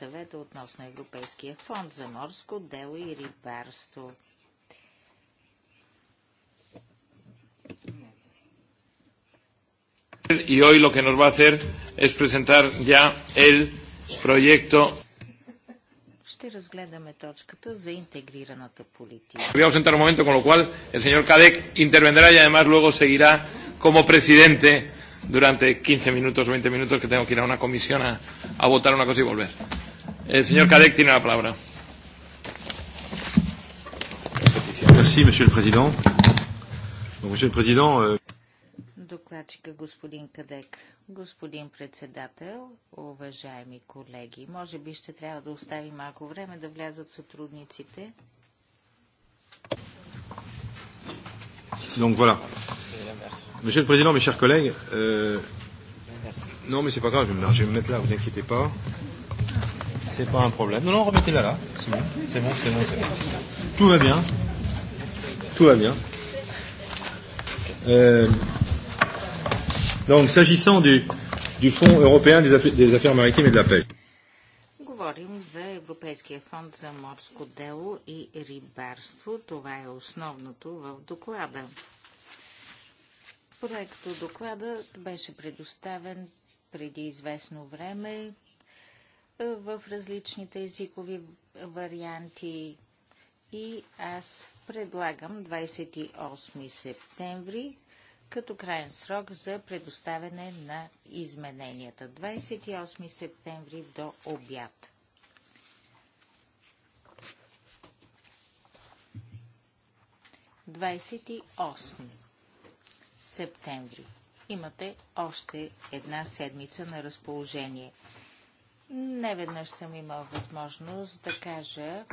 съвета относно Европейския фонд за морско дело и рибарство. Y hoy lo que nos va a hacer es presentar ya el proyecto. Ще разгледаме точката за интегрираната политика. Voy a ausentar un momento, con lo cual el señor Cadec intervendrá y además luego seguirá como presidente durante 15 minutos o 20 minutos que tengo que ir a una comisión a, a votar una cosa y volver. El señor Cadec tiene la palabra. Merci, Monsieur le Président. Donc, Monsieur le Président. Докладчика господин Кадек, господин председател, уважаеми колеги, може би ще трябва да остави малко време да влязат сътрудниците. Donc voilà. Monsieur le Président, mes chers collègues, euh... non mais c'est pas grave, je vais me mettre là, vous inquiétez pas c'est pas un problème. Non, non, remettez-la là. C'est bon, c'est bon, c'est bon, bon. Tout va bien. Tout va bien. Euh, donc, s'agissant du, du Fonds européen des affaires, des affaires maritimes et de la pêche. Говорим за Европейския фонд за морско дело и рибарство. Това е основното в доклада. Проекто докладът беше предоставен преди известно време в различните езикови варианти. И аз предлагам 28 септември като крайен срок за предоставяне на измененията. 28 септември до обяд. Двадесет септември. Имате още една седмица на разположение. Не веднъж съм имал възможност да кажа,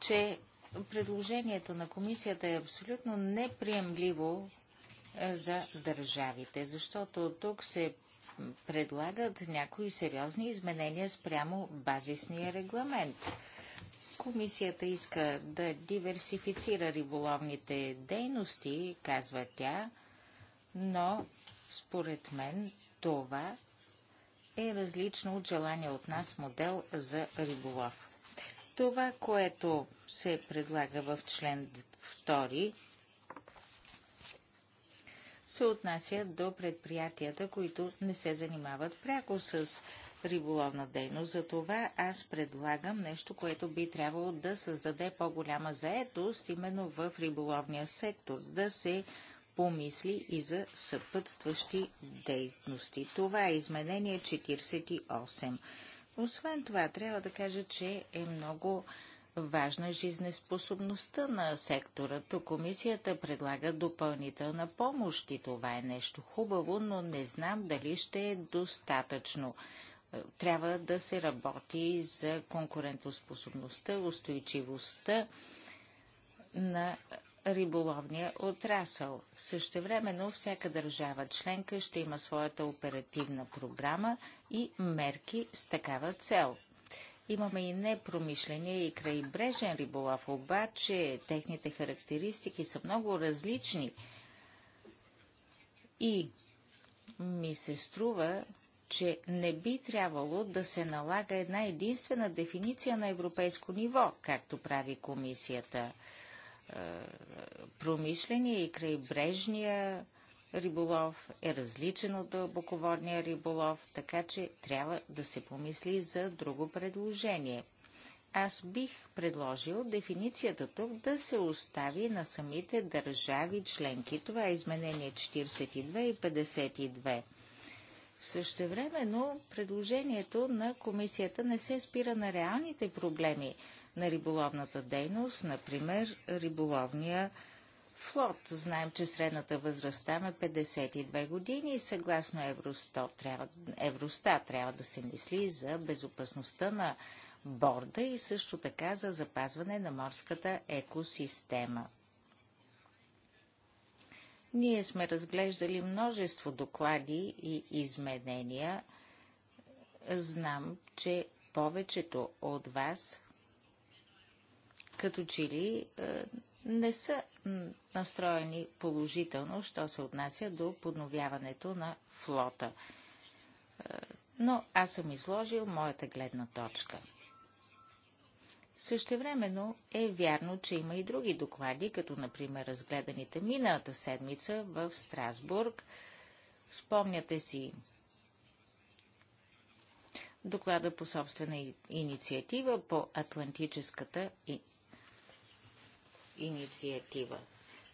че предложението на комисията е абсолютно неприемливо е, за държавите, защото тук се предлагат някои сериозни изменения спрямо базисния регламент. Комисията иска да диверсифицира риболовните дейности, казва тя, но според мен това е различно от желания от нас модел за риболов. Това, което се предлага в член 2, се отнася до предприятията, които не се занимават пряко с риболовна дейност. Затова аз предлагам нещо, което би трябвало да създаде по-голяма заетост именно в риболовния сектор. Да се помисли и за съпътстващи дейности. Това е изменение 48. Освен това, трябва да кажа, че е много важна жизнеспособността на сектора. Тук комисията предлага допълнителна помощ и това е нещо хубаво, но не знам дали ще е достатъчно. Трябва да се работи за конкурентоспособността, устойчивостта на риболовния отрасъл. Същевременно всяка държава членка ще има своята оперативна програма и мерки с такава цел. Имаме и непромишления и крайбрежен риболов, обаче техните характеристики са много различни. И ми се струва, че не би трябвало да се налага една единствена дефиниция на европейско ниво, както прави комисията. Е, промишления и крайбрежния риболов е различен от боководния риболов, така че трябва да се помисли за друго предложение. Аз бих предложил дефиницията тук да се остави на самите държави членки. Това е изменение 42 и 52. Същевременно предложението на комисията не се спира на реалните проблеми – на риболовната дейност, например риболовния флот. Знаем, че средната възраст там е 52 години и съгласно Евростат трябва, Евроста трябва да се мисли за безопасността на борда и също така за запазване на морската екосистема. Ние сме разглеждали множество доклади и изменения. Знам, че повечето от вас като че ли е, не са настроени положително, що се отнася до подновяването на флота. Е, но аз съм изложил моята гледна точка. Същевременно е вярно, че има и други доклади, като например разгледаните миналата седмица в Страсбург. Спомняте си доклада по собствена инициатива по Атлантическата инициатива.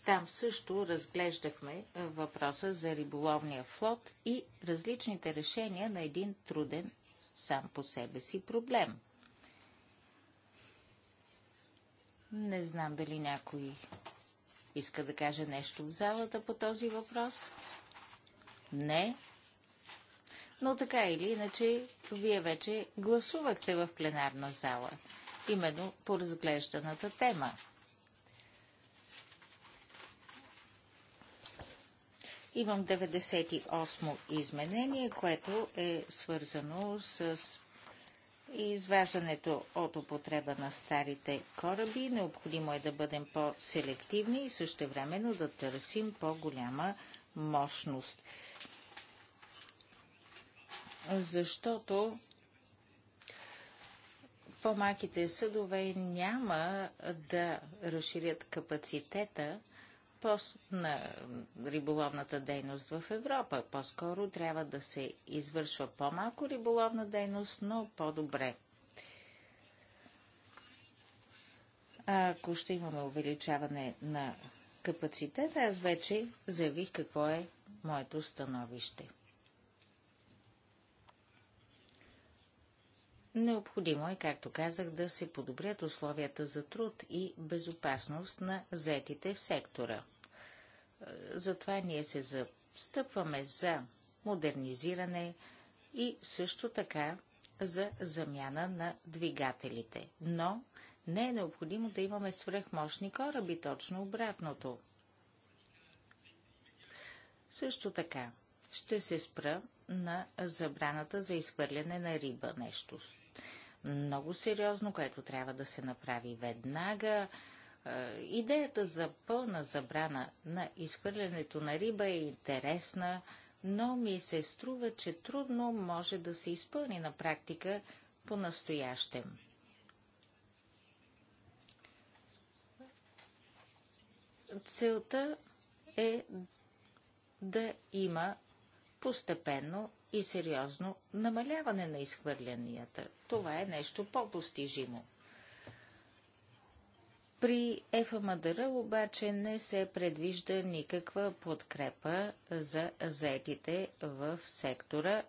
Там също разглеждахме въпроса за риболовния флот и различните решения на един труден сам по себе си проблем. Не знам дали някой иска да каже нещо в залата по този въпрос. Не. Но така или иначе, вие вече гласувахте в пленарна зала, именно по разглежданата тема. Имам 98 изменение, което е свързано с изваждането от употреба на старите кораби. Необходимо е да бъдем по-селективни и също времено да търсим по-голяма мощност. Защото по-малките съдове няма да разширят капацитета въпрос на риболовната дейност в Европа. По-скоро трябва да се извършва по-малко риболовна дейност, но по-добре. Ако ще имаме увеличаване на капацитета, аз вече заявих какво е моето становище. Необходимо е, както казах, да се подобрят условията за труд и безопасност на заетите в сектора. Затова ние се застъпваме за модернизиране и също така за замяна на двигателите. Но не е необходимо да имаме свръхмощни кораби, точно обратното. Също така, ще се спра на забраната за изхвърляне на риба. Нещо много сериозно, което трябва да се направи веднага. Е, идеята за пълна забрана на изхвърлянето на риба е интересна, но ми се струва, че трудно може да се изпълни на практика по-настоящем. Целта е да има постепенно и сериозно намаляване на изхвърлянията. Това е нещо по-постижимо. При ФМДР обаче не се предвижда никаква подкрепа за заетите в сектора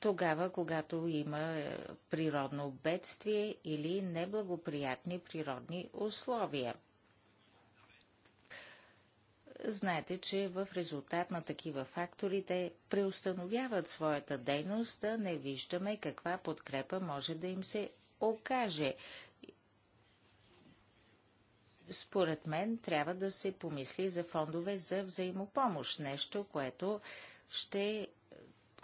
тогава, когато има е, природно бедствие или неблагоприятни природни условия. Знаете, че в резултат на такива фактори те преустановяват своята дейност, да не виждаме каква подкрепа може да им се окаже според мен трябва да се помисли за фондове за взаимопомощ. Нещо, което ще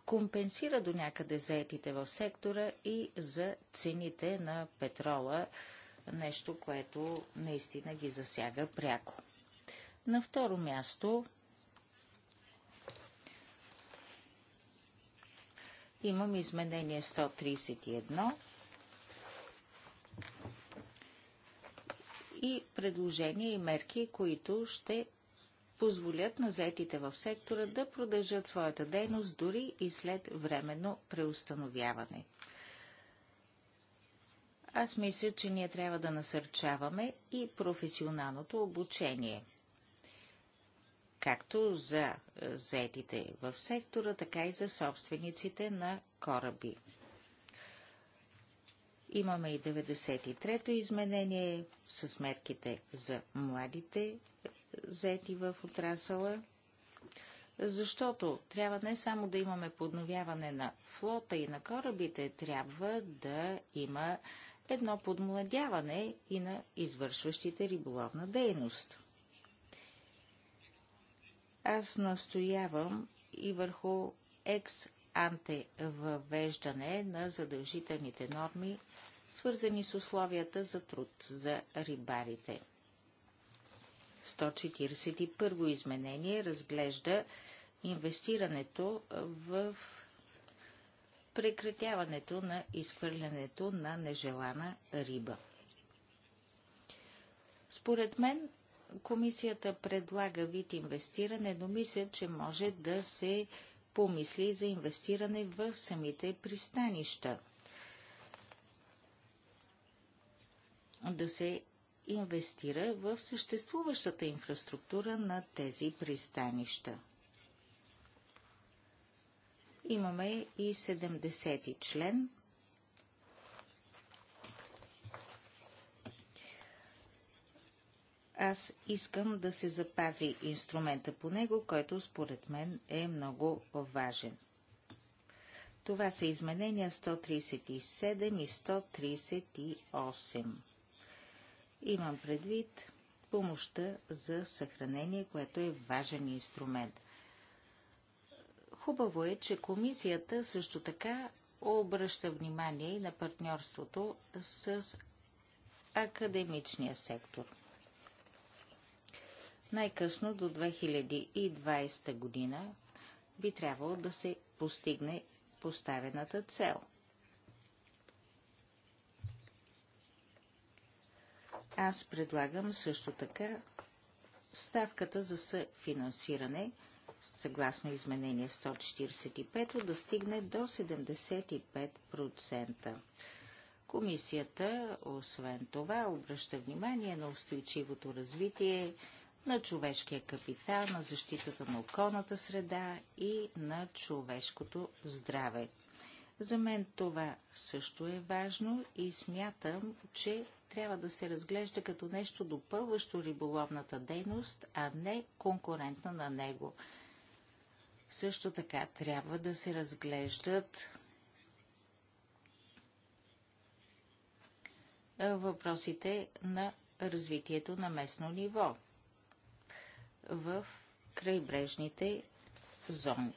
компенсира до някъде заетите в сектора и за цените на петрола. Нещо, което наистина ги засяга пряко. На второ място имам изменение 131 и предложения и мерки, които ще позволят на заетите в сектора да продължат своята дейност дори и след временно преустановяване. Аз мисля, че ние трябва да насърчаваме и професионалното обучение, както за е, заетите в сектора, така и за собствениците на кораби. Имаме и 93-то изменение с мерките за младите е, заети в отрасъла, защото трябва не само да имаме подновяване на флота и на корабите, трябва да има едно подмладяване и на извършващите риболовна дейност. Аз настоявам и върху екс-анте въвеждане на задължителните норми свързани с условията за труд за рибарите. 141 изменение разглежда инвестирането в прекратяването на изхвърлянето на нежелана риба. Според мен, комисията предлага вид инвестиране, но мисля, че може да се помисли за инвестиране в самите пристанища – да се инвестира в съществуващата инфраструктура на тези пристанища. Имаме и 70-ти член. Аз искам да се запази инструмента по него, който според мен е много важен. Това са изменения 137 и 138. Имам предвид помощта за съхранение, което е важен инструмент. Хубаво е, че комисията също така обръща внимание и на партньорството с академичния сектор. Най-късно до 2020 година би трябвало да се постигне поставената цел – Аз предлагам също така ставката за съфинансиране съгласно изменение 145 да стигне до 75%. Комисията, освен това, обръща внимание на устойчивото развитие на човешкия капитал, на защитата на околната среда и на човешкото здраве. За мен това също е важно и смятам, че трябва да се разглежда като нещо допълващо риболовната дейност, а не конкурентна на него. Също така трябва да се разглеждат въпросите на развитието на местно ниво в крайбрежните зони.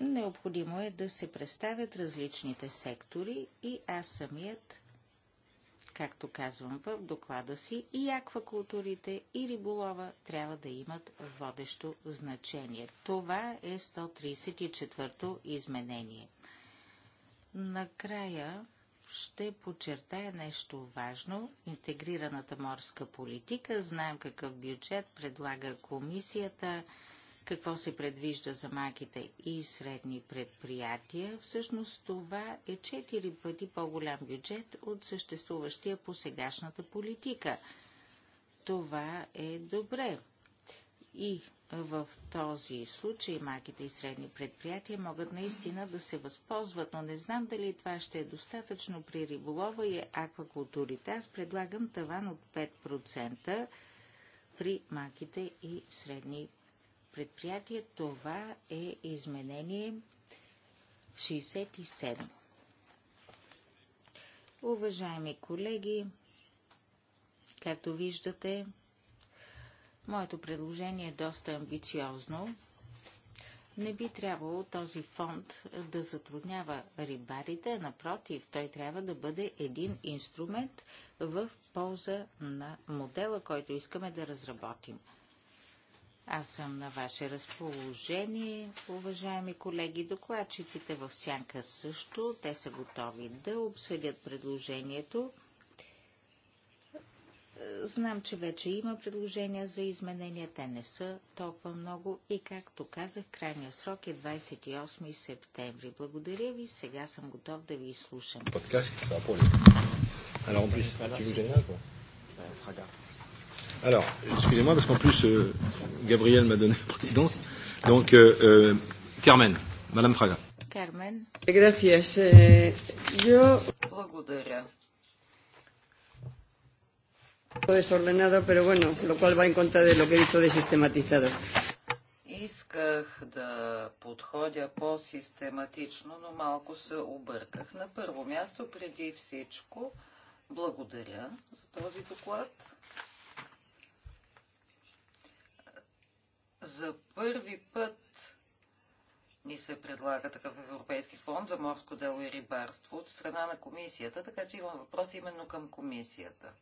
Необходимо е да се представят различните сектори и аз самият, както казвам в доклада си, и аквакултурите, и риболова трябва да имат водещо значение. Това е 134-то изменение. Накрая ще подчертая нещо важно. Интегрираната морска политика. Знаем какъв бюджет предлага комисията какво се предвижда за малките и средни предприятия, всъщност това е 4 пъти по-голям бюджет от съществуващия по сегашната политика. Това е добре. И в този случай малките и средни предприятия могат наистина да се възползват, но не знам дали това ще е достатъчно при риболова и аквакултурите. Аз предлагам таван от 5% при малките и средни предприятие. Това е изменение 67. Уважаеми колеги, както виждате, моето предложение е доста амбициозно. Не би трябвало този фонд да затруднява рибарите, а напротив, той трябва да бъде един инструмент в полза на модела, който искаме да разработим – аз съм на ваше разположение, уважаеми колеги. Докладчиците в Сянка също. Те са готови да обсъдят предложението. Знам, че вече има предложения за изменения. Те не са толкова много. И както казах, крайния срок е 28 септември. Благодаря ви. Сега съм готов да ви изслушам. Подкаст, това поле. Alors Alors, excusez-moi, parce qu'en plus, euh, Gabriel m'a donné la présidence. Donc, euh, euh, Carmen, Madame Fraga. Carmen. Gracias. Yo... Благодаря. Desordenado, pero bueno, lo cual va en contra de lo que he dicho de sistematizado. Исках да подходя по-систематично, но малко се обърках. На първо място, преди всичко, благодаря за този доклад. За първи път ни се предлага такъв Европейски фонд за морско дело и рибарство от страна на комисията, така че имам въпрос именно към комисията.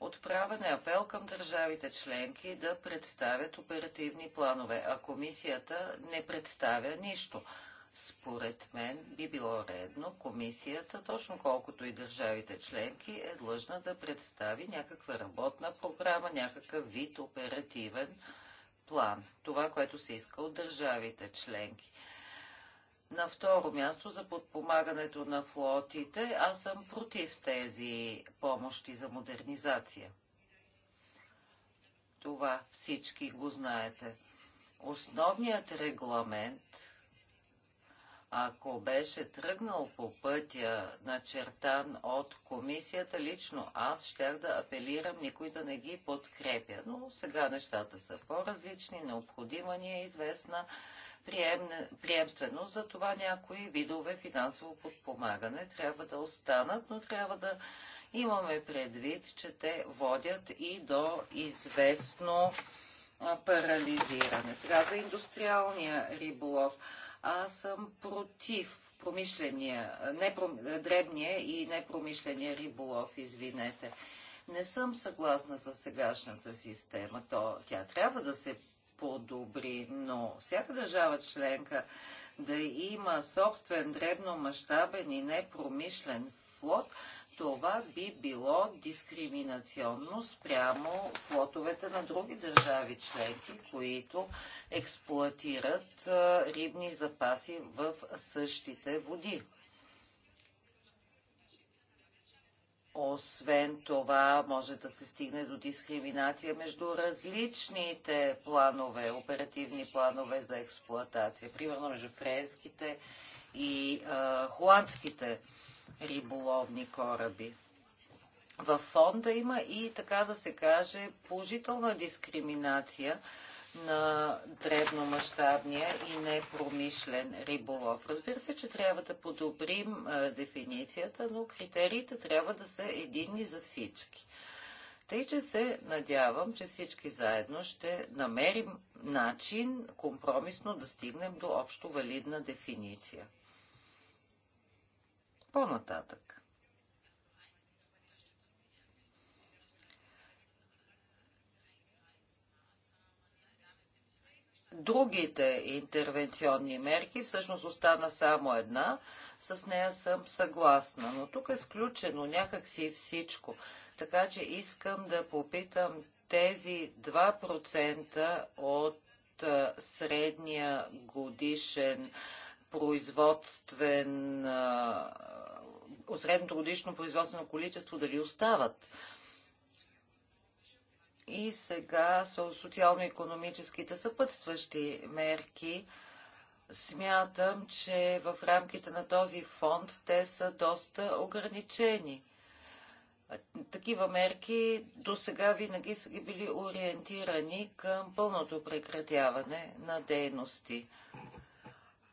Отправен е апел към държавите членки да представят оперативни планове, а комисията не представя нищо. Според мен би било редно комисията, точно колкото и държавите членки, е длъжна да представи някаква работна програма, някакъв вид оперативен план. Това, което се иска от държавите членки. На второ място за подпомагането на флотите, аз съм против тези помощи за модернизация. Това всички го знаете. Основният регламент ако беше тръгнал по пътя начертан от комисията, лично аз щях да апелирам никой да не ги подкрепя. Но сега нещата са по-различни, необходима ни е известна приемственост, за това някои видове финансово подпомагане трябва да останат, но трябва да имаме предвид, че те водят и до известно парализиране. Сега за индустриалния риболов. Аз съм против промишления, дребния и непромишления риболов, извинете. Не съм съгласна с сегашната система. То, тя трябва да се подобри, но всяка държава членка да има собствен дребномащабен и непромишлен флот, това би било дискриминационно спрямо флотовете на други държави членки, които експлуатират рибни запаси в същите води. Освен това, може да се стигне до дискриминация между различните планове, оперативни планове за експлоатация. Примерно между френските и а, холандските риболовни кораби. В фонда има и, така да се каже, положителна дискриминация на дребномащабния и непромишлен риболов. Разбира се, че трябва да подобрим а, дефиницията, но критериите трябва да са единни за всички. Тъй, че се надявам, че всички заедно ще намерим начин компромисно да стигнем до общо валидна дефиниция. По-нататък. другите интервенционни мерки, всъщност остана само една, с нея съм съгласна. Но тук е включено някакси всичко. Така че искам да попитам тези 2% от средния годишен производствен, средното годишно производствено количество дали остават. И сега социално-економическите съпътстващи мерки. Смятам, че в рамките на този фонд те са доста ограничени. Такива мерки до сега винаги са ги били ориентирани към пълното прекратяване на дейности.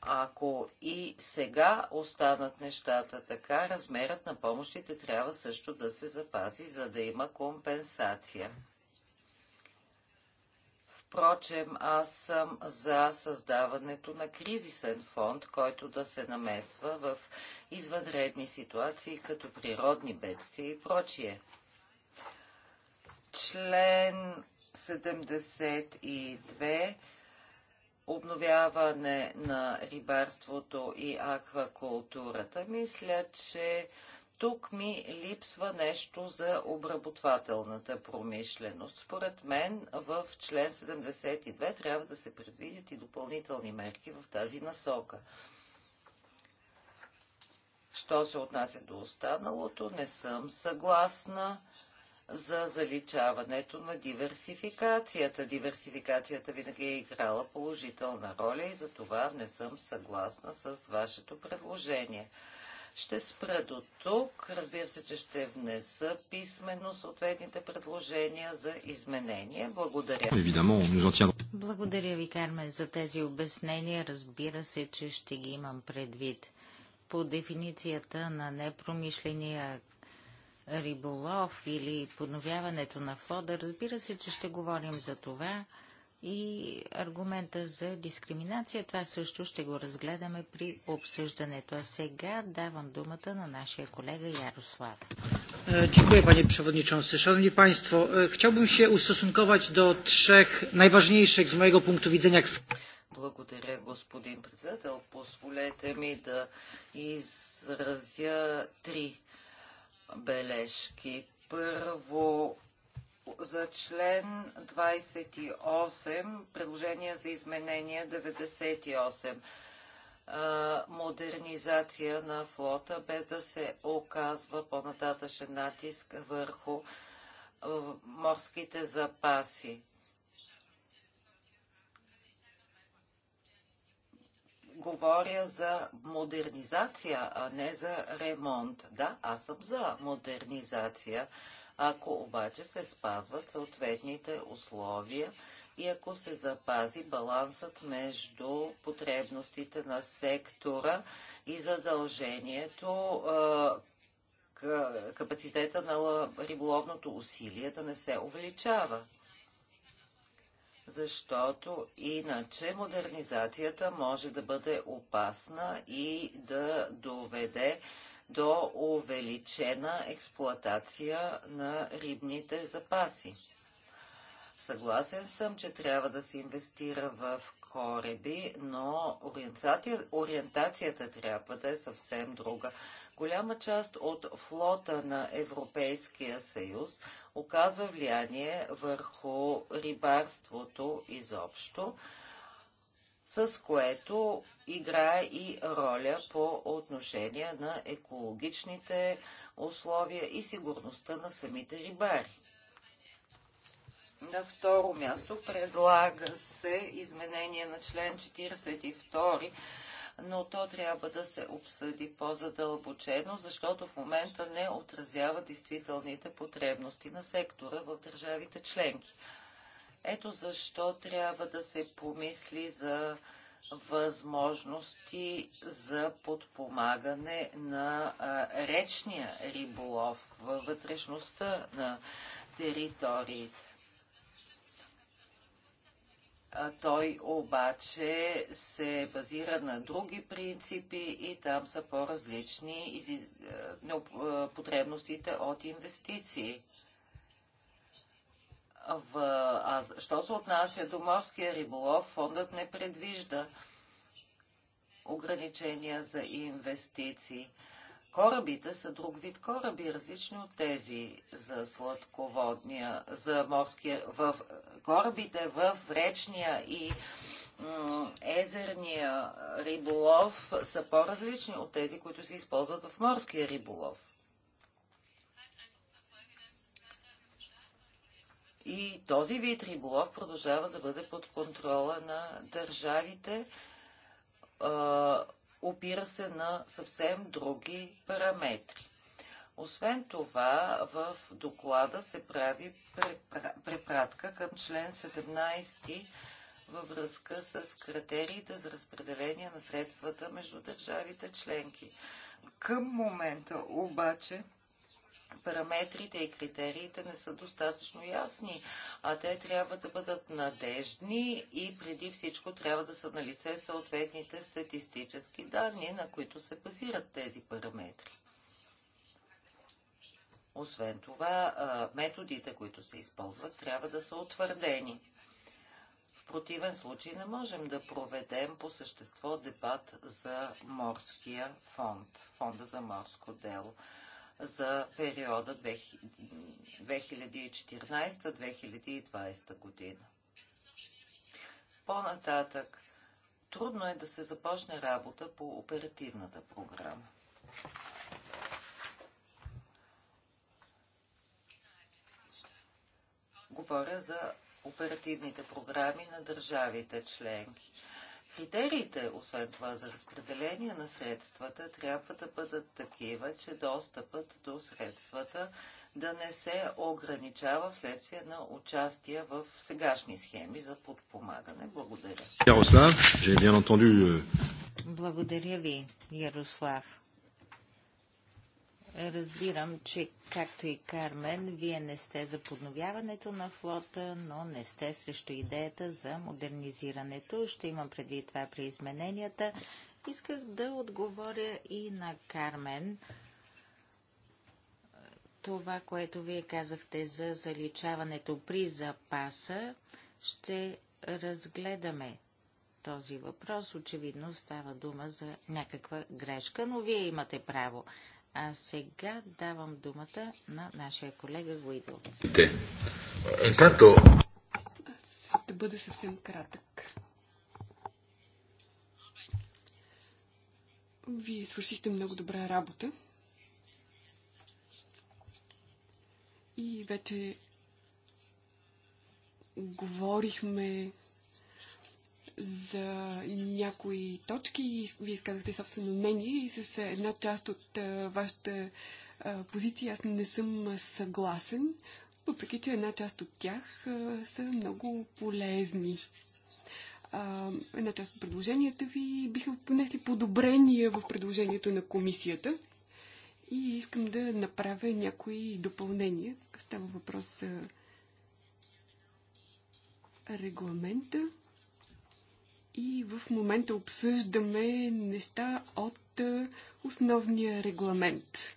Ако и сега останат нещата така, размерът на помощите трябва също да се запази, за да има компенсация. Впрочем, аз съм за създаването на кризисен фонд, който да се намесва в извънредни ситуации, като природни бедствия и прочие. Член 72 обновяване на рибарството и аквакултурата. Мисля, че тук ми липсва нещо за обработвателната промишленост. Според мен в член 72 трябва да се предвидят и допълнителни мерки в тази насока. Що се отнася до останалото, не съм съгласна за заличаването на диверсификацията. Диверсификацията винаги е играла положителна роля и за това не съм съгласна с вашето предложение. Ще спра до тук. Разбира се, че ще внеса писменно съответните предложения за изменение. Благодаря. Благодаря ви, Кармен, за тези обяснения. Разбира се, че ще ги имам предвид. По дефиницията на непромишления риболов или подновяването на флода, разбира се, че ще говорим за това и аргумента за дискриминация. Това също ще го разгледаме при обсъждането. А сега давам думата на нашия колега Ярослав. Dziękuję е, panie przewodniczący. Szanowni państwo, е, chciałbym się ustosunkować do trzech najważniejszych z mojego punktu widzenia kwestii. Благодаря, господин председател. Позволете ми да изразя три бележки. Първо, за член 28, предложение за изменение 98 модернизация на флота, без да се оказва по-нататъчен натиск върху морските запаси. говоря за модернизация, а не за ремонт. Да, аз съм за модернизация, ако обаче се спазват съответните условия и ако се запази балансът между потребностите на сектора и задължението капацитета на риболовното усилие да не се увеличава защото иначе модернизацията може да бъде опасна и да доведе до увеличена експлоатация на рибните запаси. Съгласен съм, че трябва да се инвестира в кореби, но ориентацията, ориентацията трябва да е съвсем друга. Голяма част от флота на Европейския съюз оказва влияние върху рибарството изобщо, с което играе и роля по отношение на екологичните условия и сигурността на самите рибари. На второ място предлага се изменение на член 42 но то трябва да се обсъди по-задълбочено, защото в момента не отразява действителните потребности на сектора в държавите членки. Ето защо трябва да се помисли за възможности за подпомагане на речния риболов във вътрешността на териториите. Той обаче се базира на други принципи и там са по-различни е, е, потребностите от инвестиции. В... А, що се отнася до морския риболов, фондът не предвижда ограничения за инвестиции. Корабите са друг вид кораби, различни от тези за сладководния, за морския, в корабите в речния и езерния риболов са по-различни от тези, които се използват в морския риболов. И този вид риболов продължава да бъде под контрола на държавите опира се на съвсем други параметри. Освен това, в доклада се прави препратка към член 17 във връзка с критериите за разпределение на средствата между държавите членки. Към момента обаче параметрите и критериите не са достатъчно ясни, а те трябва да бъдат надеждни и преди всичко трябва да са на лице съответните статистически данни, на които се базират тези параметри. Освен това, методите, които се използват, трябва да са утвърдени. В противен случай не можем да проведем по същество дебат за морския фонд, фонда за морско дело за периода 2014-2020 година. По-нататък, трудно е да се започне работа по оперативната програма. Говоря за оперативните програми на държавите членки. Критериите, освен това за разпределение на средствата, трябва да бъдат такива, че достъпът до средствата да не се ограничава вследствие на участие в сегашни схеми за подпомагане. Благодаря. Euh, Благодаря ви, Ярослав. Разбирам, че както и Кармен, вие не сте за подновяването на флота, но не сте срещу идеята за модернизирането. Ще имам предвид това при измененията. Исках да отговоря и на Кармен. Това, което вие казахте за заличаването при запаса, ще разгледаме този въпрос. Очевидно става дума за някаква грешка, но вие имате право. А сега давам думата на нашия колега Гуидо. Тато. Ще бъде съвсем кратък. Вие свършихте много добра работа. И вече говорихме за някои точки. Вие изказахте собствено мнение и с една част от вашата позиция аз не съм съгласен, въпреки че една част от тях са много полезни. Една част от предложенията ви биха понесли подобрения в предложението на комисията. И искам да направя някои допълнения. Става въпрос за регламента и в момента обсъждаме неща от е, основния регламент.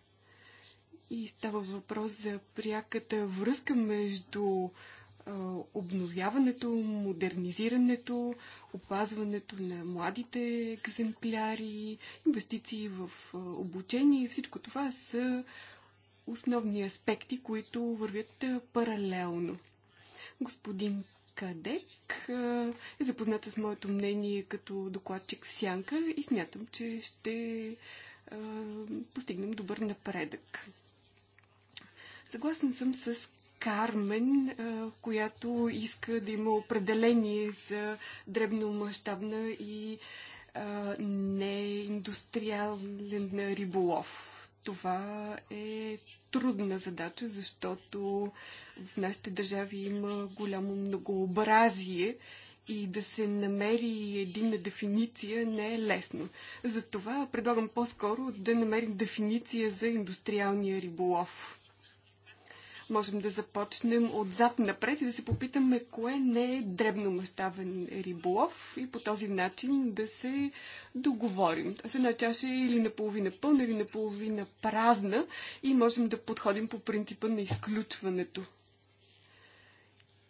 И става въпрос за пряката връзка между е, обновяването, модернизирането, опазването на младите екземпляри, инвестиции в е, обучение. Всичко това са основни аспекти, които вървят паралелно. Господин Кадек е, е запозната с моето мнение като докладчик в Сянка и смятам, че ще е, постигнем добър напредък. Съгласен съм с Кармен, е, която иска да има определение за дребномащабна и неиндустриален риболов. Това е трудна задача, защото в нашите държави има голямо многообразие и да се намери единна дефиниция не е лесно. Затова предлагам по-скоро да намерим дефиниция за индустриалния риболов. Можем да започнем отзад напред и да се попитаме кое не е дребномащавен риболов и по този начин да се договорим. С една чаша е или наполовина пълна, или наполовина празна и можем да подходим по принципа на изключването.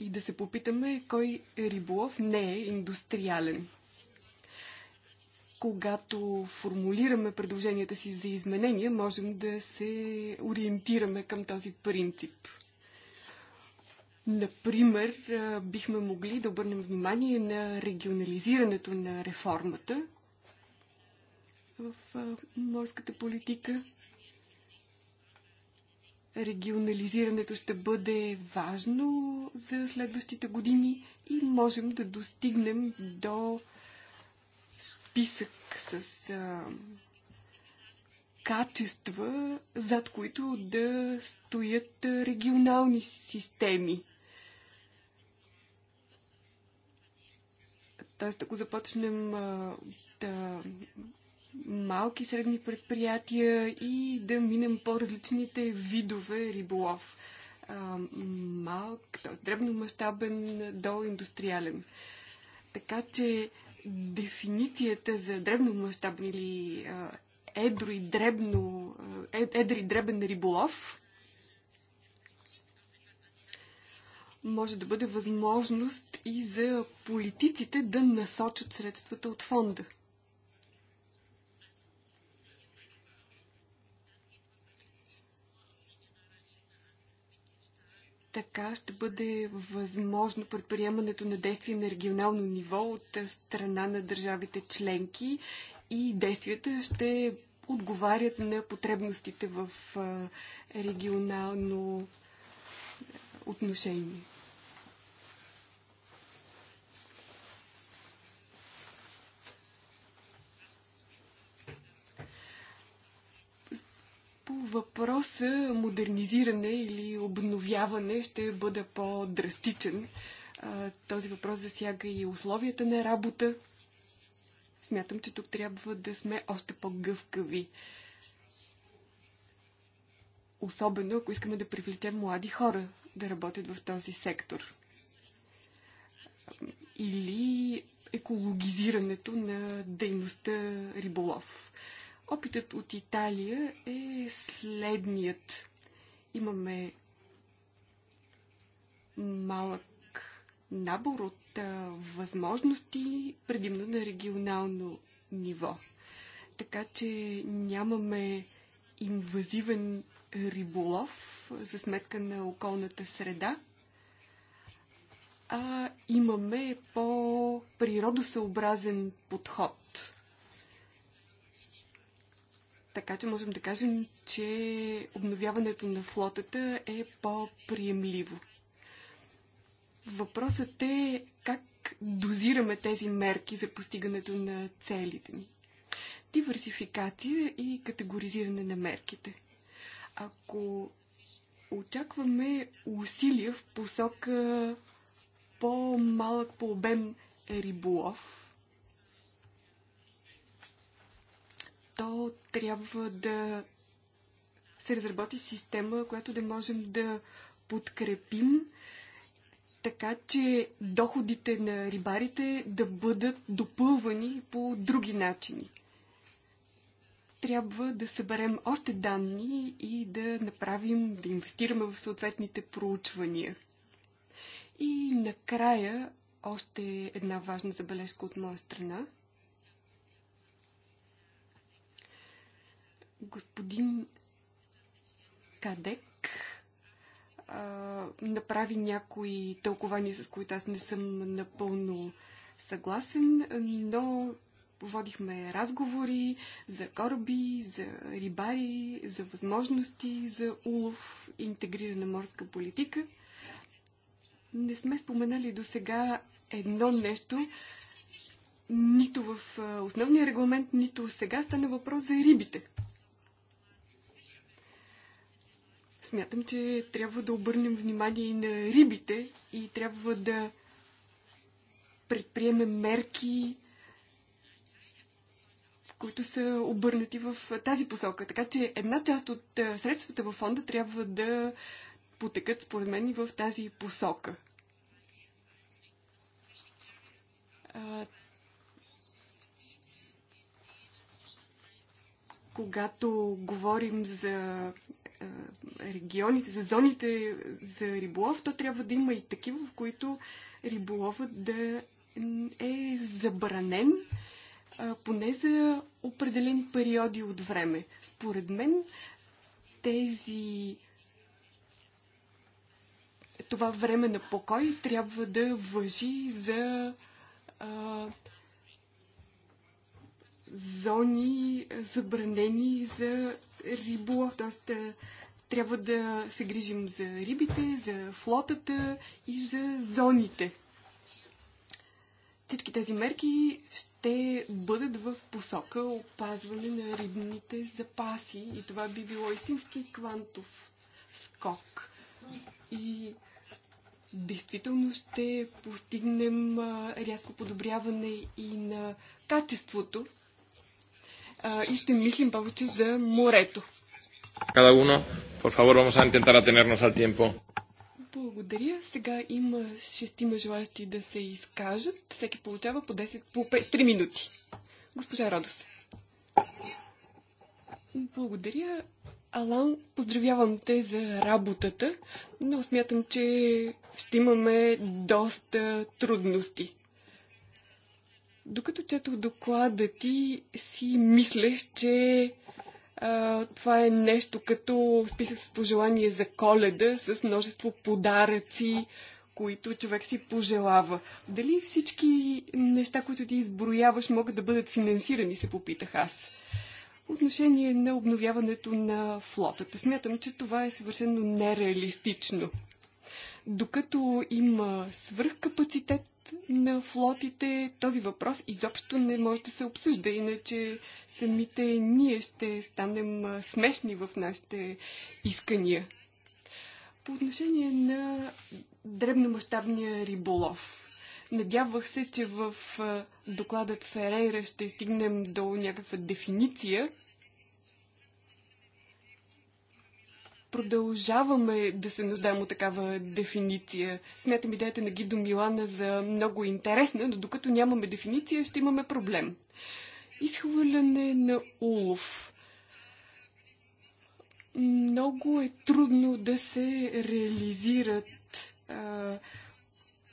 И да се попитаме кой риболов не е индустриален когато формулираме предложенията си за изменения, можем да се ориентираме към този принцип. Например, бихме могли да обърнем внимание на регионализирането на реформата в морската политика. Регионализирането ще бъде важно за следващите години и можем да достигнем до списък с а, качества, зад които да стоят регионални системи. Тоест, ако започнем а, да малки средни предприятия и да минем по-различните видове риболов. А, малък, тоест, дребномащабен до индустриален. Така че дефиницията за мащаб, или едро и дребно, е, едри дребен риболов може да бъде възможност и за политиците да насочат средствата от фонда. Така ще бъде възможно предприемането на действия на регионално ниво от страна на държавите членки и действията ще отговарят на потребностите в регионално отношение. По въпроса модернизиране или обновяване ще бъда по-драстичен. Този въпрос засяга и условията на работа. Смятам, че тук трябва да сме още по-гъвкави. Особено ако искаме да привлечем млади хора да работят в този сектор. Или екологизирането на дейността риболов. Опитът от Италия е следният. Имаме малък набор от възможности, предимно на регионално ниво. Така че нямаме инвазивен риболов за сметка на околната среда, а имаме по-природосъобразен подход Така че можем да кажем, че обновяването на флотата е по-приемливо. Въпросът е как дозираме тези мерки за постигането на целите ни. Диверсификация и категоризиране на мерките. Ако очакваме усилия в посока по-малък по обем риболов, то трябва да се разработи система, която да можем да подкрепим, така че доходите на рибарите да бъдат допълвани по други начини. Трябва да съберем още данни и да направим, да инвестираме в съответните проучвания. И накрая още една важна забележка от моя страна – Господин Кадек а, направи някои тълкования, с които аз не съм напълно съгласен, но водихме разговори за кораби, за рибари, за възможности, за улов, интегрирана морска политика. Не сме споменали до сега едно нещо, нито в основния регламент, нито сега стана въпрос за рибите. Смятам, че трябва да обърнем внимание и на рибите и трябва да предприемем мерки, които са обърнати в тази посока. Така че една част от средствата във фонда трябва да потекат, според мен, и в тази посока. когато говорим за е, регионите, за зоните за риболов, то трябва да има и такива, в които риболовът да е забранен е, поне за определен периоди от време. Според мен тези това време на покой трябва да въжи за а, е, зони забранени за риболов. Тоест, е, трябва да се грижим за рибите, за флотата и за зоните. Всички тези мерки ще бъдат в посока опазване на рибните запаси и това би било истински квантов скок. И действително ще постигнем рязко подобряване и на качеството а, и ще мислим повече за морето. Cada uno, por favor, vamos a intentar atenernos al tiempo. Благодаря. Сега има шестима желащи да се изкажат. Всеки получава по 10, по 5, 3 минути. Госпожа Радос. Благодаря. Алан, поздравявам те за работата, но смятам, че ще имаме доста трудности. Докато четох доклада ти, си мислех, че а, това е нещо като списък с пожелания за коледа, с множество подаръци, които човек си пожелава. Дали всички неща, които ти изброяваш, могат да бъдат финансирани, се попитах аз. Отношение на обновяването на флотата. Смятам, че това е съвършено нереалистично. Докато има свръхкапацитет, на флотите, този въпрос изобщо не може да се обсъжда, иначе самите ние ще станем смешни в нашите искания. По отношение на дребномащабния риболов, Надявах се, че в докладът Ферейра ще стигнем до някаква дефиниция продължаваме да се нуждаем от такава дефиниция. Смятам идеята на Гидо Милана за много интересна, но докато нямаме дефиниция, ще имаме проблем. Изхвърляне на улов. Много е трудно да се реализират.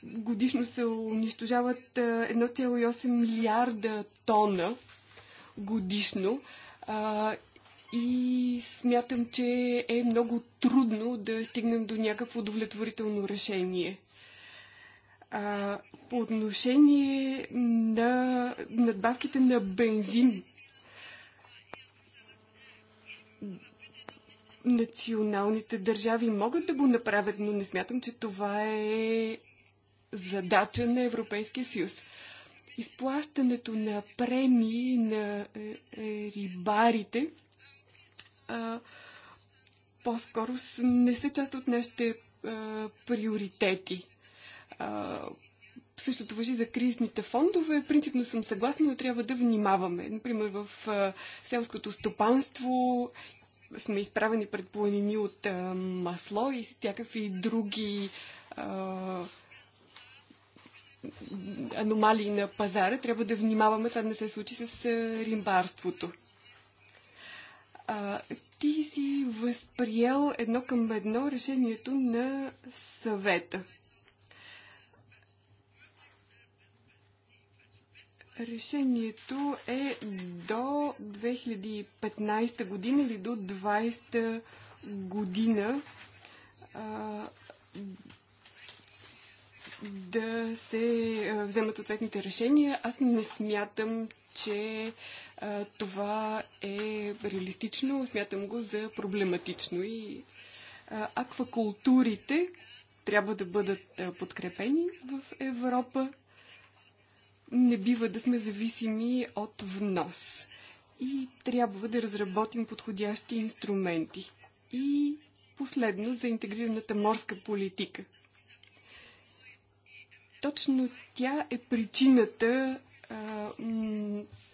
годишно се унищожават 1,8 милиарда тона годишно и смятам, че е много трудно да стигнем до някакво удовлетворително решение. А, по отношение на надбавките на бензин, националните държави могат да го направят, но не смятам, че това е задача на Европейския съюз. Изплащането на премии на е, е, рибарите – по-скоро не са част от нашите а, приоритети. А, същото въжи за кризните фондове. Принципно съм съгласна, но трябва да внимаваме. Например, в а, селското стопанство сме изправени пред планини от а, масло и с всякакви други а, аномалии на пазара. Трябва да внимаваме това да не се случи с а, римбарството. А, ти си възприел едно към едно решението на съвета. Решението е до 2015 година или до 20 година а, да се вземат ответните решения. Аз не смятам, че това е реалистично, смятам го за проблематично и аквакултурите трябва да бъдат подкрепени в Европа. Не бива да сме зависими от внос и трябва да разработим подходящи инструменти. И последно за интегрираната морска политика. Точно тя е причината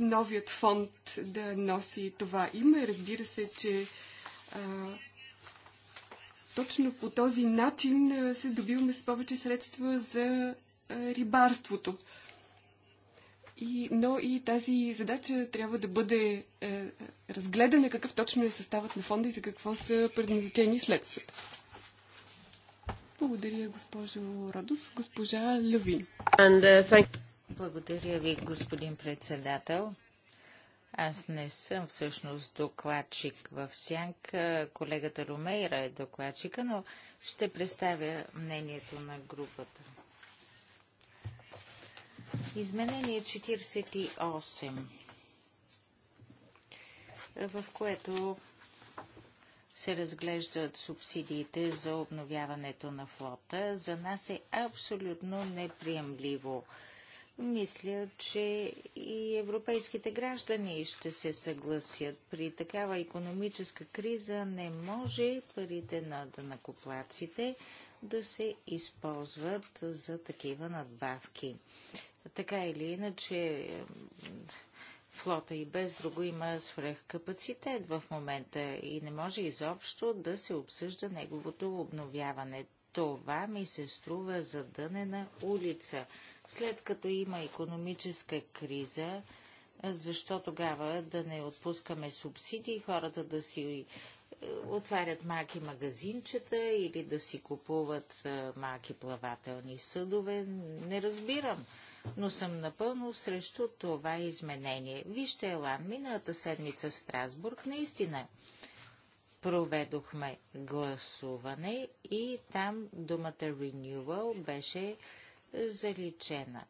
новият фонд да носи това име. Разбира се, че точно по този начин се добиваме с повече средства за рибарството. И, но и тази задача трябва да бъде а, разгледана какъв точно е съставът на фонда и за какво са предназначени следствата. Благодаря, госпожо Радос. Госпожа Левин. And, uh, благодаря ви, господин председател. Аз не съм всъщност докладчик в Сянка. Колегата Ромейра е докладчика, но ще представя мнението на групата. Изменение 48, в което се разглеждат субсидиите за обновяването на флота, за нас е абсолютно неприемливо – мисля, че и европейските граждани ще се съгласят. При такава економическа криза не може парите на данакоплаците да се използват за такива надбавки. Така или иначе, флота и без друго има свръхкапацитет в момента и не може изобщо да се обсъжда неговото обновяване това ми се струва задънена улица. След като има економическа криза, защо тогава да не отпускаме субсидии, хората да си е, отварят малки магазинчета или да си купуват е, малки плавателни съдове. Не разбирам, но съм напълно срещу това изменение. Вижте, Елан, миналата седмица в Страсбург наистина проведохме гласуване и там думата renewal беше заличена.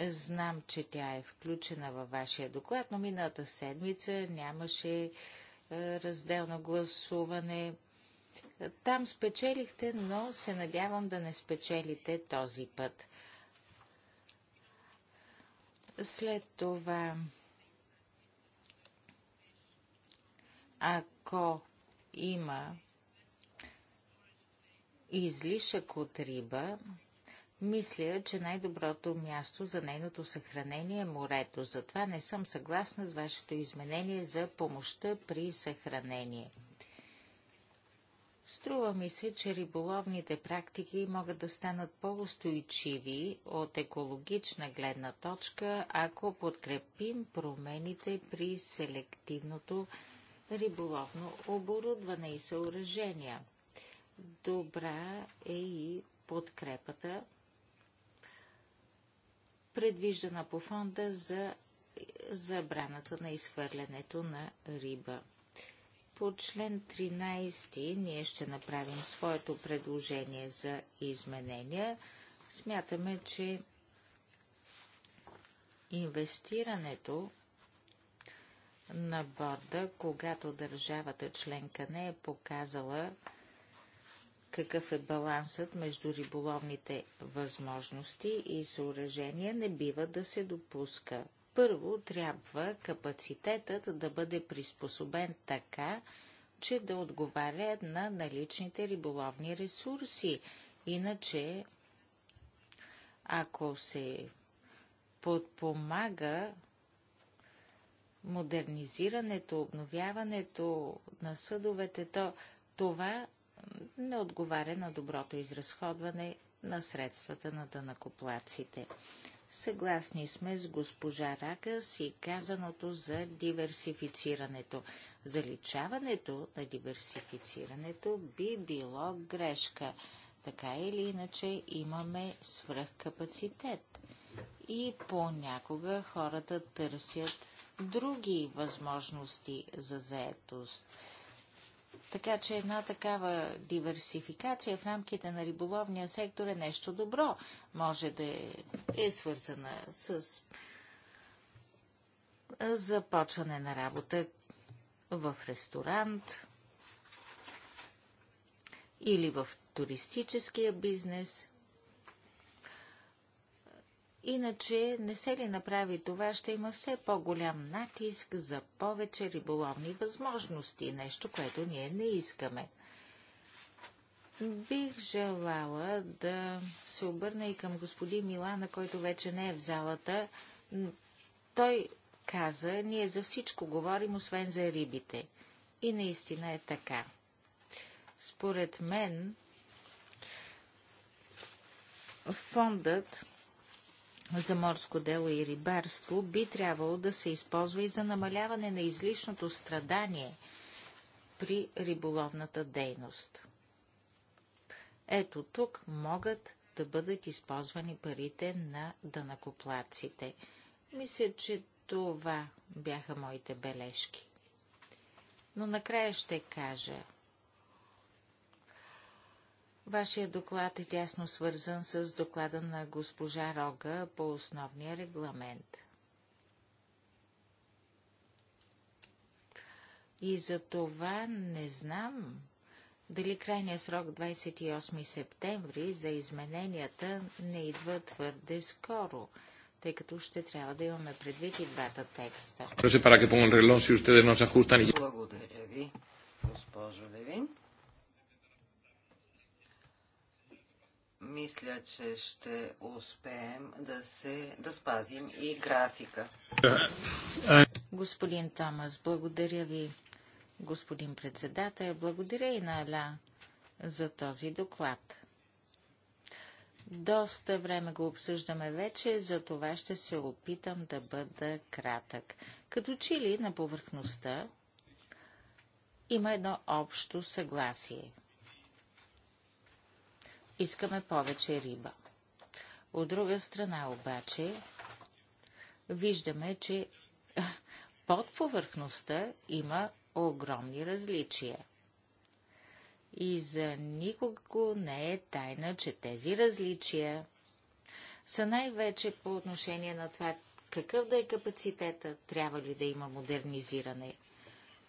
Знам, че тя е включена във вашия доклад, но миналата седмица нямаше е, разделно гласуване. Там спечелихте, но се надявам да не спечелите този път. След това, ако има излишък от риба, мисля, че най-доброто място за нейното съхранение е морето. Затова не съм съгласна с вашето изменение за помощта при съхранение. Струва ми се, че риболовните практики могат да станат по-устойчиви от екологична гледна точка, ако подкрепим промените при селективното риболовно оборудване и съоръжения. Добра е и подкрепата, предвиждана по фонда за забраната на изхвърлянето на риба. По член 13 ние ще направим своето предложение за изменения. Смятаме, че инвестирането на борда, когато държавата членка не е показала какъв е балансът между риболовните възможности и съоръжения, не бива да се допуска. Първо трябва капацитетът да бъде приспособен така, че да отговаря на наличните риболовни ресурси. Иначе, ако се подпомага модернизирането, обновяването на съдовете, то това не отговаря на доброто изразходване на средствата на дънакоплаците. Съгласни сме с госпожа Ракас и казаното за диверсифицирането. Заличаването на диверсифицирането би било грешка. Така или иначе имаме свръхкапацитет. И понякога хората търсят други възможности за заетост. Така че една такава диверсификация в рамките на риболовния сектор е нещо добро. Може да е, свързана с започване на работа в ресторант или в туристическия бизнес – Иначе не се ли направи това, ще има все по-голям натиск за повече риболовни възможности, нещо, което ние не искаме. Бих желала да се обърна и към господин Милана, който вече не е в залата. Той каза, ние за всичко говорим, освен за рибите. И наистина е така. Според мен, фондът за морско дело и рибарство би трябвало да се използва и за намаляване на излишното страдание при риболовната дейност. Ето тук могат да бъдат използвани парите на дънакоплаците. Мисля, че това бяха моите бележки. Но накрая ще кажа – Вашия доклад е тясно свързан с доклада на госпожа Рога по основния регламент. И за това не знам дали крайният срок 28 септември за измененията не идва твърде скоро, тъй като ще трябва да имаме предвид и двата текста. Благодаря ви, госпожо Левин. мисля, че ще успеем да, се, да спазим и графика. Господин Томас, благодаря ви. Господин председател, благодаря и на Аля за този доклад. Доста време го обсъждаме вече, за това ще се опитам да бъда кратък. Като че ли на повърхността има едно общо съгласие – искаме повече риба. От друга страна обаче, виждаме, че под повърхността има огромни различия. И за никого не е тайна, че тези различия са най-вече по отношение на това, какъв да е капацитета, трябва ли да има модернизиране.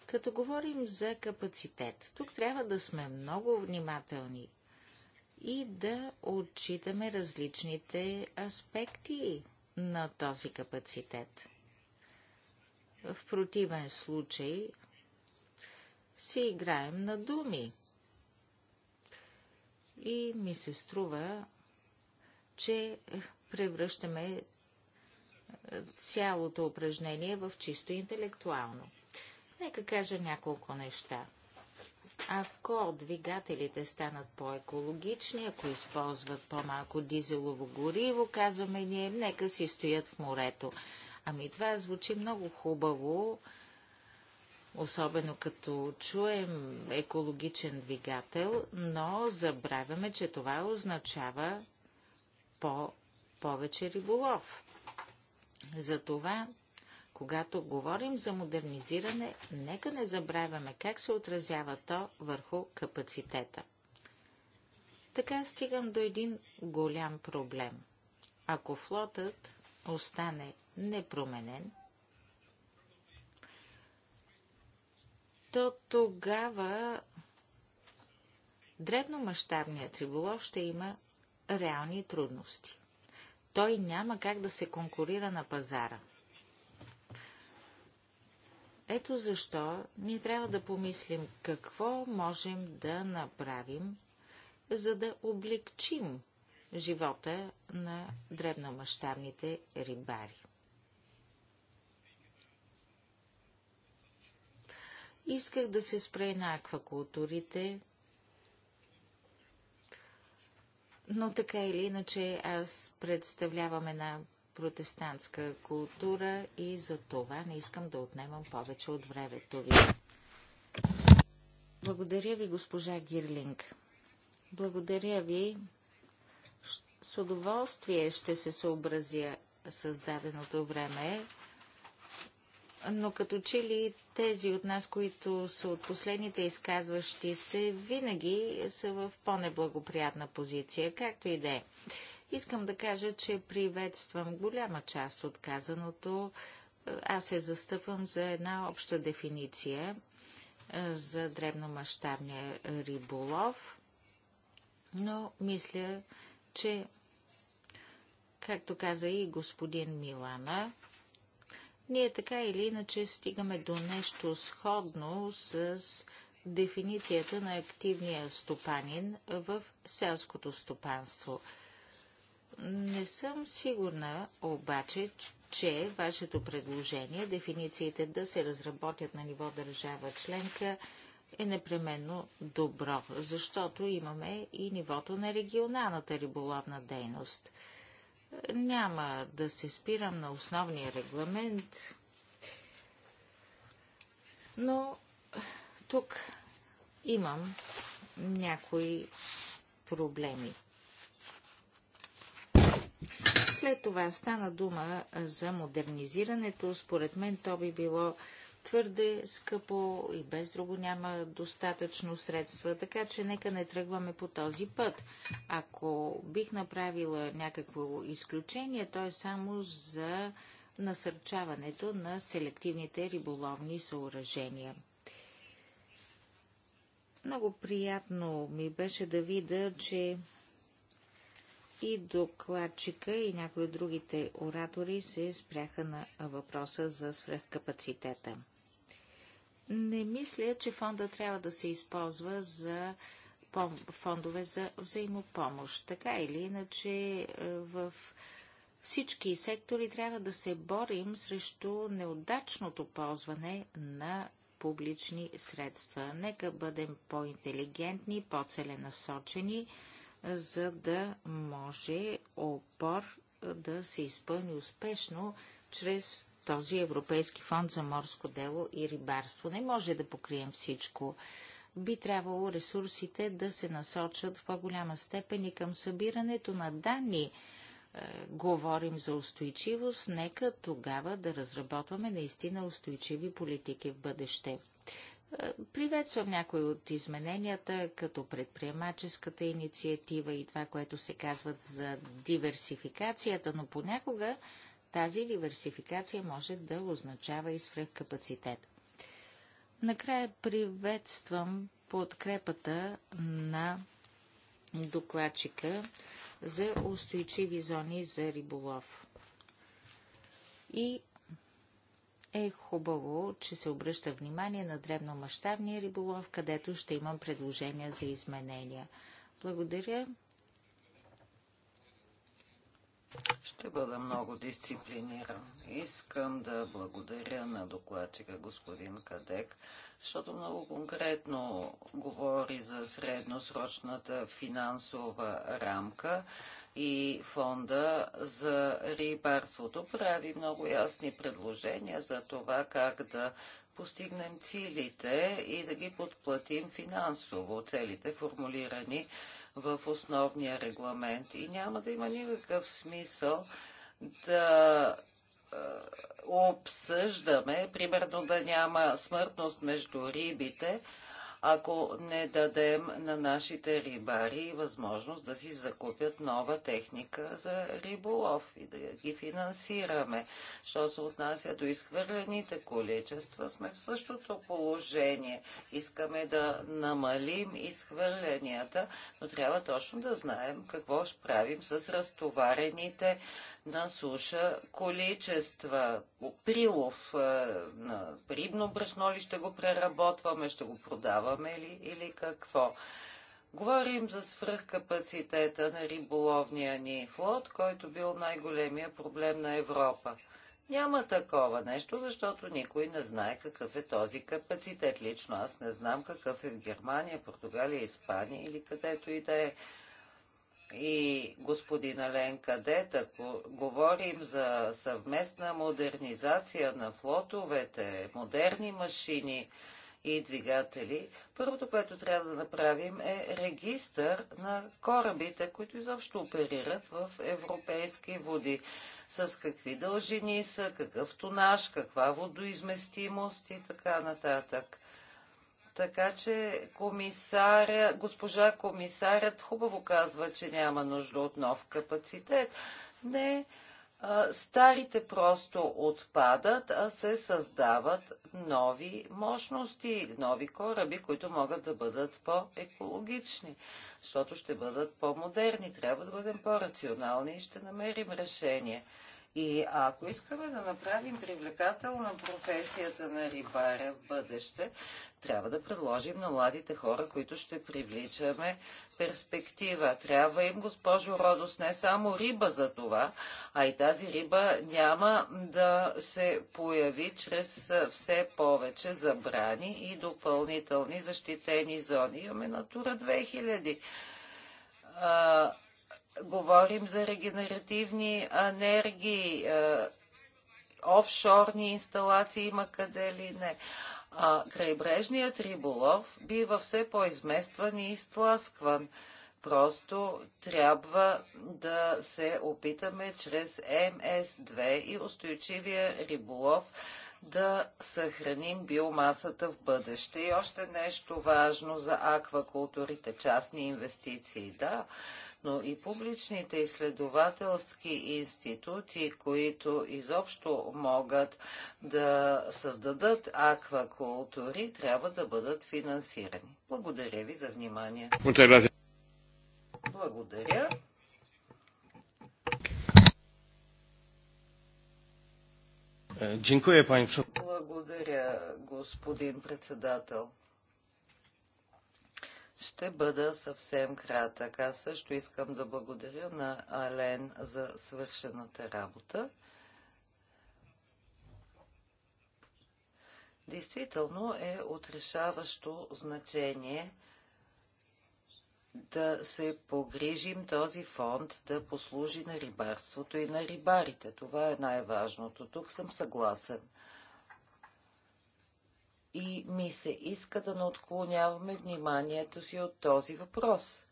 Като говорим за капацитет, тук трябва да сме много внимателни и да отчитаме различните аспекти на този капацитет. В противен случай си играем на думи. И ми се струва, че превръщаме цялото упражнение в чисто интелектуално. Нека кажа няколко неща. Ако двигателите станат по-екологични, ако използват по-малко дизелово гориво, казваме ние, нека си стоят в морето. Ами това звучи много хубаво, особено като чуем екологичен двигател, но забравяме, че това означава по повече риболов. Затова когато говорим за модернизиране, нека не забравяме как се отразява то върху капацитета. Така стигам до един голям проблем. Ако флотът остане непроменен, то тогава дребномащабният риболов ще има реални трудности. Той няма как да се конкурира на пазара. Ето защо ние трябва да помислим какво можем да направим, за да облегчим живота на дребномащабните рибари. Исках да се спре на аквакултурите, но така или иначе аз представлявам една протестантска култура и за това не искам да отнемам повече от времето ви. Благодаря ви, госпожа Гирлинг. Благодаря ви. С удоволствие ще се съобразя с даденото време, но като че ли тези от нас, които са от последните изказващи се, винаги са в по-неблагоприятна позиция, както и да е. Искам да кажа, че приветствам голяма част от казаното. Аз се застъпвам за една обща дефиниция е, за дребномащабния риболов, но мисля, че, както каза и господин Милана, ние така или иначе стигаме до нещо сходно с дефиницията на активния стопанин в селското стопанство – не съм сигурна обаче, че вашето предложение дефинициите да се разработят на ниво държава членка е непременно добро, защото имаме и нивото на регионалната риболовна дейност. Няма да се спирам на основния регламент, но тук имам някои проблеми. След това стана дума за модернизирането. Според мен то би било твърде скъпо и без друго няма достатъчно средства, така че нека не тръгваме по този път. Ако бих направила някакво изключение, то е само за насърчаването на селективните риболовни съоръжения. Много приятно ми беше да видя, че и докладчика и някои от другите оратори се спряха на въпроса за свръхкапацитета. Не мисля, че фонда трябва да се използва за фондове за взаимопомощ. Така или иначе е, в всички сектори трябва да се борим срещу неудачното ползване на публични средства. Нека бъдем по-интелигентни, по-целенасочени. по интелигентни по целенасочени за да може опор да се изпълни успешно чрез този Европейски фонд за морско дело и рибарство. Не може да покрием всичко. Би трябвало ресурсите да се насочат в по-голяма степен и към събирането на данни. Е, говорим за устойчивост, нека тогава да разработваме наистина устойчиви политики в бъдеще. Приветствам някои от измененията, като предприемаческата инициатива и това, което се казват за диверсификацията, но понякога тази диверсификация може да означава и свръхкапацитет. Накрая приветствам подкрепата на докладчика за устойчиви зони за риболов. И е хубаво, че се обръща внимание на дребномащабния риболов, където ще имам предложения за изменения. Благодаря. Ще бъда много дисциплиниран. Искам да благодаря на докладчика господин Кадек, защото много конкретно говори за средносрочната финансова рамка и фонда за рибарството прави много ясни предложения за това как да постигнем целите и да ги подплатим финансово, целите формулирани в основния регламент. И няма да има никакъв смисъл да обсъждаме, примерно да няма смъртност между рибите, ако не дадем на нашите рибари възможност да си закупят нова техника за риболов и да ги финансираме. Що се отнася до изхвърлените количества, сме в същото положение. Искаме да намалим изхвърленията, но трябва точно да знаем какво ще правим с разтоварените на суша количества. Прилов е, на рибно брашно ли ще го преработваме, ще го продаваме ли или какво? Говорим за свръхкапацитета на риболовния ни флот, който бил най-големия проблем на Европа. Няма такова нещо, защото никой не знае какъв е този капацитет. Лично аз не знам какъв е в Германия, Португалия, Испания или където и да е и господин Ленка Дета, говорим за съвместна модернизация на флотовете, модерни машини и двигатели, първото, което трябва да направим е регистър на корабите, които изобщо оперират в европейски води. С какви дължини са, какъв тонаж, каква водоизместимост и така нататък. Така че комисаря, госпожа комисарят хубаво казва, че няма нужда от нов капацитет. Не, старите просто отпадат, а се създават нови мощности, нови кораби, които могат да бъдат по-екологични, защото ще бъдат по-модерни, трябва да бъдем по-рационални и ще намерим решение. И ако искаме да направим привлекателна професията на рибаря в бъдеще, трябва да предложим на младите хора, които ще привличаме перспектива. Трябва им, госпожо Родос, не само риба за това, а и тази риба няма да се появи чрез все повече забрани и допълнителни защитени зони. Имаме Натура 2000 Говорим за регенеративни енергии, е, офшорни инсталации има къде ли не. А крайбрежният риболов бива все по-изместван и изтласкван. Просто трябва да се опитаме чрез МС2 и устойчивия риболов да съхраним биомасата в бъдеще. И още нещо важно за аквакултурите, частни инвестиции. Да, но и публичните изследователски институти, които изобщо могат да създадат аквакултури, трябва да бъдат финансирани. Благодаря ви за внимание. Благодаря. Е, Благодаря, господин председател. Ще бъда съвсем кратък. Аз също искам да благодаря на Ален за свършената работа. Действително е отрешаващо значение да се погрижим този фонд да послужи на рибарството и на рибарите. Това е най-важното. Тук съм съгласен и ми се иска да не отклоняваме вниманието си от този въпрос.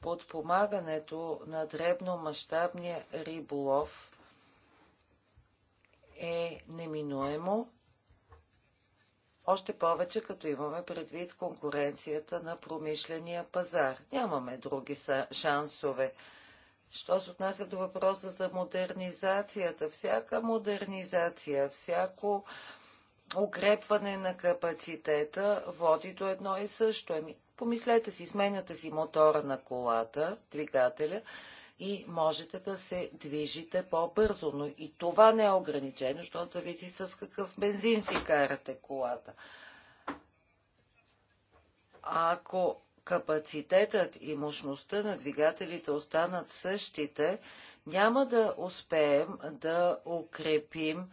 Подпомагането на дребномащабния риболов е неминуемо, още повече като имаме предвид конкуренцията на промишления пазар. Нямаме други шансове. Що се отнася до въпроса за модернизацията, всяка модернизация, всяко укрепване на капацитета води до едно и също. Еми, помислете си, сменяте си мотора на колата, двигателя и можете да се движите по-бързо. Но и това не е ограничено, защото зависи с какъв бензин си карате колата. Ако капацитетът и мощността на двигателите останат същите, няма да успеем да укрепим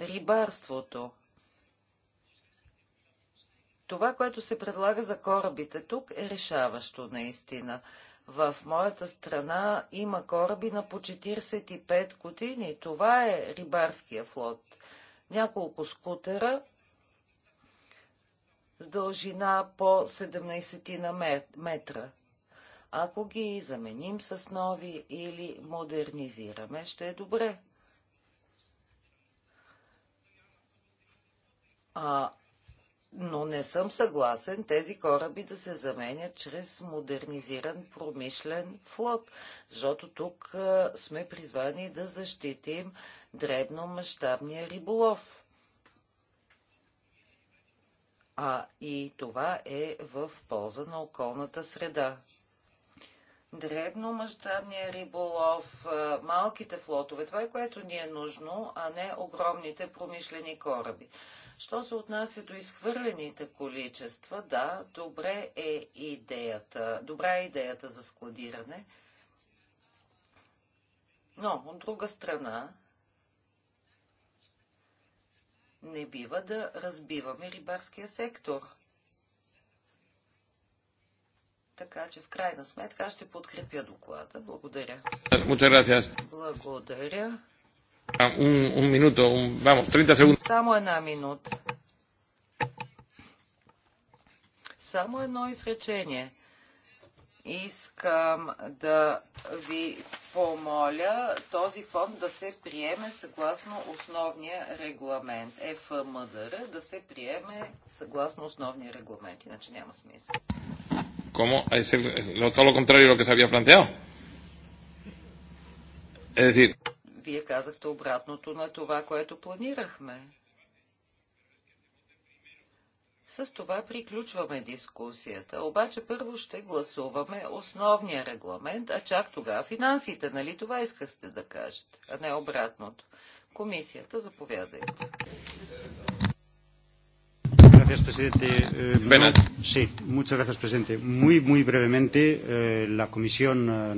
рибарството. Това, което се предлага за корабите тук е решаващо наистина. В моята страна има кораби на по 45 години. Това е рибарския флот. Няколко скутера с дължина по 17 на метра. Ако ги заменим с нови или модернизираме, ще е добре. А но не съм съгласен тези кораби да се заменят чрез модернизиран промишлен флот, защото тук сме призвани да защитим дребномащабния риболов. А и това е в полза на околната среда. Дребномащабния риболов, малките флотове, това е което ни е нужно, а не огромните промишлени кораби. Що се отнася до изхвърлените количества, да, добре е идеята, добра е идеята за складиране, но от друга страна не бива да разбиваме рибарския сектор. Така че в крайна сметка аз ще подкрепя доклада. Благодаря. Благодаря. Ah, un, un minuto, un, vamos, 30 segundos. Само една минута. Само едно изречение. Искам да ви помоля този фонд да се приеме съгласно основния регламент. Е ФМДР да се приеме съгласно основния регламент, иначе няма смисъл. ¿Cómo? Es el, lo, todo lo contrario de lo que se había planteado. Es decir, вие казахте обратното на това, което планирахме. С това приключваме дискусията. Обаче първо ще гласуваме основния регламент, а чак тогава финансите, нали това искахте да кажете, а не обратното. Комисията, заповядайте. Gracias, presidente. Eh, sí, muchas gracias, presidente. Muy, muy brevemente, eh, la Comisión eh,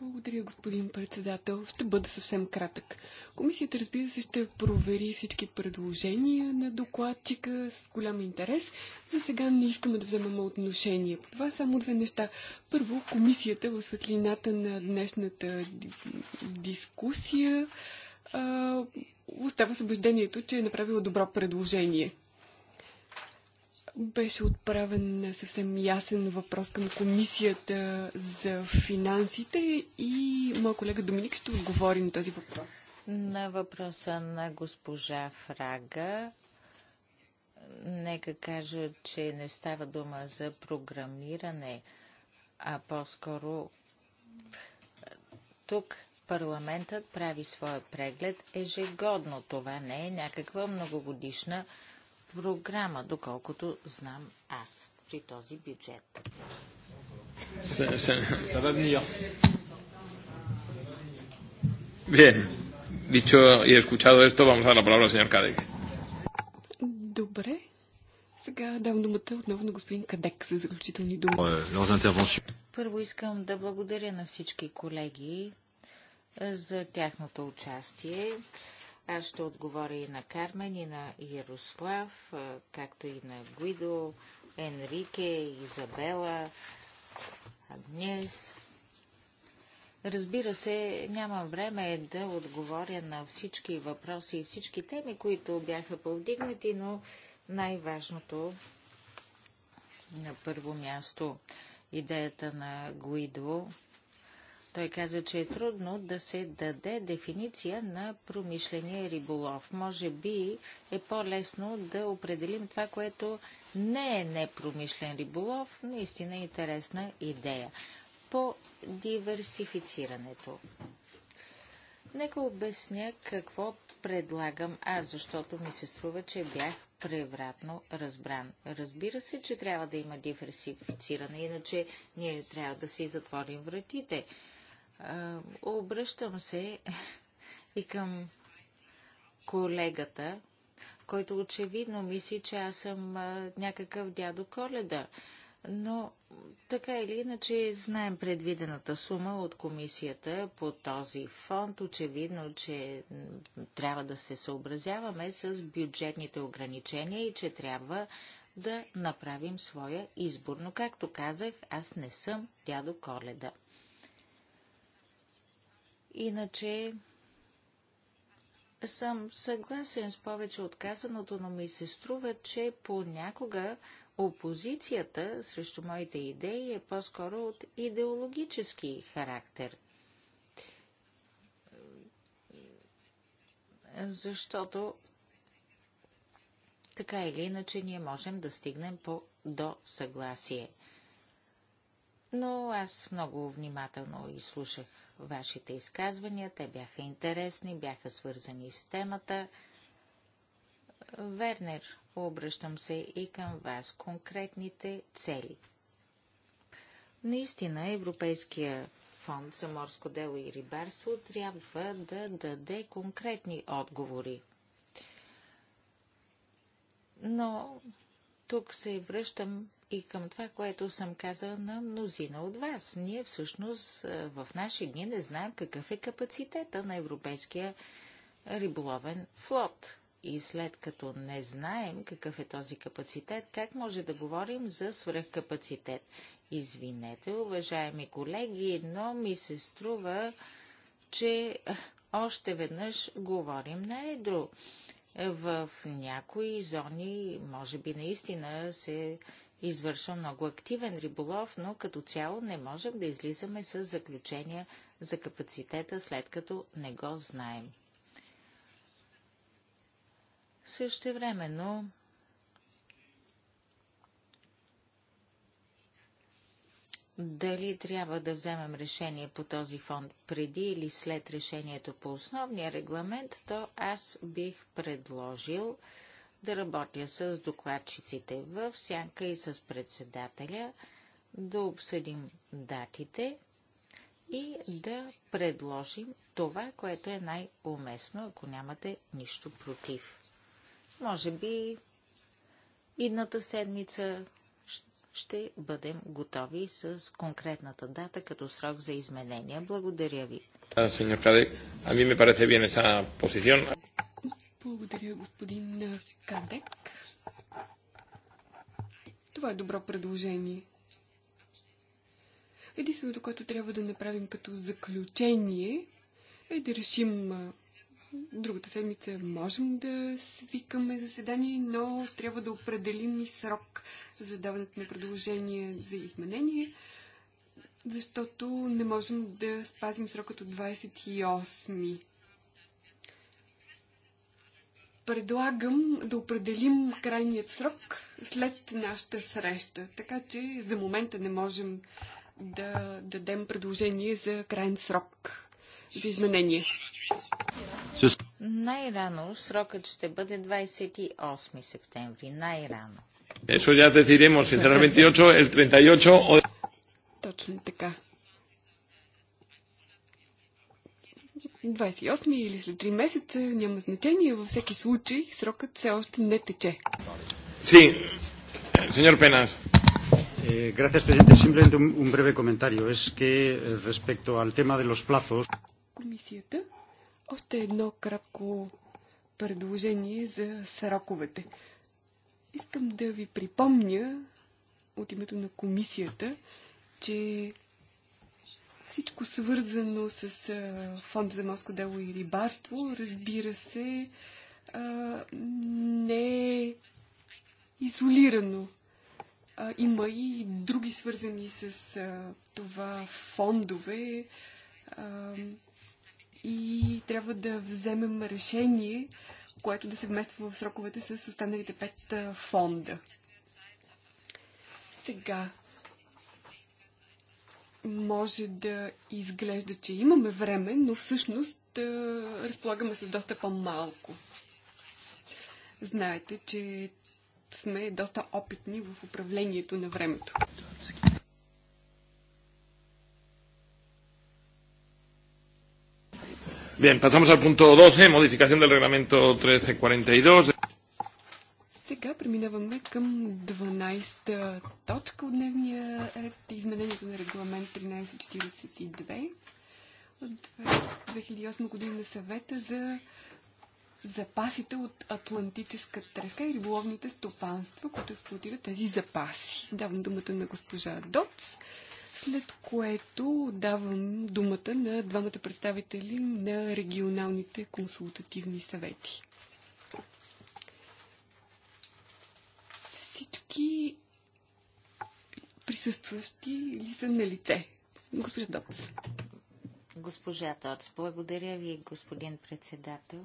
благодаря, господин председател. Ще бъда съвсем кратък. Комисията, разбира се, ще провери всички предложения на докладчика с голям интерес. За сега не искаме да вземем отношение по това. Само две неща. Първо, комисията в светлината на днешната дискусия остава с убеждението, че е направила добро предложение. Беше отправен съвсем ясен въпрос към комисията за финансите и моя колега Доминик ще отговори на този въпрос. На въпроса на госпожа Фрага, нека кажа, че не става дума за програмиране, а по-скоро тук парламентът прави своя преглед ежегодно. Това не е някаква многогодишна програма, доколкото знам аз при този бюджет. Bien, dicho y escuchado esto, vamos a dar la palabra al señor Добре. Сега давам думата отново на господин Кадек за заключителни думи. Е, Първо искам да благодаря на всички колеги е, за тяхното участие. Аз ще отговоря и на Кармен, и на Ярослав, както и на Гуидо, Енрике, Изабела, Агнес. Разбира се, нямам време да отговоря на всички въпроси и всички теми, които бяха повдигнати, но най-важното на първо място идеята на Гуидо той каза, че е трудно да се даде дефиниция на промишления риболов. Може би е по-лесно да определим това, което не е непромишлен риболов. Наистина е интересна идея. По диверсифицирането. Нека обясня какво предлагам аз, защото ми се струва, че бях превратно разбран. Разбира се, че трябва да има диверсифициране, иначе ние трябва да си затворим вратите. Обръщам се и към колегата, който очевидно мисли, че аз съм някакъв дядо Коледа. Но така или иначе знаем предвидената сума от комисията по този фонд. Очевидно, че трябва да се съобразяваме с бюджетните ограничения и че трябва да направим своя избор. Но както казах, аз не съм дядо Коледа. Иначе съм съгласен с повече от казаното, но ми се струва, че понякога опозицията срещу моите идеи е по-скоро от идеологически характер. Защото така или иначе ние можем да стигнем по, до съгласие – но аз много внимателно изслушах вашите изказвания. Те бяха интересни, бяха свързани с темата. Вернер, обръщам се и към вас. Конкретните цели. Наистина, Европейския фонд за морско дело и рибарство трябва да даде конкретни отговори. Но тук се връщам и към това, което съм казала на мнозина от вас. Ние всъщност в наши дни не знаем какъв е капацитета на европейския риболовен флот. И след като не знаем какъв е този капацитет, как може да говорим за свръхкапацитет? Извинете, уважаеми колеги, но ми се струва, че още веднъж говорим на едро. В някои зони, може би наистина се извършва много активен риболов, но като цяло не можем да излизаме с заключения за капацитета, след като не го знаем. Също времено дали трябва да вземем решение по този фонд преди или след решението по основния регламент, то аз бих предложил да работя с докладчиците в сянка и с председателя, да обсъдим датите и да предложим това, което е най-уместно, ако нямате нищо против. Може би идната седмица ще бъдем готови с конкретната дата като срок за изменения. Благодаря ви. Сеньор Cade, а ми ме parece bien esa posición. Благодаря, господин Кадек. Това е добро предложение. Единственото, което трябва да направим като заключение е да решим другата седмица можем да свикаме заседание, но трябва да определим и срок за даването на предложение за изменение, защото не можем да спазим срокът от 28 Предлагам да определим крайният срок след нашата среща, така че за момента не можем да дадем предложение за крайен срок за изменение. Най-рано срокът ще бъде 28 септември. Най-рано. Точно така. 28 или след 3 месеца, няма значение. Във всеки случай срокът все още не тече. Sí, señor Penas. Eh, gracias, presidente. Simplemente un, un breve comentario. Es que eh, respecto al tema de los plazos. Комисията. Още едно кратко предложение за сроковете. Искам да ви припомня от името на комисията, че всичко свързано с Фонд за морско дело и рибарство, разбира се, не е изолирано. Има и други свързани с това фондове и трябва да вземем решение, което да се вмества в сроковете с останалите пет фонда. Сега, може да изглежда, че имаме време, но всъщност разполагаме с доста по-малко. Знаете, че сме доста опитни в управлението на времето. Bien, pasamos al punto 12, modificación del reglamento 1342. Сега преминаваме към 12-та точка от дневния ред. Изменението на регламент 1342 от 2008 година на съвета за запасите от Атлантическа треска и риболовните стопанства, които експлуатират тези запаси. Давам думата на госпожа Доц, след което давам думата на двамата представители на регионалните консултативни съвети. всички присъстващи ли са на лице. Госпожа Доц. Госпожа Доц, благодаря ви, господин председател.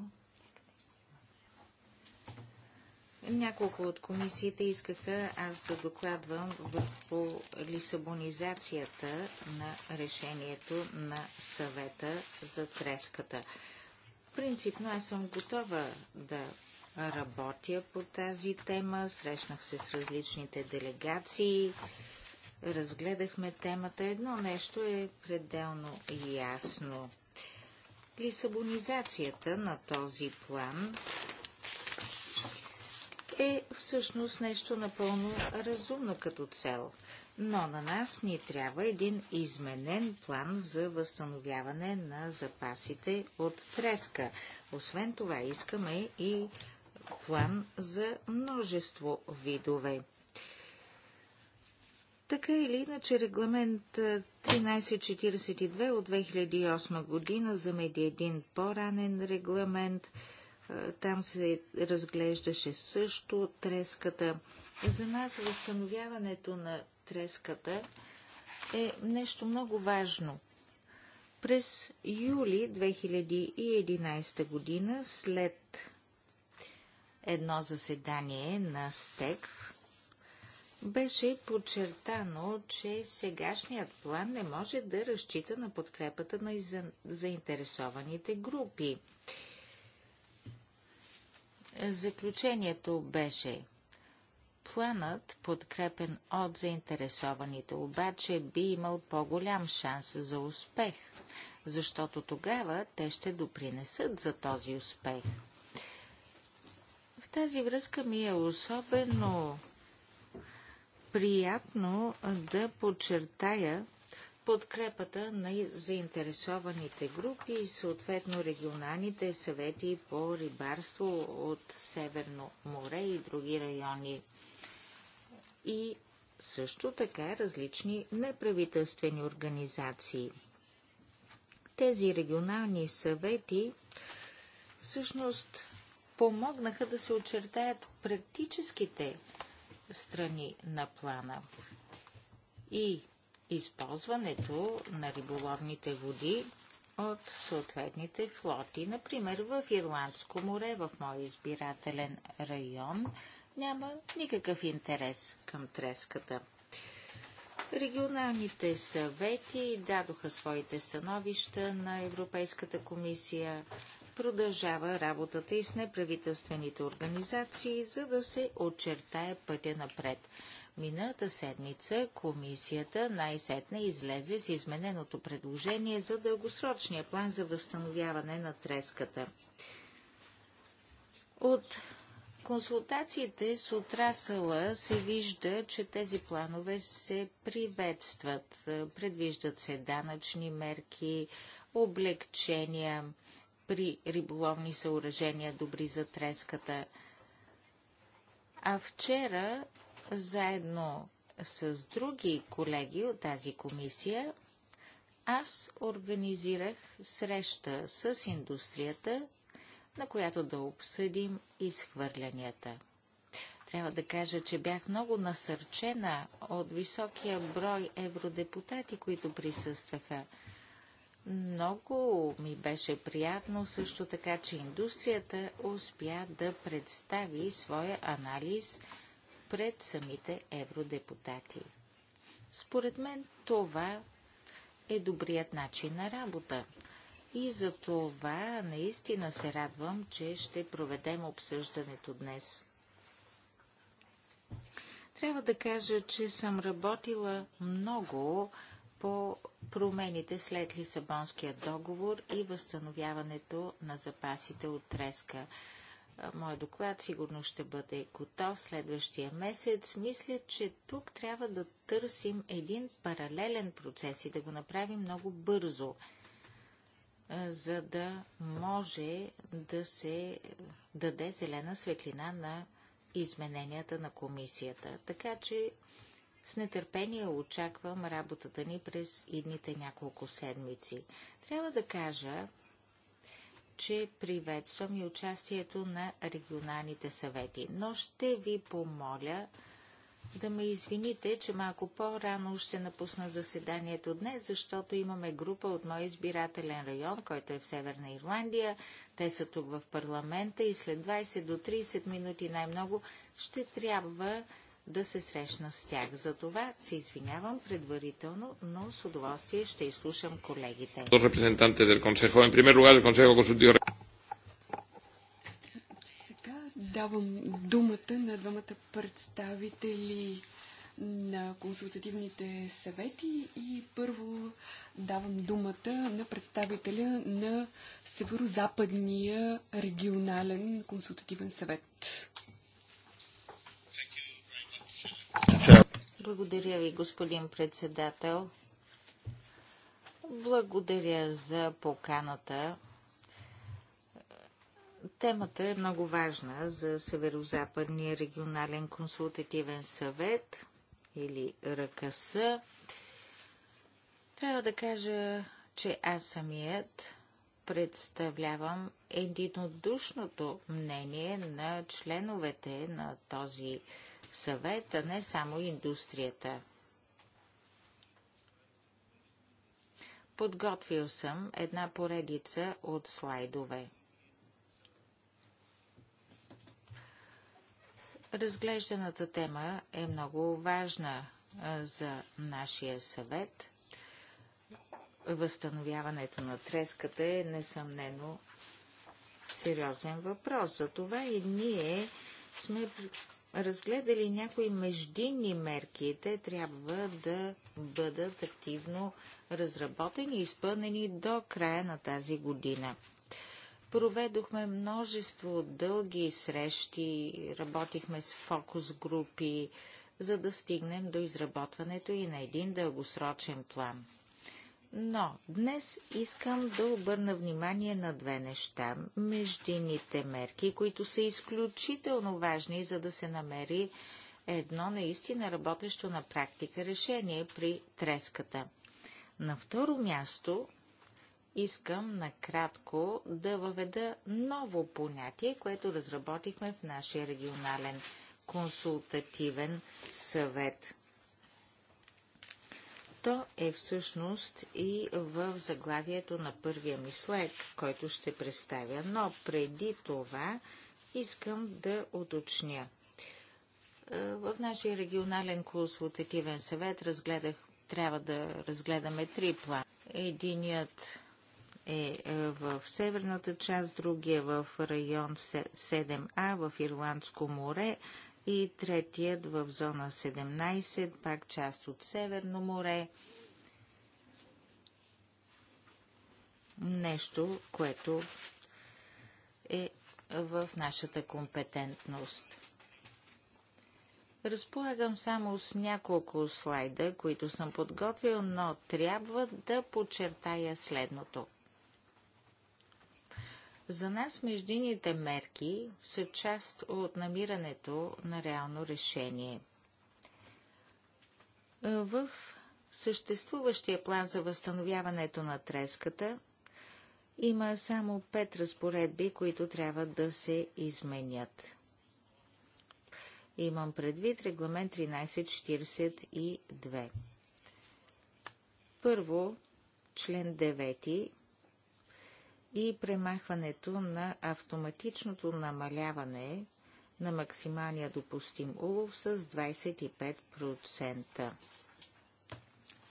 Няколко от комисиите искаха аз да докладвам върху лисабонизацията на решението на съвета за треската. Принципно аз съм готова да работя по тази тема. Срещнах се с различните делегации. Разгледахме темата. Едно нещо е пределно ясно. Лисабонизацията на този план е всъщност нещо напълно разумно като цел. Но на нас ни трябва един изменен план за възстановяване на запасите от треска. Освен това искаме и план за множество видове. Така или иначе, регламент 1342 от 2008 година замеди един по-ранен регламент. Там се разглеждаше също треската. За нас възстановяването на треската е нещо много важно. През юли 2011 година, след едно заседание на СТЕК беше подчертано, че сегашният план не може да разчита на подкрепата на заинтересованите групи. Заключението беше Планът, подкрепен от заинтересованите, обаче би имал по-голям шанс за успех, защото тогава те ще допринесат за този успех – тази връзка ми е особено приятно да подчертая подкрепата на заинтересованите групи и съответно регионалните съвети по рибарство от Северно море и други райони. И също така различни неправителствени организации. Тези регионални съвети всъщност помогнаха да се очертаят практическите страни на плана. И използването на риболовните води от съответните флоти. Например, в Ирландско море, в мой избирателен район, няма никакъв интерес към треската. Регионалните съвети дадоха своите становища на Европейската комисия продължава работата и с неправителствените организации, за да се очертае пътя напред. Миналата седмица комисията най-сетне излезе с измененото предложение за дългосрочния план за възстановяване на треската. От консултациите с отрасъла се вижда, че тези планове се приветстват. Предвиждат се данъчни мерки, облегчения, при риболовни съоръжения, добри за треската. А вчера, заедно с други колеги от тази комисия, аз организирах среща с индустрията, на която да обсъдим изхвърлянията. Трябва да кажа, че бях много насърчена от високия брой евродепутати, които присъстваха. Много ми беше приятно също така, че индустрията успя да представи своя анализ пред самите евродепутати. Според мен това е добрият начин на работа. И за това наистина се радвам, че ще проведем обсъждането днес. Трябва да кажа, че съм работила много по промените след Лисабонския договор и възстановяването на запасите от треска. Мой доклад сигурно ще бъде готов следващия месец. Мисля, че тук трябва да търсим един паралелен процес и да го направим много бързо, за да може да се даде зелена светлина на измененията на комисията. Така че с нетърпение очаквам работата ни през идните няколко седмици. Трябва да кажа, че приветствам и участието на регионалните съвети, но ще ви помоля да ме извините, че малко по-рано ще напусна заседанието днес, защото имаме група от мой избирателен район, който е в Северна Ирландия. Те са тук в парламента и след 20 до 30 минути най-много ще трябва да се срещна с тях. За това се извинявам предварително, но с удоволствие ще изслушам колегите. Така, давам думата на двамата представители на консултативните съвети и първо давам думата на представителя на Северо-Западния регионален консултативен съвет. Благодаря ви, господин председател. Благодаря за поканата. Темата е много важна за Северо-Западния регионален консултативен съвет или РКС. Трябва да кажа, че аз самият представлявам единодушното мнение на членовете на този съвет, а не само индустрията. Подготвил съм една поредица от слайдове. Разглежданата тема е много важна за нашия съвет. Възстановяването на треската е несъмнено сериозен въпрос. За това и ние сме разгледали някои междинни мерки. Те трябва да бъдат активно разработени и изпълнени до края на тази година. Проведохме множество дълги срещи, работихме с фокус групи, за да стигнем до изработването и на един дългосрочен план – но днес искам да обърна внимание на две неща. Междините мерки, които са изключително важни, за да се намери едно наистина работещо на практика решение при треската. На второ място искам накратко да въведа ново понятие, което разработихме в нашия регионален консултативен съвет. То е всъщност и в заглавието на първия ми слайд, който ще представя. Но преди това искам да уточня. Е, в нашия регионален консултативен съвет разгледах, трябва да разгледаме три плана. Единият е, е в северната част, другия в район 7А в Ирландско море, и третият в зона 17, пак част от Северно море. Нещо, което е в нашата компетентност. Разполагам само с няколко слайда, които съм подготвил, но трябва да подчертая следното – за нас междинните мерки са част от намирането на реално решение. Е, в съществуващия план за възстановяването на треската има само пет разпоредби, които трябва да се изменят. Имам предвид регламент 1342. Първо, член и премахването на автоматичното намаляване на максималния допустим улов с 25%.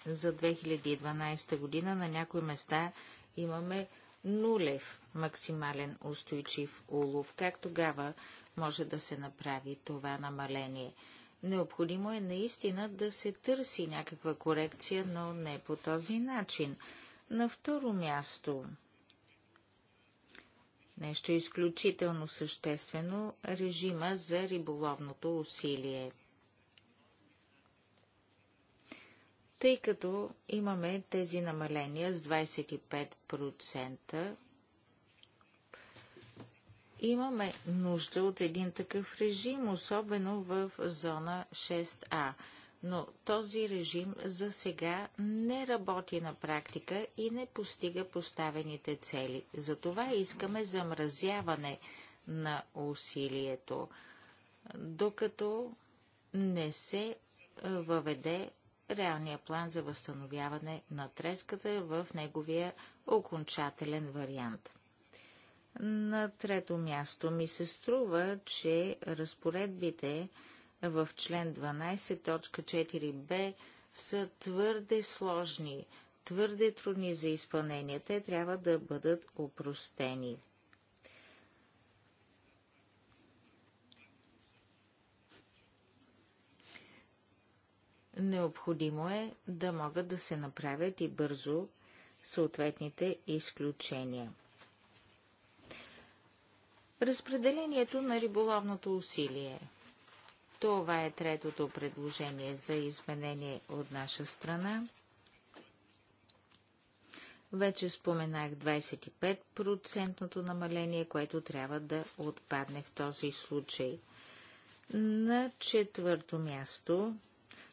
За 2012 година на някои места имаме нулев максимален устойчив улов. Как тогава може да се направи това намаление? Необходимо е наистина да се търси някаква корекция, но не по този начин. На второ място нещо изключително съществено – режима за риболовното усилие. Тъй като имаме тези намаления с 25%, имаме нужда от един такъв режим, особено в зона 6А но този режим за сега не работи на практика и не постига поставените цели. Затова искаме замразяване на усилието, докато не се въведе реалния план за възстановяване на треската в неговия окончателен вариант. На трето място ми се струва, че разпоредбите в член 12, точка 4б са твърде сложни, твърде трудни за изпълнение. Те трябва да бъдат опростени. Необходимо е да могат да се направят и бързо съответните изключения. Разпределението на риболовното усилие – това е третото предложение за изменение от наша страна. Вече споменах 25 намаление, което трябва да отпадне в този случай. На четвърто място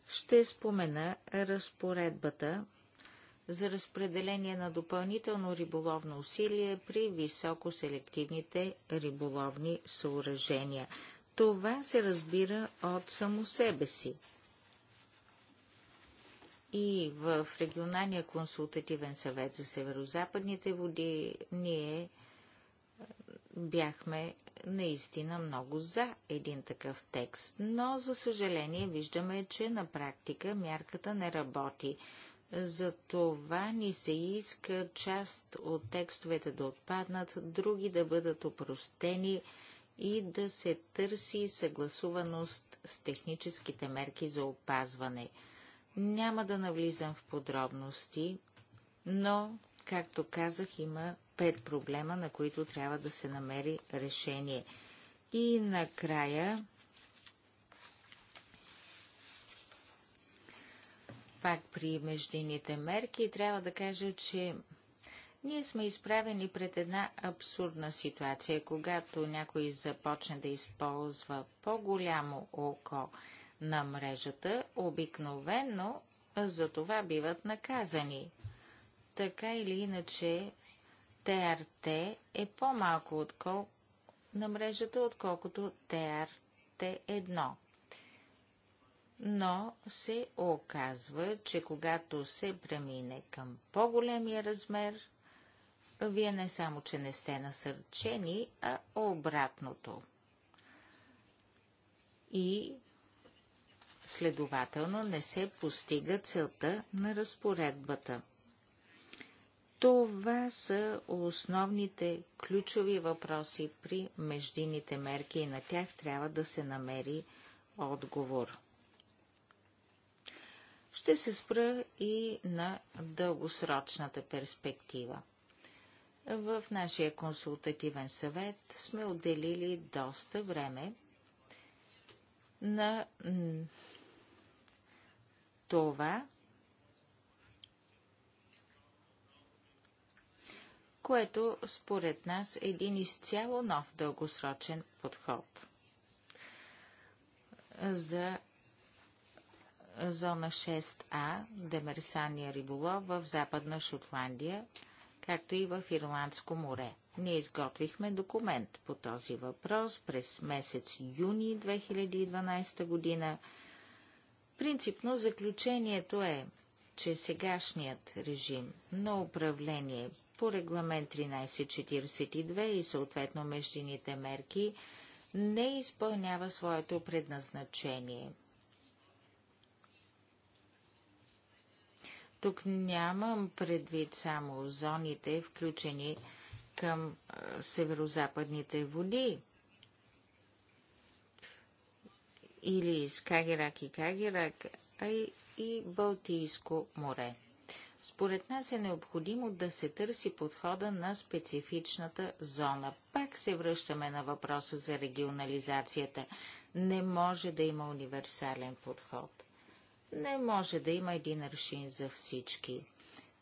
ще спомена разпоредбата за разпределение на допълнително риболовно усилие при високоселективните риболовни съоръжения това се разбира от само себе си. И в Регионалния консултативен съвет за северо-западните води ние е, бяхме наистина много за един такъв текст, но за съжаление виждаме, че на практика мярката не работи. За това ни се иска част от текстовете да отпаднат, други да бъдат опростени, и да се търси съгласуваност с техническите мерки за опазване. Няма да навлизам в подробности, но, както казах, има пет проблема, на които трябва да се намери решение. И накрая пак при междинните мерки трябва да кажа, че ние сме изправени пред една абсурдна ситуация, когато някой започне да използва по-голямо око на мрежата, обикновенно за това биват наказани. Така или иначе, ТРТ е по-малко откол... на мрежата, отколкото ТРТ-1. Но се оказва, че когато се премине към по-големия размер, вие не само, че не сте насърчени, а обратното. И следователно не се постига целта на разпоредбата. Това са основните ключови въпроси при междините мерки и на тях трябва да се намери отговор. Ще се спра и на дългосрочната перспектива. В нашия консултативен съвет сме отделили доста време на това, което според нас е един изцяло нов дългосрочен подход за зона 6А, Демерсания риболов в Западна Шотландия – както и в Ирландско море. Ние изготвихме документ по този въпрос през месец юни 2012 година. Принципно заключението е, че сегашният режим на управление по регламент 1342 и съответно междините мерки не изпълнява своето предназначение – Тук нямам предвид само зоните, включени към северо-западните води. Или с Кагерак и Кагерак, а и, и Балтийско море. Според нас е необходимо да се търси подхода на специфичната зона. Пак се връщаме на въпроса за регионализацията. Не може да има универсален подход. Не може да има един аршин за всички.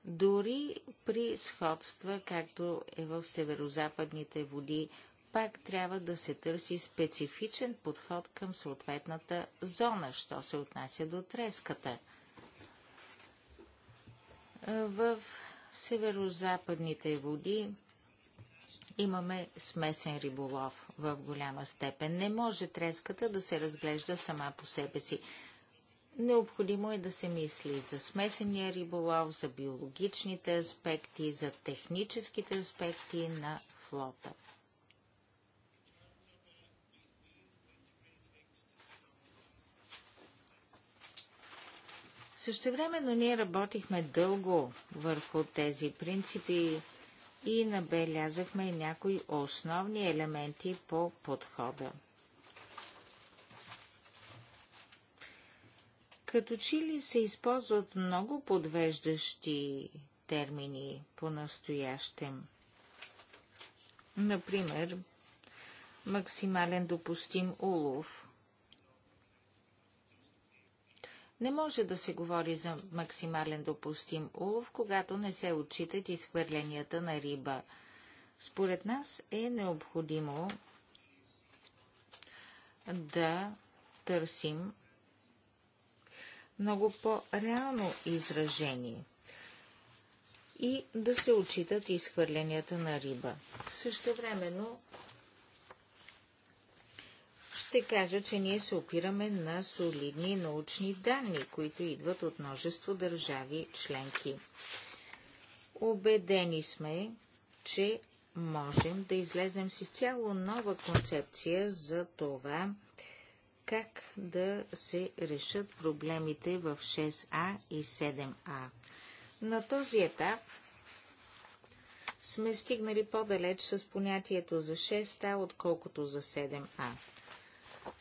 Дори при сходства, както е в северо-западните води, пак трябва да се търси специфичен подход към съответната зона, що се отнася до треската. В северо-западните води имаме смесен риболов в голяма степен. Не може треската да се разглежда сама по себе си. Необходимо е да се мисли за смесения риболов, за биологичните аспекти, за техническите аспекти на флота. Също но ние работихме дълго върху тези принципи и набелязахме някои основни елементи по подхода. Като че ли се използват много подвеждащи термини по-настоящем. Например, максимален допустим улов. Не може да се говори за максимален допустим улов, когато не се отчитат изхвърленията на риба. Според нас е необходимо да търсим много по-реално изражение и да се отчитат изхвърленията на риба. Също времено ще кажа, че ние се опираме на солидни научни данни, които идват от множество държави членки. Обедени сме, че можем да излезем с изцяло нова концепция за това как да се решат проблемите в 6А и 7А. На този етап сме стигнали по-далеч с понятието за 6А, отколкото за 7А.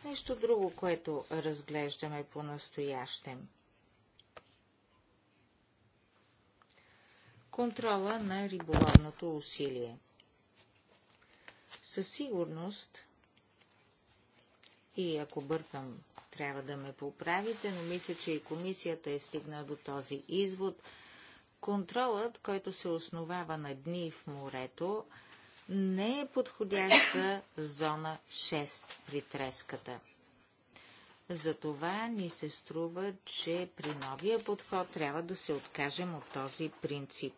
Нещо друго, което разглеждаме по-настоящем. Контрола на риболовното усилие. Със сигурност и ако бъркам, трябва да ме поправите, но мисля, че и комисията е стигнала до този извод. Контролът, който се основава на дни в морето, не е подходящ за зона 6 при треската. Затова ни се струва, че при новия подход трябва да се откажем от този принцип.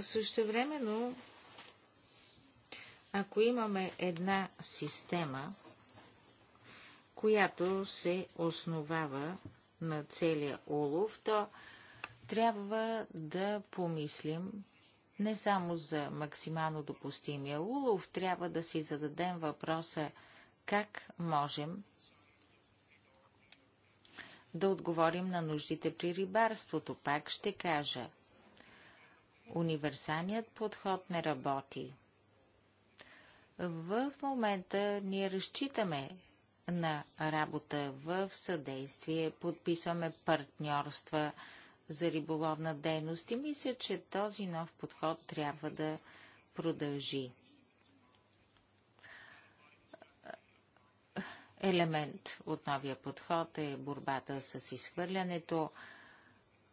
Също времено, ако имаме една система, която се основава на целия улов, то трябва да помислим не само за максимално допустимия улов, трябва да си зададем въпроса как можем да отговорим на нуждите при рибарството. Пак ще кажа, универсалният подход не работи. В момента ние разчитаме на работа в съдействие, подписваме партньорства за риболовна дейност и мисля, че този нов подход трябва да продължи. Елемент от новия подход е борбата с изхвърлянето.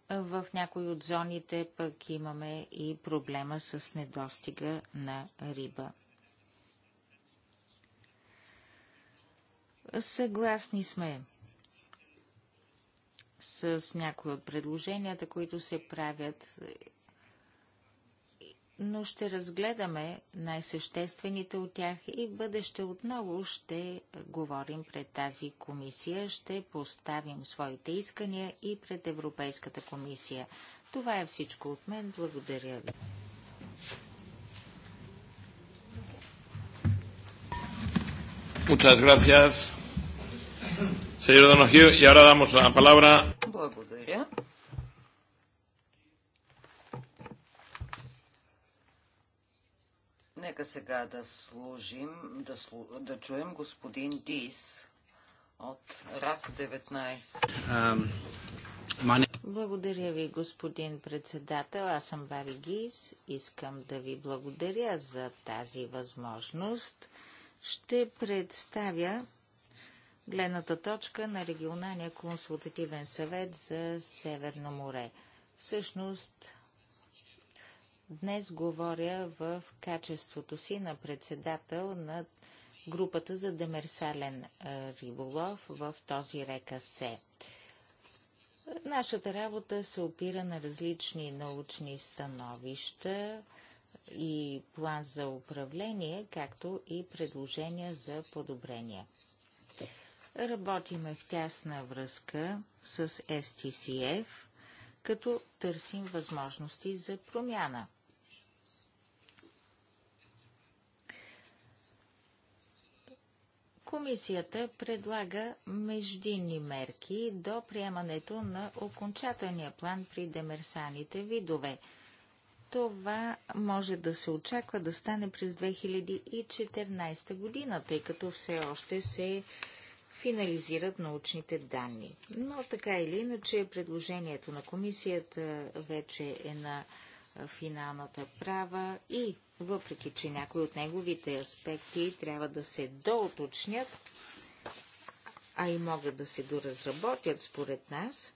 В някои от зоните пък имаме и проблема с недостига на риба. Съгласни сме с някои от предложенията, които се правят, но ще разгледаме най-съществените от тях и бъдеще отново ще говорим пред тази комисия, ще поставим своите искания и пред Европейската комисия. Това е всичко от мен. Благодаря ви. Muchas gracias. Señor y ahora damos la palabra. Благодаря. Нека сега да служим, да, слу, да чуем господин Дис от РАК 19. Благодаря ви, господин председател. Аз съм Бари Гис. Искам да ви благодаря за тази възможност. Ще представя гледната точка на регионалния консултативен съвет за Северно море. Всъщност, днес говоря в качеството си на председател на групата за демерсален риболов в този река Се. Нашата работа се опира на различни научни становища и план за управление, както и предложения за подобрения. Работиме в тясна връзка с STCF, като търсим възможности за промяна. Комисията предлага междинни мерки до приемането на окончателния план при демерсаните видове. Това може да се очаква да стане през 2014 година, тъй като все още се финализират научните данни. Но така или иначе, предложението на комисията вече е на финалната права и въпреки, че някои от неговите аспекти трябва да се доуточнят, а и могат да се доразработят според нас,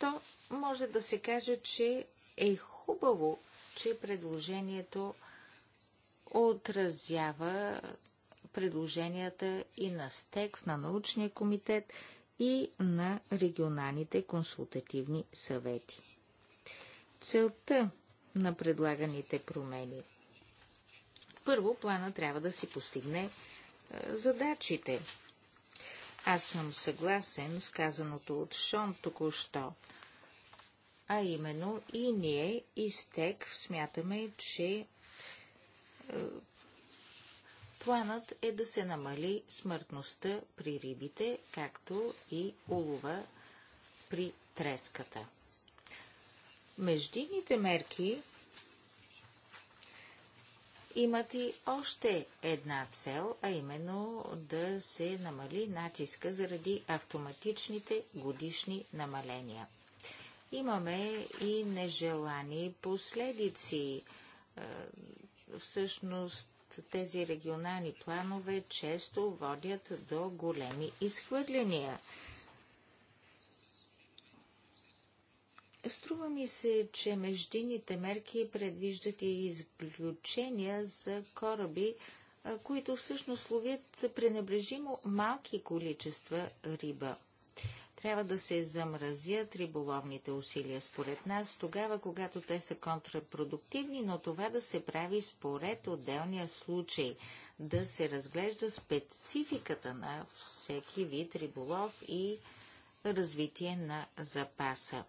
то може да се каже, че е хубаво, че предложението отразява предложенията и на СТЕК, на научния комитет и на регионалните консултативни съвети. Целта на предлаганите промени. Първо, плана трябва да си постигне е, задачите. Аз съм съгласен с казаното от Шон току-що. А именно и ние, и СТЕК смятаме, че е, Планът е да се намали смъртността при рибите, както и улова при треската. Междинните мерки имат и още една цел, а именно да се намали натиска заради автоматичните годишни намаления. Имаме и нежелани последици. Е, всъщност тези регионални планове често водят до големи изхвърляния. Струва ми се, че междинните мерки предвиждат и изключения за кораби, които всъщност ловят пренебрежимо малки количества риба трябва да се замразят риболовните усилия според нас, тогава когато те са контрапродуктивни, но това да се прави според отделния случай, да се разглежда спецификата на всеки вид риболов и развитие на запаса.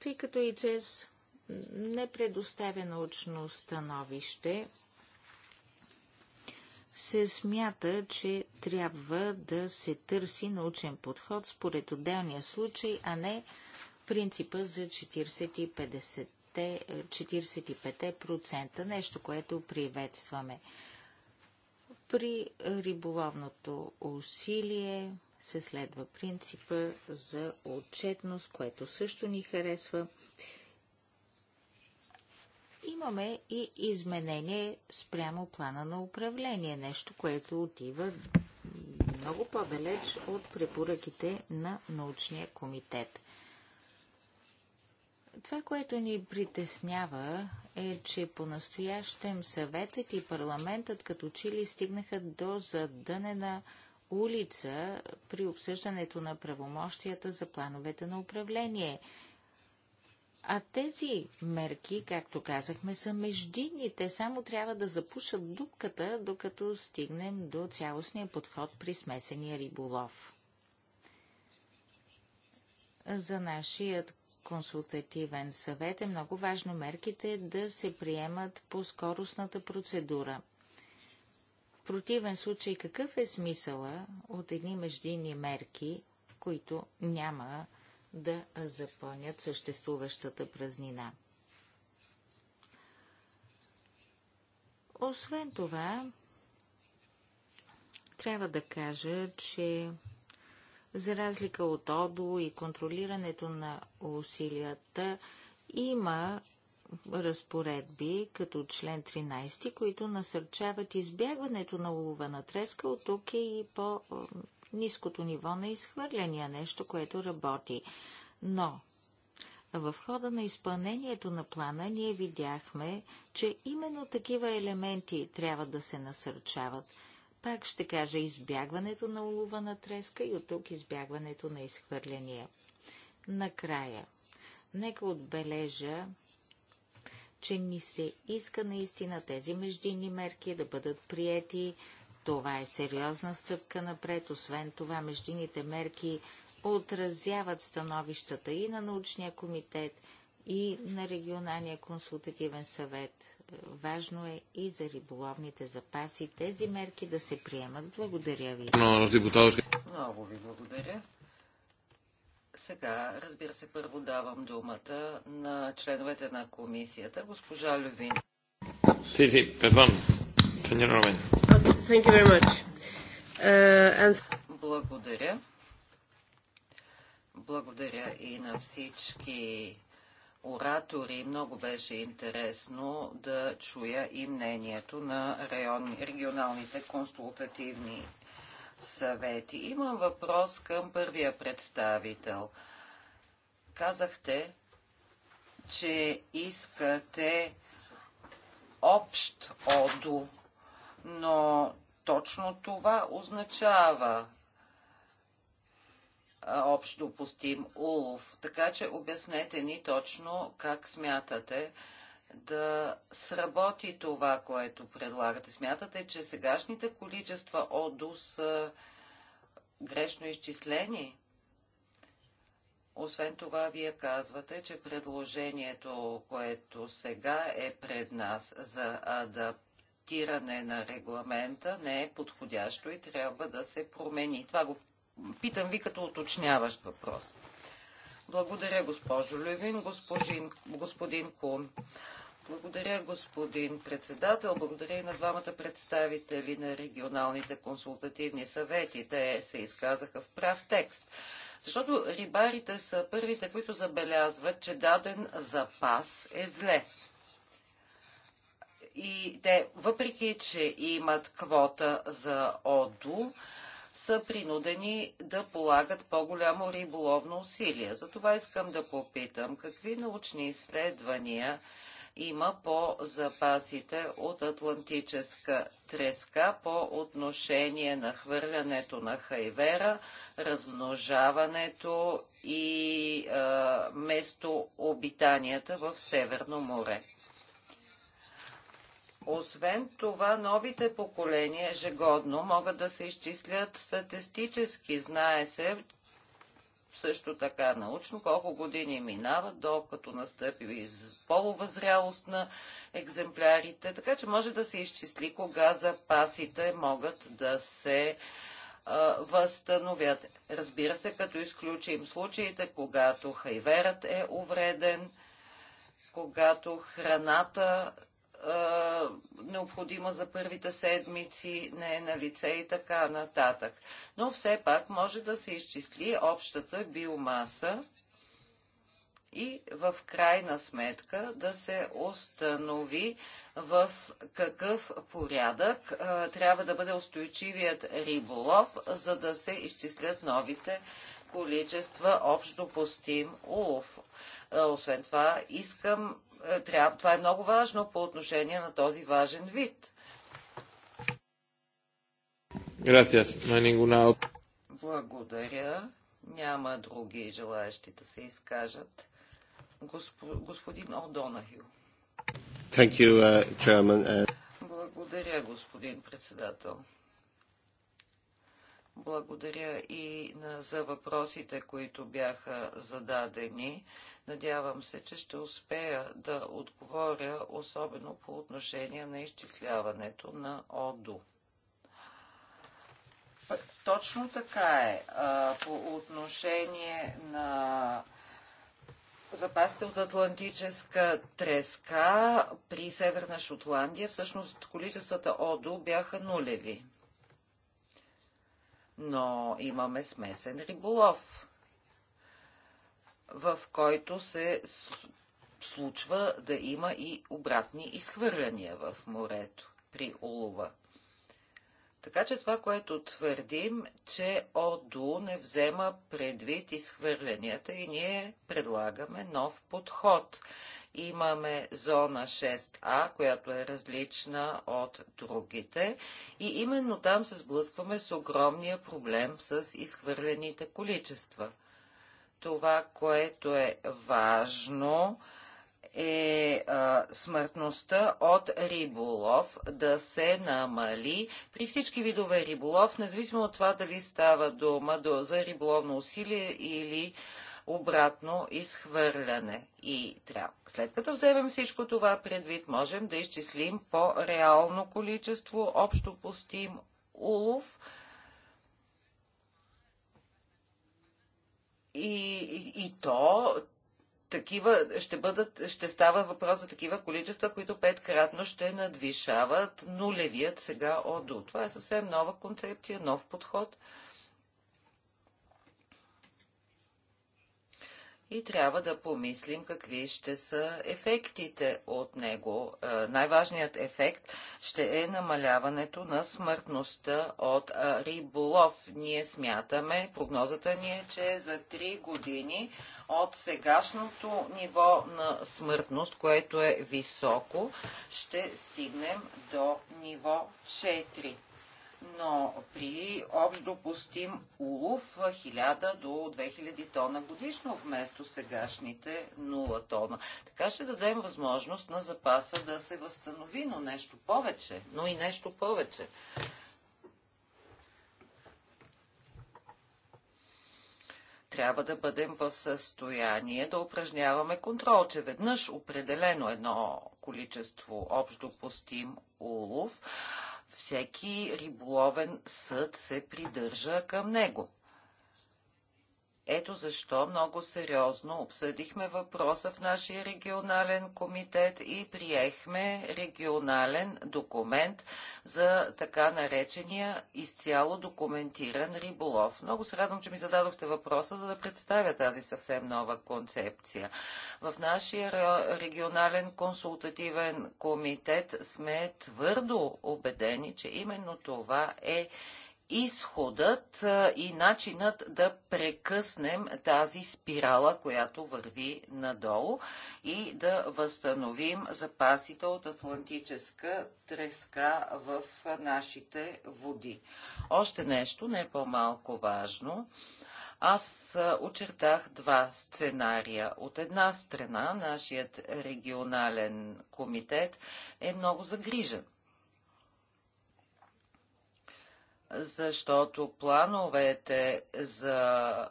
Тъй като ИЦЕС не предоставя научно становище, се смята, че трябва да се търси научен подход според отделния случай, а не принципа за 40 45%. Нещо, което приветстваме. При риболовното усилие се следва принципа за отчетност, което също ни харесва – Имаме и изменение спрямо плана на управление, нещо, което отива много по-далеч от препоръките на научния комитет. Това, което ни притеснява е, че по-настоящем съветът и парламентът като чили стигнаха до задънена улица при обсъждането на правомощията за плановете на управление – а тези мерки, както казахме, са междинни. Те само трябва да запушат дупката, докато стигнем до цялостния подход при смесения риболов. За нашият консултативен съвет е много важно мерките да се приемат по скоростната процедура. В противен случай, какъв е смисъла от едни междинни мерки, които няма да запълнят съществуващата празнина. Освен това, трябва да кажа, че за разлика от ОДО и контролирането на усилията, има разпоредби, като член 13, които насърчават избягването на улова на треска. От тук е и по ниското ниво на изхвърляния, нещо, което работи. Но в хода на изпълнението на плана ние видяхме, че именно такива елементи трябва да се насърчават. Пак ще кажа избягването на улова на треска и от тук избягването на изхвърления. Накрая, нека отбележа, че ни се иска наистина тези междинни мерки да бъдат приети това е сериозна стъпка напред. Освен това, междините мерки отразяват становищата и на научния комитет, и на регионалния консултативен съвет. Важно е и за риболовните запаси тези мерки да се приемат. Благодаря ви. Много ви благодаря. Сега, разбира се, първо давам думата на членовете на комисията, госпожа Лювин. Sí, sí, perdón, Thank you very much. Uh, and... Благодаря. Благодаря и на всички оратори. Много беше интересно да чуя и мнението на район, регионалните консултативни съвети. Имам въпрос към първия представител. Казахте, че искате общ ОДО но точно това означава общ допустим улов. Така че обяснете ни точно как смятате да сработи това, което предлагате. Смятате, че сегашните количества ОДУ са грешно изчислени? Освен това, вие казвате, че предложението, което сега е пред нас за адаптация, транспониране на регламента не е подходящо и трябва да се промени. Това го питам ви като уточняващ въпрос. Благодаря, госпожо Левин. Госпожин, господин Кун. Благодаря, господин председател. Благодаря и на двамата представители на регионалните консултативни съвети. Те се изказаха в прав текст. Защото рибарите са първите, които забелязват, че даден запас е зле и те, въпреки че имат квота за ОДУ, са принудени да полагат по-голямо риболовно усилие. Затова искам да попитам, какви научни изследвания има по запасите от Атлантическа треска по отношение на хвърлянето на хайвера, размножаването и е, местообитанията в Северно море. Освен това, новите поколения ежегодно могат да се изчислят статистически. Знае се също така научно колко години минават, докато настъпи полувъзрялост на екземплярите, така че може да се изчисли кога запасите могат да се възстановят. Разбира се, като изключим случаите, когато хайверът е увреден, когато храната е, необходима за първите седмици, не е на лице и така нататък. Но все пак може да се изчисли общата биомаса и в крайна сметка да се установи в какъв порядък а, е, трябва да бъде устойчивият риболов, за да се изчислят новите количества общ допустим улов. А, е, освен това, искам е, трябва, това е много важно по отношение на този важен вид. Благодаря. Няма други желаящи да се изкажат. Госпо, господин О'Донахил. Uh, uh... Благодаря, господин председател. Благодаря и за въпросите, които бяха зададени. Надявам се, че ще успея да отговоря, особено по отношение на изчисляването на ОДО. Точно така е. По отношение на запасите от Атлантическа треска при Северна Шотландия, всъщност количествата ОДО бяха нулеви но имаме смесен риболов, в който се случва да има и обратни изхвърляния в морето при улова. Така че това, което твърдим, че ОДУ не взема предвид изхвърлянията и ние предлагаме нов подход. Имаме зона 6А, която е различна от другите. И именно там се сблъскваме с огромния проблем с изхвърлените количества. Това, което е важно, е а, смъртността от риболов да се намали при всички видове риболов, независимо от това дали става дума до, за риболовно усилие или обратно изхвърляне. И трябва. След като вземем всичко това предвид, можем да изчислим по-реално количество общо пустим улов, И, и, и то такива ще, бъдат, ще става въпрос за такива количества, които петкратно ще надвишават нулевият сега ОДУ. Това е съвсем нова концепция, нов подход. и трябва да помислим какви ще са ефектите от него. Е, най-важният ефект ще е намаляването на смъртността от е, риболов. Ние смятаме, прогнозата ни е, че за 3 години от сегашното ниво на смъртност, което е високо, ще стигнем до ниво 4 но при общ допустим улов 1000 до 2000 тона годишно вместо сегашните 0 тона. Така ще дадем възможност на запаса да се възстанови, но нещо повече, но и нещо повече. трябва да бъдем в състояние да упражняваме контрол, че веднъж определено едно количество общ допустим улов, всеки риболовен съд се придържа към него. Ето защо много сериозно обсъдихме въпроса в нашия регионален комитет и приехме регионален документ за така наречения изцяло документиран риболов. Много се радвам, че ми зададохте въпроса, за да представя тази съвсем нова концепция. В нашия регионален консултативен комитет сме твърдо убедени, че именно това е изходът и начинът да прекъснем тази спирала, която върви надолу и да възстановим запасите от атлантическа треска в нашите води. Още нещо, не е по-малко важно. Аз очертах два сценария. От една страна, нашият регионален комитет е много загрижен защото плановете за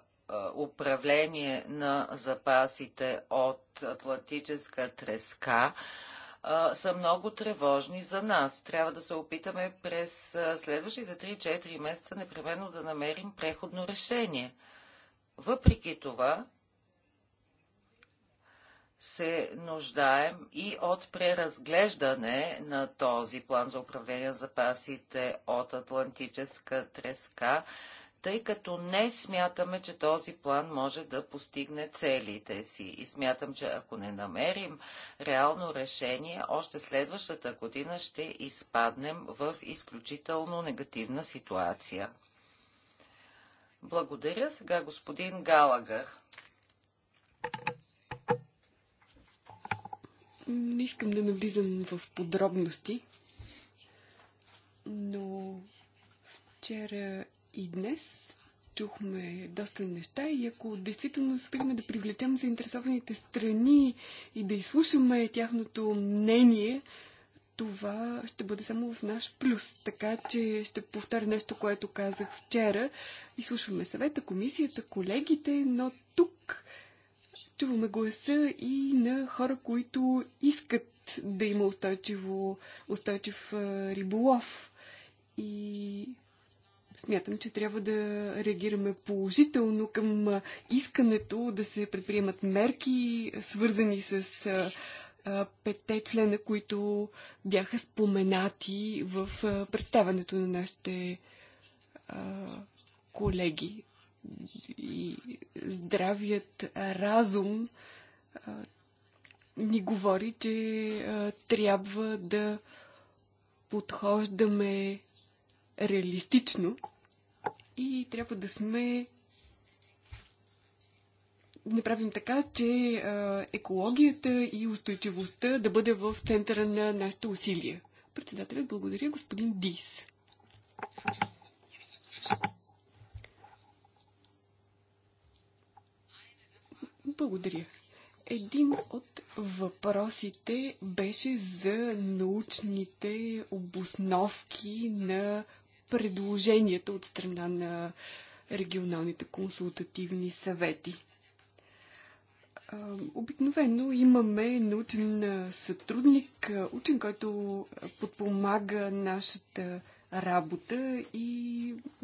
управление на запасите от Атлантическа треска са много тревожни за нас. Трябва да се опитаме през следващите 3-4 месеца непременно да намерим преходно решение. Въпреки това, се нуждаем и от преразглеждане на този план за управление на запасите от Атлантическа треска, тъй като не смятаме, че този план може да постигне целите си. И смятам, че ако не намерим реално решение, още следващата година ще изпаднем в изключително негативна ситуация. Благодаря сега господин Галагър. Не искам да навлизам в подробности, но вчера и днес чухме доста неща и ако действително успехме да привлечем заинтересованите страни и да изслушаме тяхното мнение, това ще бъде само в наш плюс. Така че ще повторя нещо, което казах вчера. Изслушваме съвета, комисията, колегите, но тук Чуваме гласа и на хора, които искат да има устойчиво, устойчив риболов. И смятам, че трябва да реагираме положително към искането да се предприемат мерки, свързани с петте члена, които бяха споменати в представането на нашите колеги и здравият разум а, ни говори, че а, трябва да подхождаме реалистично и трябва да сме направим така, че а, екологията и устойчивостта да бъде в центъра на нашите усилия. Председателят благодаря господин Дис. Благодаря. Един от въпросите беше за научните обосновки на предложенията от страна на регионалните консултативни съвети. Обикновено имаме научен сътрудник, учен, който подпомага нашата работа и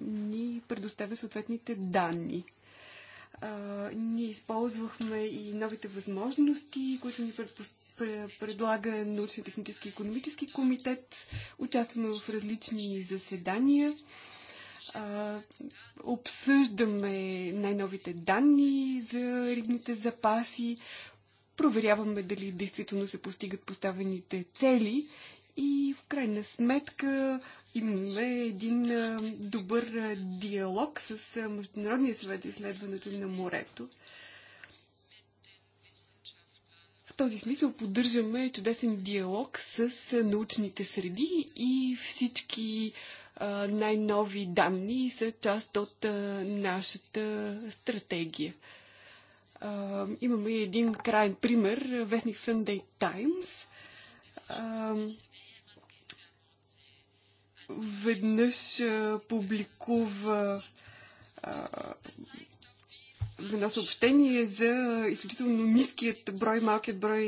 ни предоставя съответните данни ние използвахме и новите възможности, които ни предлага научно-технически и економически комитет. Участваме в различни заседания. А, обсъждаме най-новите данни за рибните запаси, проверяваме дали действително се постигат поставените цели и в крайна сметка имаме един добър диалог с Международния съвет за изследването на морето. В този смисъл поддържаме чудесен диалог с научните среди и всички най-нови данни са част от нашата стратегия. Имаме един крайен пример, вестник Sunday Times – веднъж публикува едно съобщение за изключително ниският брой, малкият брой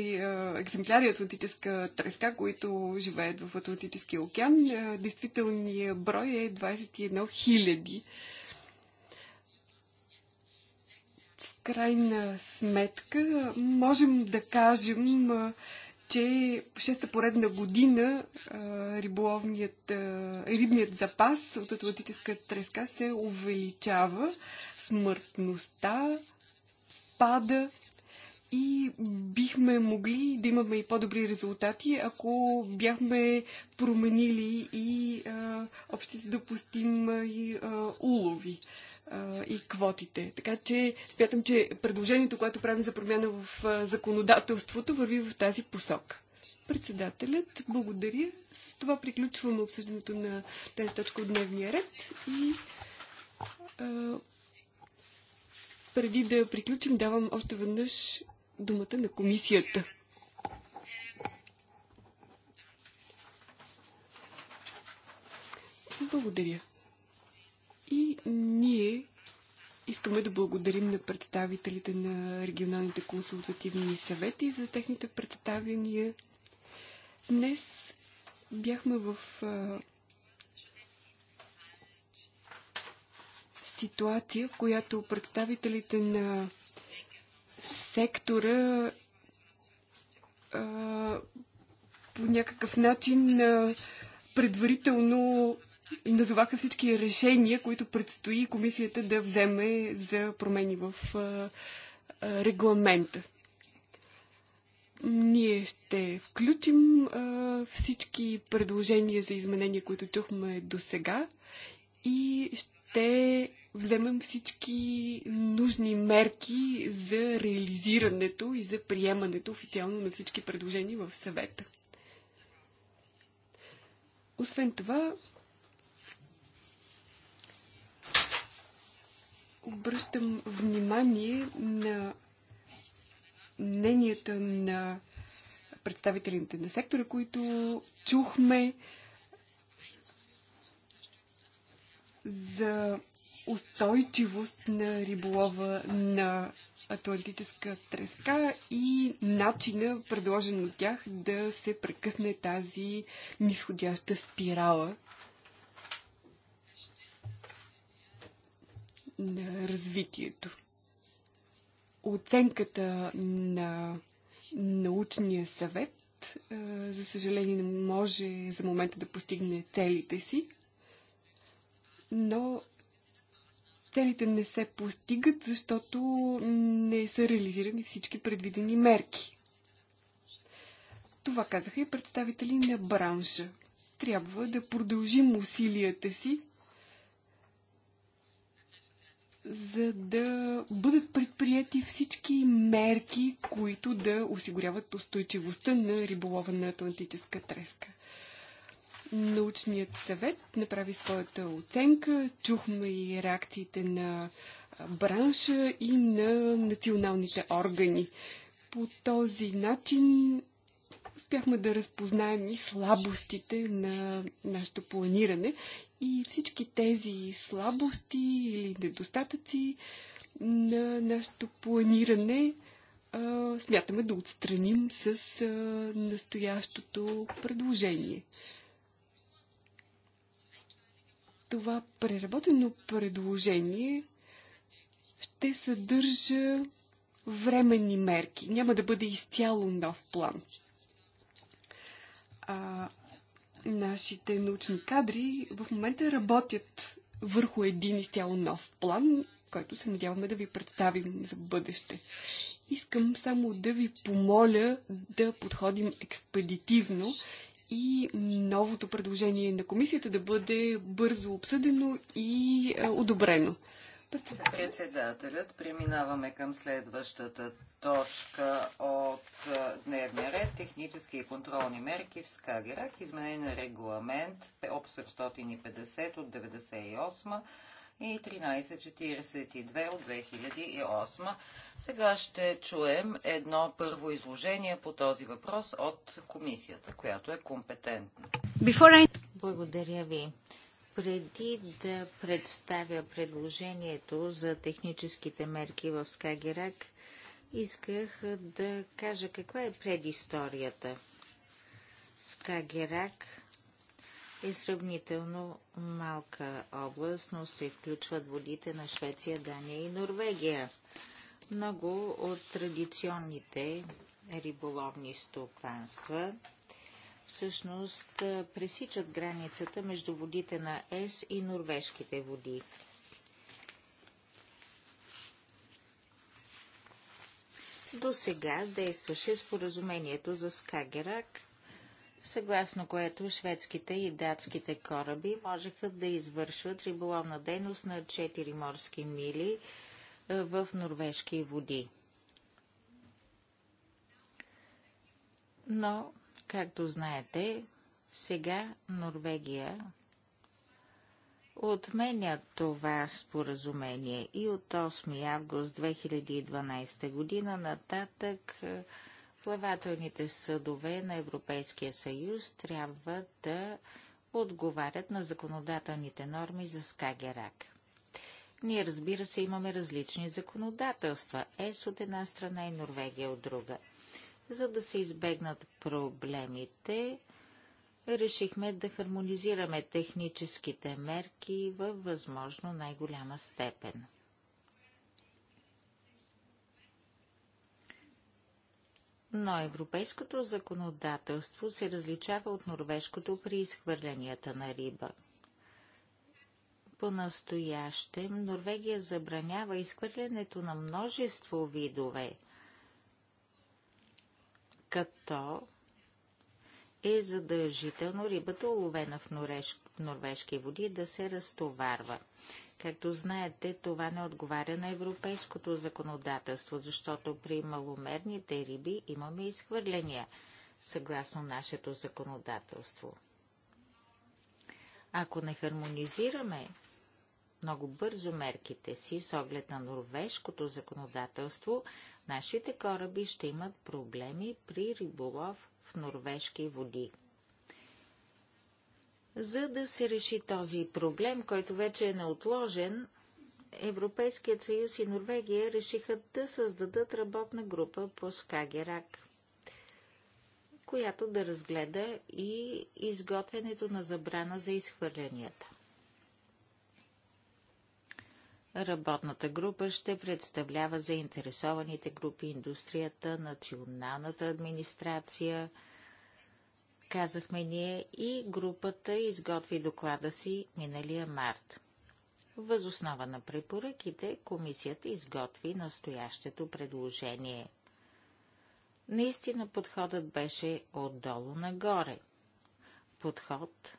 екземпляри от атлантическа треска, които живеят в Атлантическия океан. Действителният брой е 21 хиляди. В крайна сметка можем да кажем, че шеста поредна година риболовният, рибният запас от Атлантическа треска се увеличава, смъртността спада и бихме могли да имаме и по-добри резултати, ако бяхме променили и общите допустими улови и квотите. Така че смятам, че предложението, което правим за промяна в законодателството, върви в тази посока. Председателят, благодаря. С това приключваме обсъждането на тази точка от дневния ред и а, преди да приключим, давам още веднъж думата на комисията. Благодаря. И ние искаме да благодарим на представителите на регионалните консултативни съвети за техните представяния. Днес бяхме в ситуация, в която представителите на сектора а, по някакъв начин а, предварително назоваха всички решения, които предстои комисията да вземе за промени в регламента. Ние ще включим всички предложения за изменения, които чухме до сега и ще вземем всички нужни мерки за реализирането и за приемането официално на всички предложения в съвета. Освен това, обръщам внимание на мненията на представителите на сектора, които чухме за устойчивост на риболова на Атлантическа треска и начина, предложен от тях, да се прекъсне тази нисходяща спирала – на развитието. Оценката на научния съвет, за съжаление, не може за момента да постигне целите си, но целите не се постигат, защото не са реализирани всички предвидени мерки. Това казаха и представители на бранша. Трябва да продължим усилията си за да бъдат предприяти всички мерки, които да осигуряват устойчивостта на риболова на Атлантическа треска. Научният съвет направи своята оценка, чухме и реакциите на бранша и на националните органи. По този начин успяхме да разпознаем и слабостите на нашето планиране и всички тези слабости или недостатъци на нашето планиране а, смятаме да отстраним с а, настоящото предложение. Това преработено предложение ще съдържа временни мерки. Няма да бъде изцяло нов план. А, нашите научни кадри в момента работят върху един изцяло нов план, който се надяваме да ви представим за бъдеще. Искам само да ви помоля да подходим експедитивно и новото предложение на комисията да бъде бързо обсъдено и е, одобрено. Председателят, преминаваме към следващата точка от е, дневния ред. Технически и контролни мерки в Скагерак. Изменение на регламент 750 от 98 и 1342 от 2008. Сега ще чуем едно първо изложение по този въпрос от комисията, която е компетентна. I... Благодаря ви. Преди да представя предложението за техническите мерки в Скагерак, исках да кажа каква е предисторията. Скагерак е сравнително малка област, но се включват водите на Швеция, Дания и Норвегия. Много от традиционните риболовни стопанства – всъщност пресичат границата между водите на ЕС и норвежките води. До сега действаше споразумението за Скагерак, съгласно което шведските и датските кораби можеха да извършват риболовна дейност на 4 морски мили в норвежки води. Но Както знаете, сега Норвегия отменя това споразумение и от 8 август 2012 година нататък е, плавателните съдове на Европейския съюз трябва да отговарят на законодателните норми за Скагерак. Ние, разбира се, имаме различни законодателства. ЕС от една страна и Норвегия от друга. За да се избегнат проблемите, решихме да хармонизираме техническите мерки във възможно най-голяма степен. Но европейското законодателство се различава от норвежкото при изхвърлянията на риба. По-настоящем Норвегия забранява изхвърлянето на множество видове – като е задължително рибата, уловена в норвежки води, да се разтоварва. Както знаете, това не отговаря на европейското законодателство, защото при маломерните риби имаме изхвърления, съгласно нашето законодателство. Ако не хармонизираме много бързо мерките си с оглед на норвежкото законодателство, нашите кораби ще имат проблеми при риболов в норвежки води. За да се реши този проблем, който вече е неотложен, Европейският съюз и Норвегия решиха да създадат работна група по Скагерак, която да разгледа и изготвянето на забрана за изхвърлянията. Работната група ще представлява заинтересованите групи, индустрията, националната администрация, казахме ние, и групата изготви доклада си миналия март. Възоснова на препоръките, комисията изготви настоящето предложение. Наистина подходът беше отдолу нагоре. Подход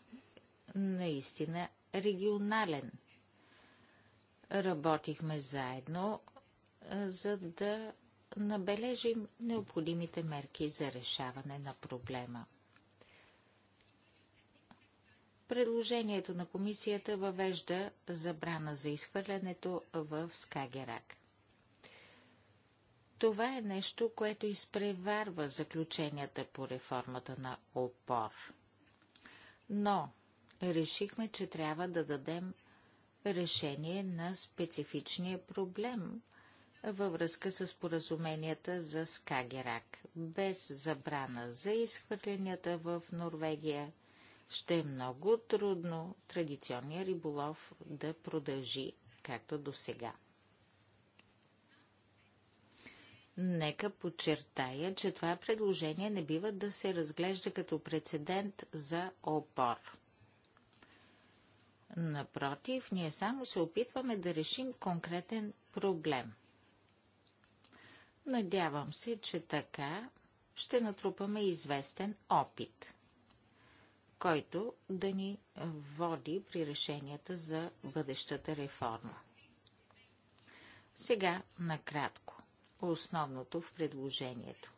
наистина регионален – работихме заедно, за да набележим необходимите мерки за решаване на проблема. Предложението на комисията въвежда забрана за изхвърлянето в Скагерак. Това е нещо, което изпреварва заключенията по реформата на опор. Но решихме, че трябва да дадем решение на специфичния проблем във връзка с поразуменията за Скагерак. Без забрана за изхвърленията в Норвегия ще е много трудно традиционния риболов да продължи както до сега. Нека подчертая, че това предложение не бива да се разглежда като прецедент за опор. Напротив, ние само се опитваме да решим конкретен проблем. Надявам се, че така ще натрупаме известен опит, който да ни води при решенията за бъдещата реформа. Сега накратко. Основното в предложението.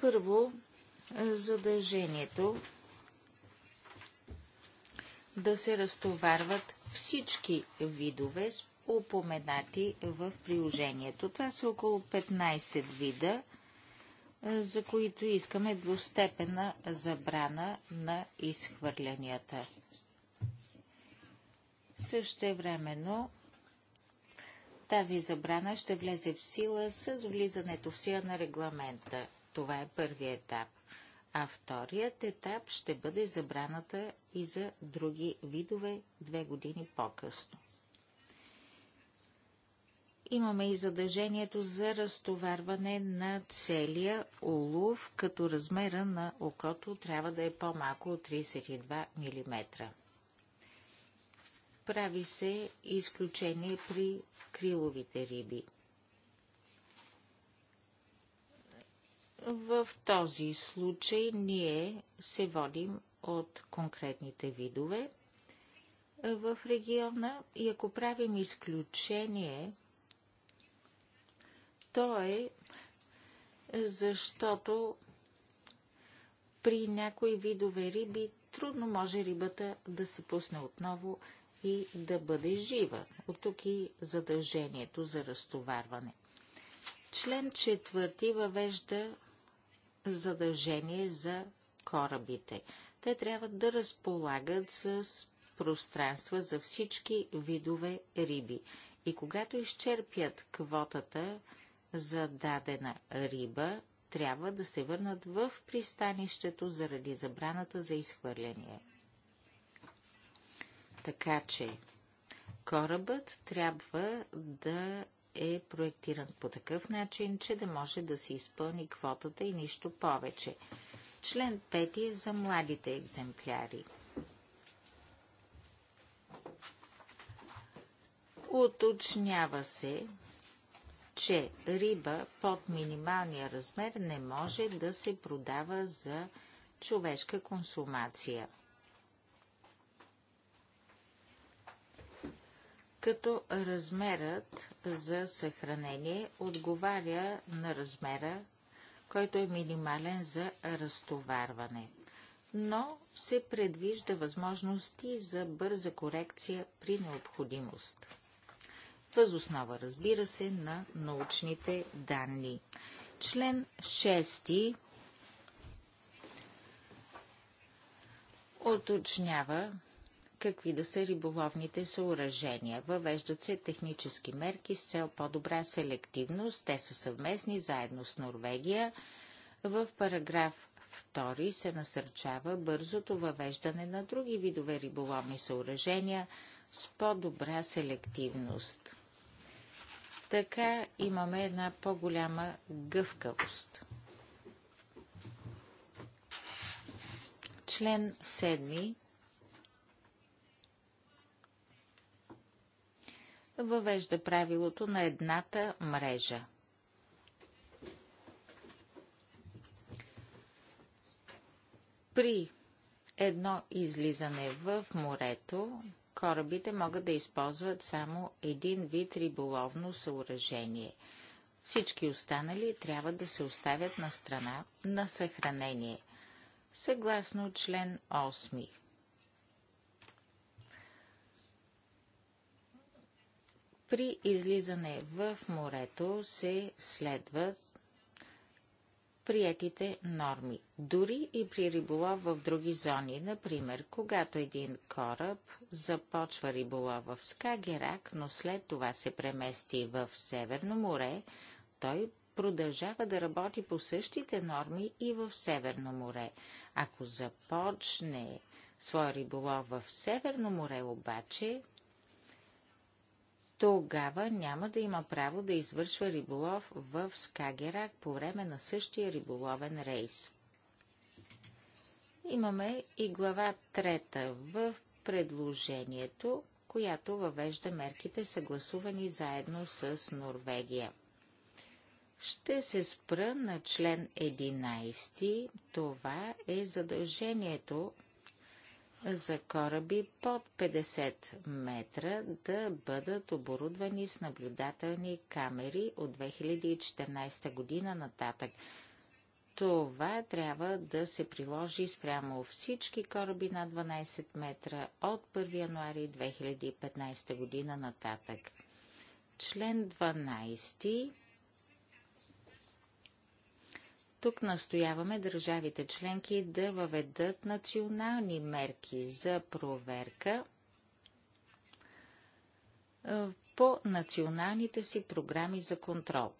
Първо, задължението да се разтоварват всички видове, упоменати в приложението. Това са около 15 вида, за които искаме двустепена забрана на изхвърлянията. Същевременно тази забрана ще влезе в сила с влизането в сила на регламента. Това е първият етап а вторият етап ще бъде забраната и за други видове две години по-късно. Имаме и задължението за разтоварване на целия улов, като размера на окото трябва да е по-малко от 32 мм. Прави се изключение при криловите риби – В този случай ние се водим от конкретните видове в региона и ако правим изключение, то е защото при някои видове риби трудно може рибата да се пусне отново и да бъде жива. От тук и задължението за разтоварване. Член четвърти въвежда задължение за корабите. Те трябва да разполагат с пространства за всички видове риби. И когато изчерпят квотата за дадена риба, трябва да се върнат в пристанището заради забраната за изхвърляние. Така че корабът трябва да е проектиран по такъв начин, че да може да се изпълни квотата и нищо повече. Член 5 е за младите екземпляри. Уточнява се, че риба под минималния размер не може да се продава за човешка консумация – като размерът за съхранение отговаря на размера, който е минимален за разтоварване. Но се предвижда възможности за бърза корекция при необходимост. Възоснова, разбира се, на научните данни. Член 6 оточнява какви да са риболовните съоръжения. Въвеждат се технически мерки с цел по-добра селективност. Те са съвместни заедно с Норвегия. В параграф 2 се насърчава бързото въвеждане на други видове риболовни съоръжения с по-добра селективност. Така имаме една по-голяма гъвкавост. Член 7 въвежда правилото на едната мрежа. При едно излизане в морето, корабите могат да използват само един вид риболовно съоръжение. Всички останали трябва да се оставят на страна на съхранение. Съгласно член 8. При излизане в морето се следват приетите норми, дори и при риболов в други зони. Например, когато един кораб започва риболов в Скагерак, но след това се премести в Северно море, той продължава да работи по същите норми и в Северно море. Ако започне своя риболов в Северно море, обаче, тогава няма да има право да извършва риболов в Скагерак по време на същия риболовен рейс. Имаме и глава трета в предложението, която въвежда мерките съгласувани заедно с Норвегия. Ще се спра на член 11. Това е задължението за кораби под 50 метра да бъдат оборудвани с наблюдателни камери от 2014 година нататък. Това трябва да се приложи спрямо всички кораби на 12 метра от 1 януари 2015 година нататък. Член 12 тук настояваме държавите членки да въведат национални мерки за проверка по националните си програми за контрол.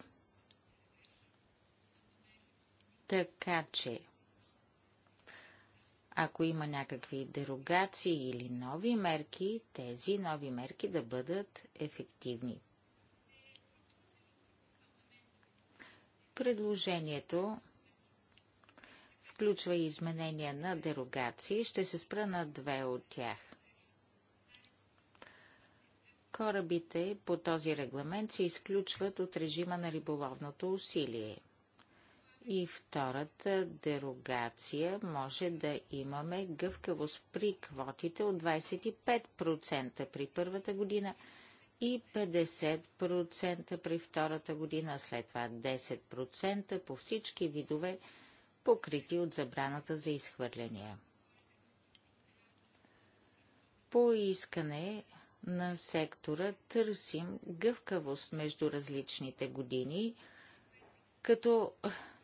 Така че, ако има някакви дерогации или нови мерки, тези нови мерки да бъдат ефективни. Предложението включва и изменения на дерогации. Ще се спра на две от тях. Корабите по този регламент се изключват от режима на риболовното усилие. И втората дерогация може да имаме гъвкавост при квотите от 25% при първата година и 50% при втората година, след това 10% по всички видове покрити от забраната за изхвърляния. По искане на сектора търсим гъвкавост между различните години, като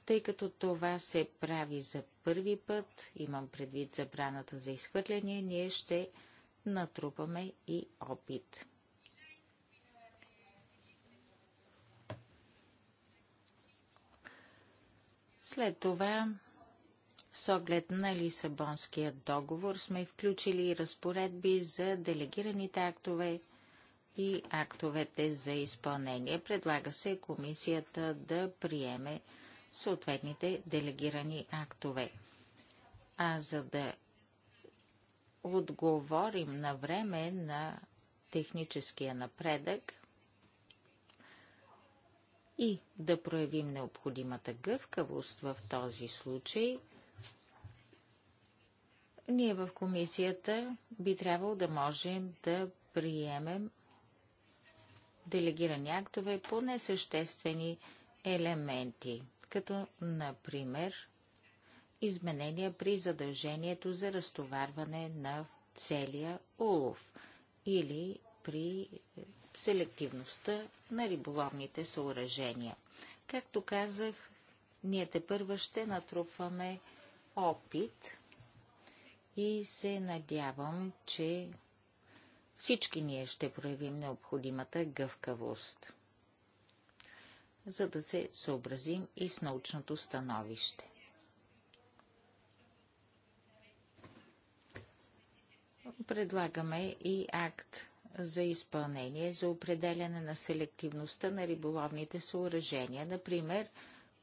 тъй като това се прави за първи път, имам предвид забраната за изхвърляне, ние ще натрупаме и опит. След това, с оглед на Лисабонския договор, сме включили разпоредби за делегираните актове и актовете за изпълнение. Предлага се комисията да приеме съответните делегирани актове. А за да отговорим на време на техническия напредък, и да проявим необходимата гъвкавост в този случай, ние в комисията би трябвало да можем да приемем делегирани актове по несъществени елементи, като например изменения при задължението за разтоварване на целия улов или при селективността на риболовните съоръжения. Както казах, ние те първа ще натрупваме опит и се надявам, че всички ние ще проявим необходимата гъвкавост, за да се съобразим и с научното становище. Предлагаме и акт за изпълнение за определяне на селективността на риболовните съоръжения, например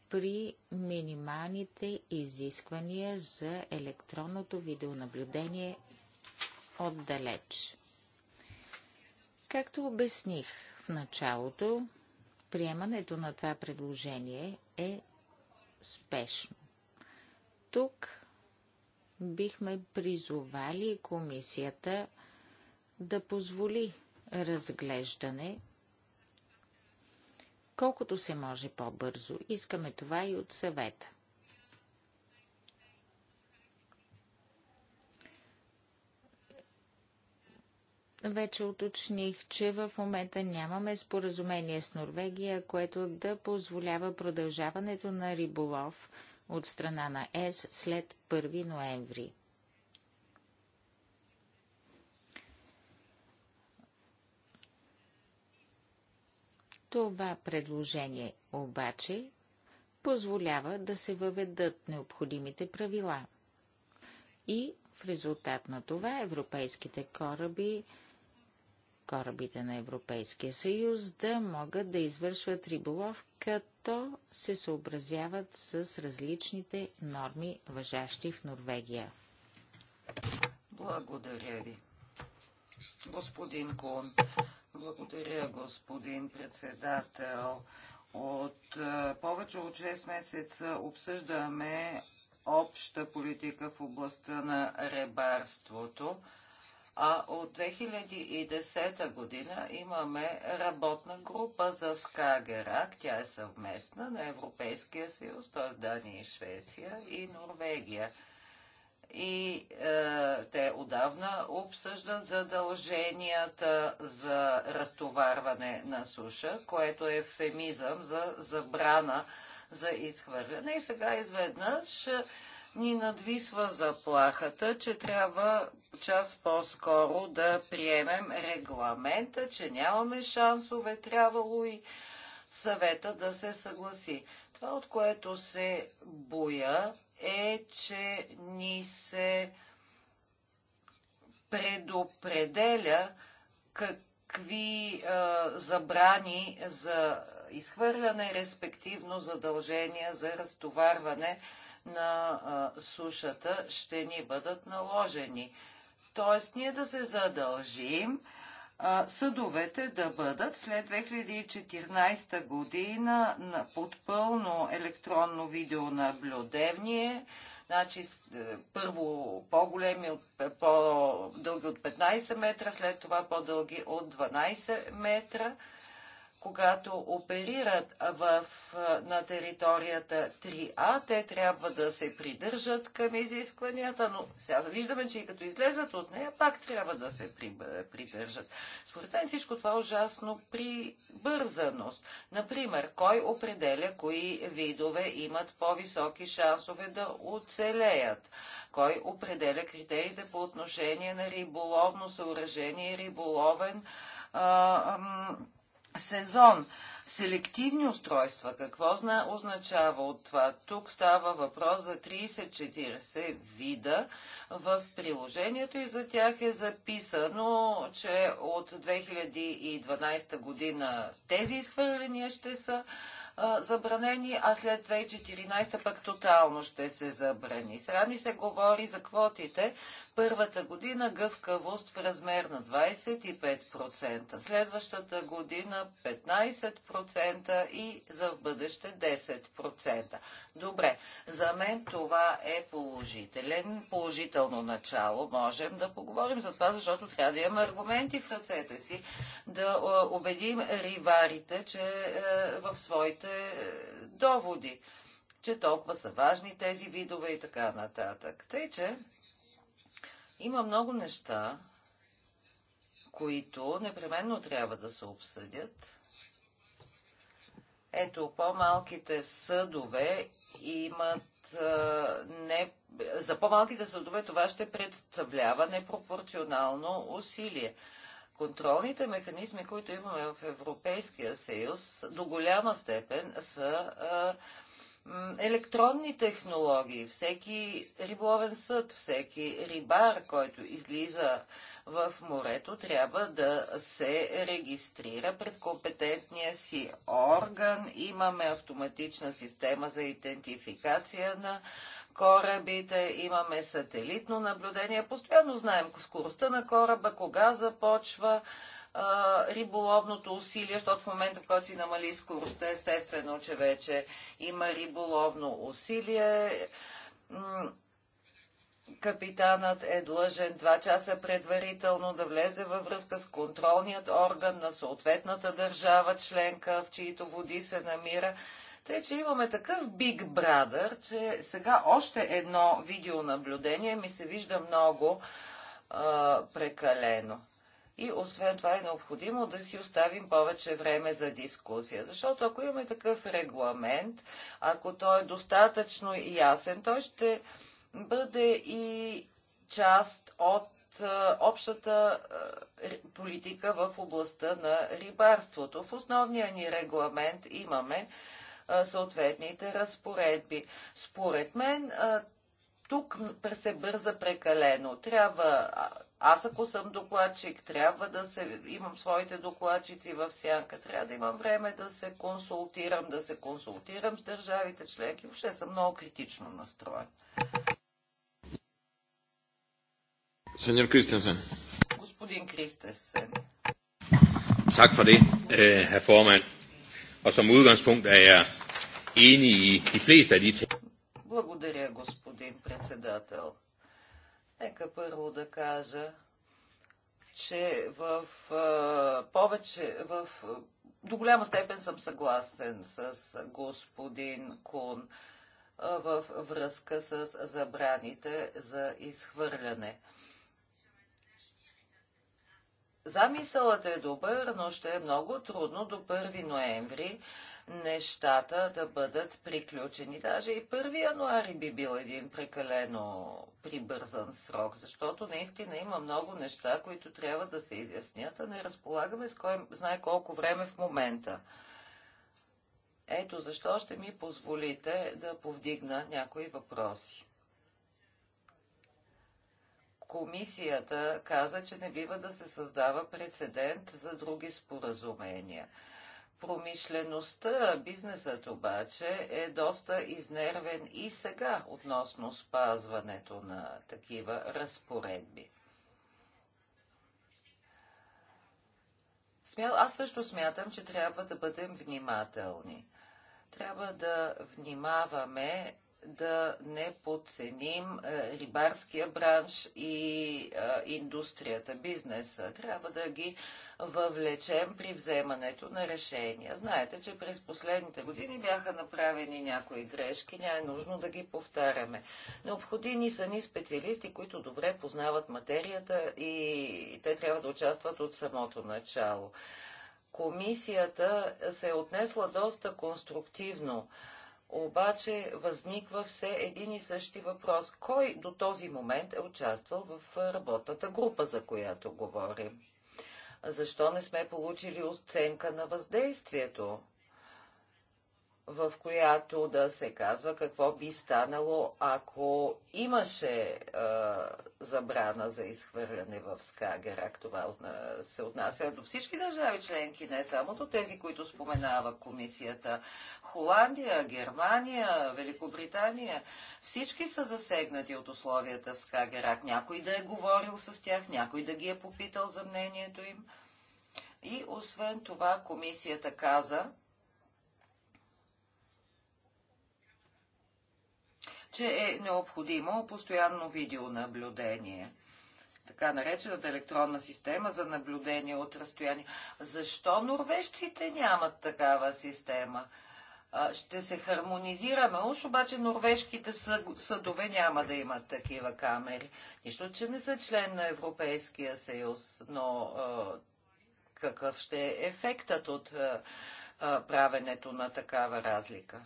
при минималните изисквания за електронното видеонаблюдение отдалеч. Както обясних в началото, приемането на това предложение е спешно. Тук бихме призовали комисията да позволи разглеждане колкото се може по-бързо. Искаме това и от съвета. Вече уточних, че в момента нямаме споразумение с Норвегия, което да позволява продължаването на риболов от страна на ЕС след 1 ноември. Това предложение обаче позволява да се въведат необходимите правила. И в резултат на това европейските кораби, корабите на Европейския съюз, да могат да извършват риболов, като се съобразяват с различните норми, въжащи в Норвегия. Благодаря ви. Господин Кун, благодаря, господин председател. От е, повече от 6 месеца обсъждаме обща политика в областта на ребарството. А от 2010 година имаме работна група за Скагерак. Тя е съвместна на Европейския съюз, т.е. Дания и Швеция и Норвегия и е, те отдавна обсъждат задълженията за разтоварване на суша, което е фемизъм за забрана за изхвърляне. И сега изведнъж е, ни надвисва заплахата, че трябва час по-скоро да приемем регламента, че нямаме шансове, трябвало и съвета да се съгласи. Това, от което се боя, е, че ни се предопределя какви а, забрани за изхвърляне, респективно задължения за разтоварване на а, сушата ще ни бъдат наложени. Тоест ние да се задължим съдовете да бъдат след 2014 година на подпълно електронно видеонаблюдение, значи е, първо по-големи, е, по-дълги от 15 метра, след това по-дълги от 12 метра – когато оперират в, на територията 3А, те трябва да се придържат към изискванията, но сега виждаме, че и като излезат от нея, пак трябва да се придържат. Според мен всичко това е ужасно бързаност. Например, кой определя кои видове имат по-високи шансове да оцелеят? Кой определя критериите по отношение на риболовно съоръжение и риболовен а, сезон. Селективни устройства, какво зна, означава от това? Тук става въпрос за 30-40 вида в приложението и за тях е записано, че от 2012 година тези изхвърления ще са а, забранени, а след 2014 пък тотално ще се забрани. Сега ни се говори за квотите, Първата година гъвкавост в размер на 25%, следващата година 15% и за в бъдеще 10%. Добре, за мен това е положителен, положително начало. Можем да поговорим за това, защото трябва да имаме аргументи в ръцете си, да убедим риварите, че е, в своите е, доводи че толкова са важни тези видове и така нататък. Тъй, че има много неща, които непременно трябва да се обсъдят. Ето, по-малките съдове имат а, не... За по-малките съдове това ще представлява непропорционално усилие. Контролните механизми, които имаме в Европейския съюз, до голяма степен са а, електронни технологии, всеки риболовен съд, всеки рибар, който излиза в морето, трябва да се регистрира пред компетентния си орган. Имаме автоматична система за идентификация на корабите, имаме сателитно наблюдение. Постоянно знаем скоростта на кораба, кога започва риболовното усилие, защото в момента, в който си намали скоростта, естествено, че вече има риболовно усилие. Капитанът е длъжен два часа предварително да влезе във връзка с контролният орган на съответната държава членка, в чието води се намира. Тъй, че имаме такъв Big Brother, че сега още едно видеонаблюдение ми се вижда много а, прекалено. И освен това е необходимо да си оставим повече време за дискусия. Защото ако имаме такъв регламент, ако той е достатъчно ясен, той ще бъде и част от е, общата е, политика в областта на рибарството. В основния ни регламент имаме е, съответните разпоредби. Според мен тук се бърза прекалено. Трябва аз ако съм докладчик, трябва да се, имам своите докладчици в сянка, трябва да имам време да се консултирам, да се консултирам с държавите членки. Въобще съм много критично настроен. Сеньор Кристенсен. Господин Кристенсен. Так for det, herr øh, formand. Og som udgangspunkt er jeg enig i de fleste af de ting. Благодаря, господин председател. Нека първо да кажа, че в а, повече, в, до голяма степен съм съгласен с господин Кун в връзка с забраните за изхвърляне. А, Замисълът е добър, но ще е много трудно до 1 ноември нещата да бъдат приключени. Даже и 1 януари би бил един прекалено прибързан срок, защото наистина има много неща, които трябва да се изяснят, а не разполагаме с кой знае колко време в момента. Ето защо ще ми позволите да повдигна някои въпроси. Комисията каза, че не бива да се създава прецедент за други споразумения. Промишлеността, бизнесът обаче е доста изнервен и сега относно спазването на такива разпоредби. Аз също смятам, че трябва да бъдем внимателни. Трябва да внимаваме да не подценим е, рибарския бранш и е, индустрията, бизнеса. Трябва да ги въвлечем при вземането на решения. Знаете, че през последните години бяха направени някои грешки, няма е нужно да ги повтаряме. Необходими са ни специалисти, които добре познават материята и те трябва да участват от самото начало. Комисията се е отнесла доста конструктивно обаче възниква все един и същи въпрос. Кой до този момент е участвал в работната група, за която говорим? Защо не сме получили оценка на въздействието? в която да се казва какво би станало, ако имаше а, забрана за изхвърляне в Скагерак. Това се отнася до всички държави членки, не само до тези, които споменава комисията. Холандия, Германия, Великобритания. Всички са засегнати от условията в Скагерак. Някой да е говорил с тях, някой да ги е попитал за мнението им. И освен това комисията каза, че е необходимо постоянно видеонаблюдение така наречената електронна система за наблюдение от разстояние. Защо норвежците нямат такава система? Ще се хармонизираме, уж обаче норвежките съдове няма да имат такива камери. Нищо, че не са член на Европейския съюз, но какъв ще е ефектът от правенето на такава разлика?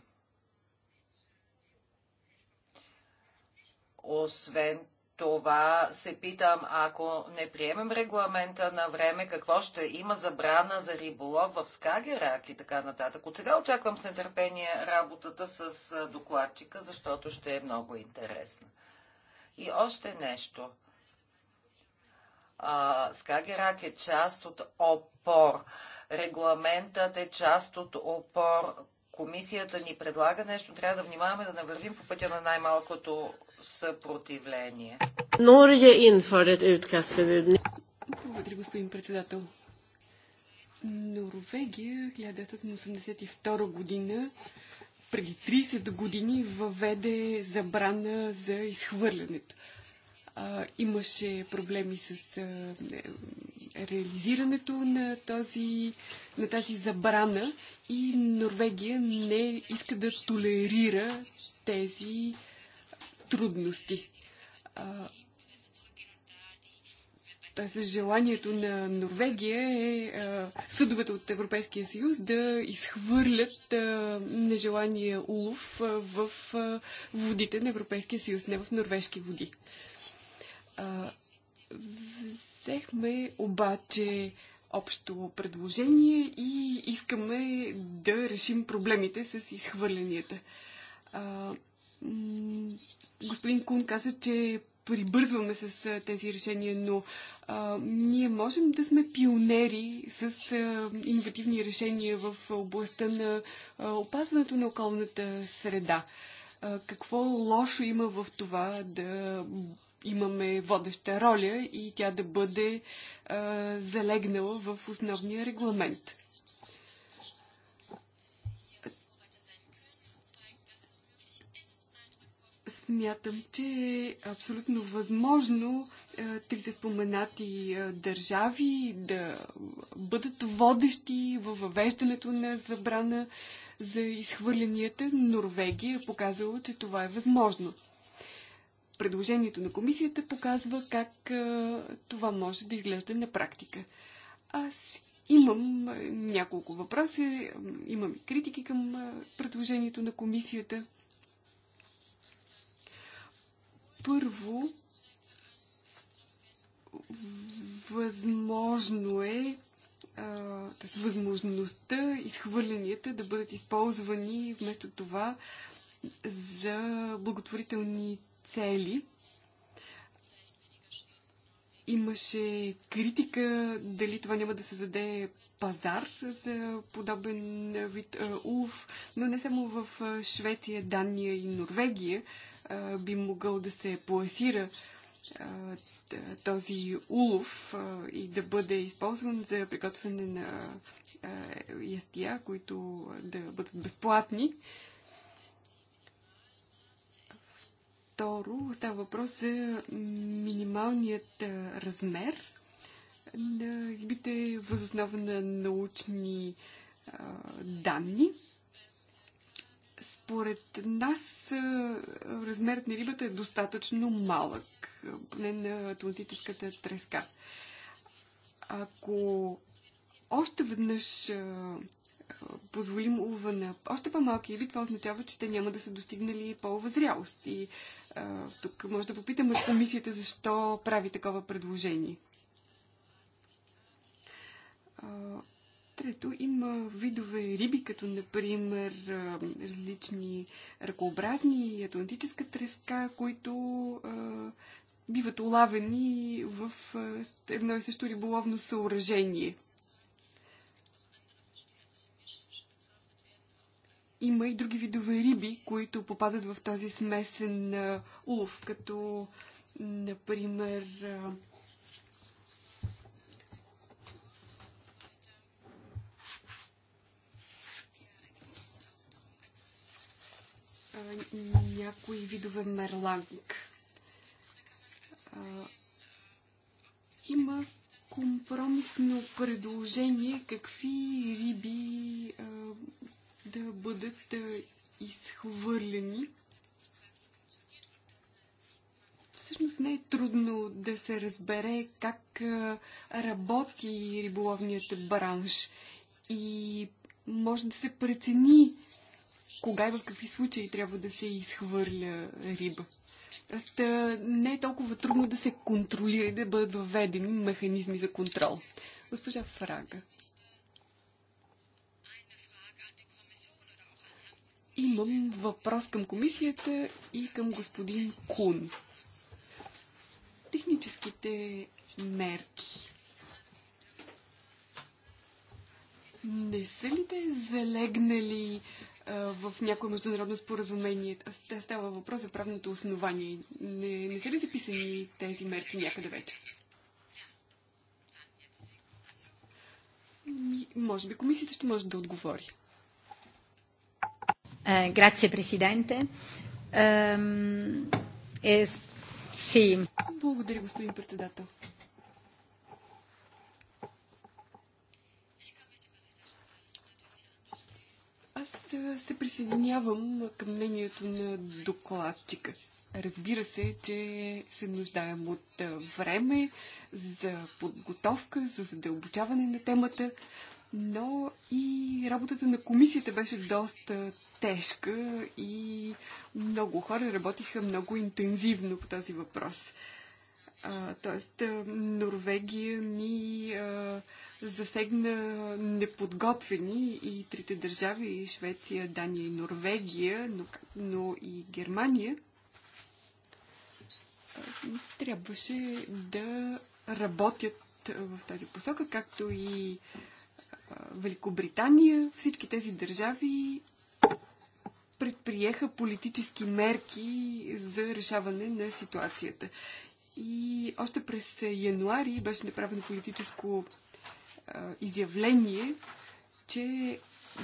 Освен това се питам, ако не приемем регламента на време, какво ще има забрана за риболов в Скагерак и така нататък. От сега очаквам с нетърпение работата с докладчика, защото ще е много интересна. И още нещо. А, Скагерак е част от ОПОР. Регламентът е част от ОПОР. Комисията ни предлага нещо, трябва да внимаваме да не вървим по пътя на най-малкото съпротивление. Норге införde ett Благодаря, господин председател. Норвегия 1982 година преди 30 години въведе забрана за изхвърлянето. А, имаше проблеми с а, е, реализирането на, този, на тази забрана и Норвегия не иска да толерира тези трудности. т.е. желанието на Норвегия е съдовете от Европейския съюз да изхвърлят нежелания улов в водите на Европейския съюз, не в норвежки води. Взехме обаче общо предложение и искаме да решим проблемите с изхвърлянията господин Кун каза, че прибързваме с тези решения, но а, ние можем да сме пионери с а, иновативни решения в областта на а, опазването на околната среда. А, какво лошо има в това да имаме водеща роля и тя да бъде а, залегнала в основния регламент? Смятам, че е абсолютно възможно е, трите споменати е, държави да бъдат водещи във въвеждането на забрана за изхвърлянията. Норвегия е показала, че това е възможно. Предложението на комисията показва как е, това може да изглежда на практика. Аз имам няколко въпроса, имам и критики към предложението на комисията. Първо, възможно е т.е. възможността изхвърленията да бъдат използвани вместо това за благотворителни цели. Имаше критика дали това няма да се заде пазар за подобен вид улов, но не само в Швеция, Дания и Норвегия би могъл да се пласира този улов и да бъде използван за приготвяне на ястия, които да бъдат безплатни. Второ, става въпрос за минималният размер на рибите възоснова на научни данни. Според нас размерът на рибата е достатъчно малък, поне на атлантическата треска. Ако още веднъж позволим улва на още по-малки риби, това означава, че те няма да са достигнали по-възрялост. И тук може да попитаме комисията защо прави такова предложение. Трето, има видове риби, като например различни ръкообразни и атлантическа треска, които а, биват улавени в едно и също риболовно съоръжение. Има и други видове риби, които попадат в този смесен улов, като например някои видове мерланг. Има компромисно предложение какви риби да бъдат изхвърлени. Всъщност не е трудно да се разбере как работи риболовният бранш и може да се прецени кога и в какви случаи трябва да се изхвърля риба. Тоест, не е толкова трудно да се контролира и да бъдат въведени механизми за контрол. Госпожа Фрага. Имам въпрос към комисията и към господин Кун. Техническите мерки. Не са ли те залегнали в някое международно споразумение. Става въпрос за правното основание. Не, не са ли записани тези мерки някъде вече? Може би комисията ще може да отговори. Е, грация, президенте. Е, Благодаря, господин председател. се присъединявам към мнението на докладчика. Разбира се, че се нуждаем от време за подготовка, за задълбочаване на темата, но и работата на комисията беше доста тежка и много хора работиха много интензивно по този въпрос. тоест, Норвегия ни. А, засегна неподготвени и трите държави Швеция, Дания и Норвегия, но, но и Германия. Трябваше да работят в тази посока, както и Великобритания. Всички тези държави предприеха политически мерки за решаване на ситуацията. И още през януари беше направено политическо изявление, че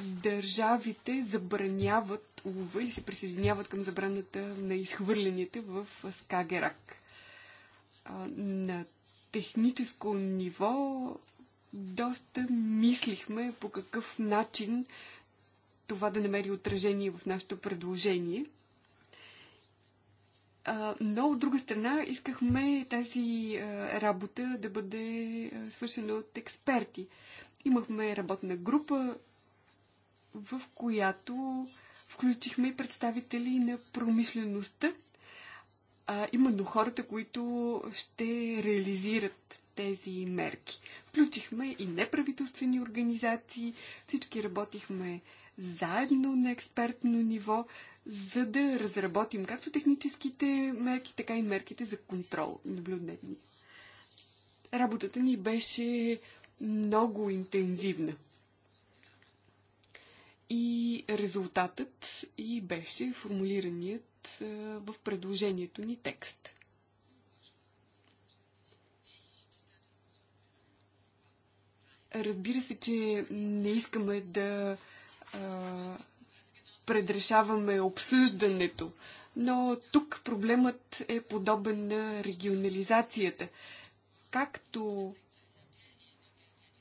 държавите забраняват улова и се присъединяват към забраната на изхвърлените в Скагерак. На техническо ниво доста мислихме по какъв начин това да намери отражение в нашето предложение – но от друга страна искахме тази работа да бъде свършена от експерти. Имахме работна група, в която включихме и представители на промишлеността, а, именно хората, които ще реализират тези мерки. Включихме и неправителствени организации, всички работихме заедно на експертно ниво, за да разработим както техническите мерки, така и мерките за контрол, наблюдение. Работата ни беше много интензивна. И резултатът и беше формулираният в предложението ни текст. Разбира се, че не искаме да а, предрешаваме обсъждането. Но тук проблемът е подобен на регионализацията. Както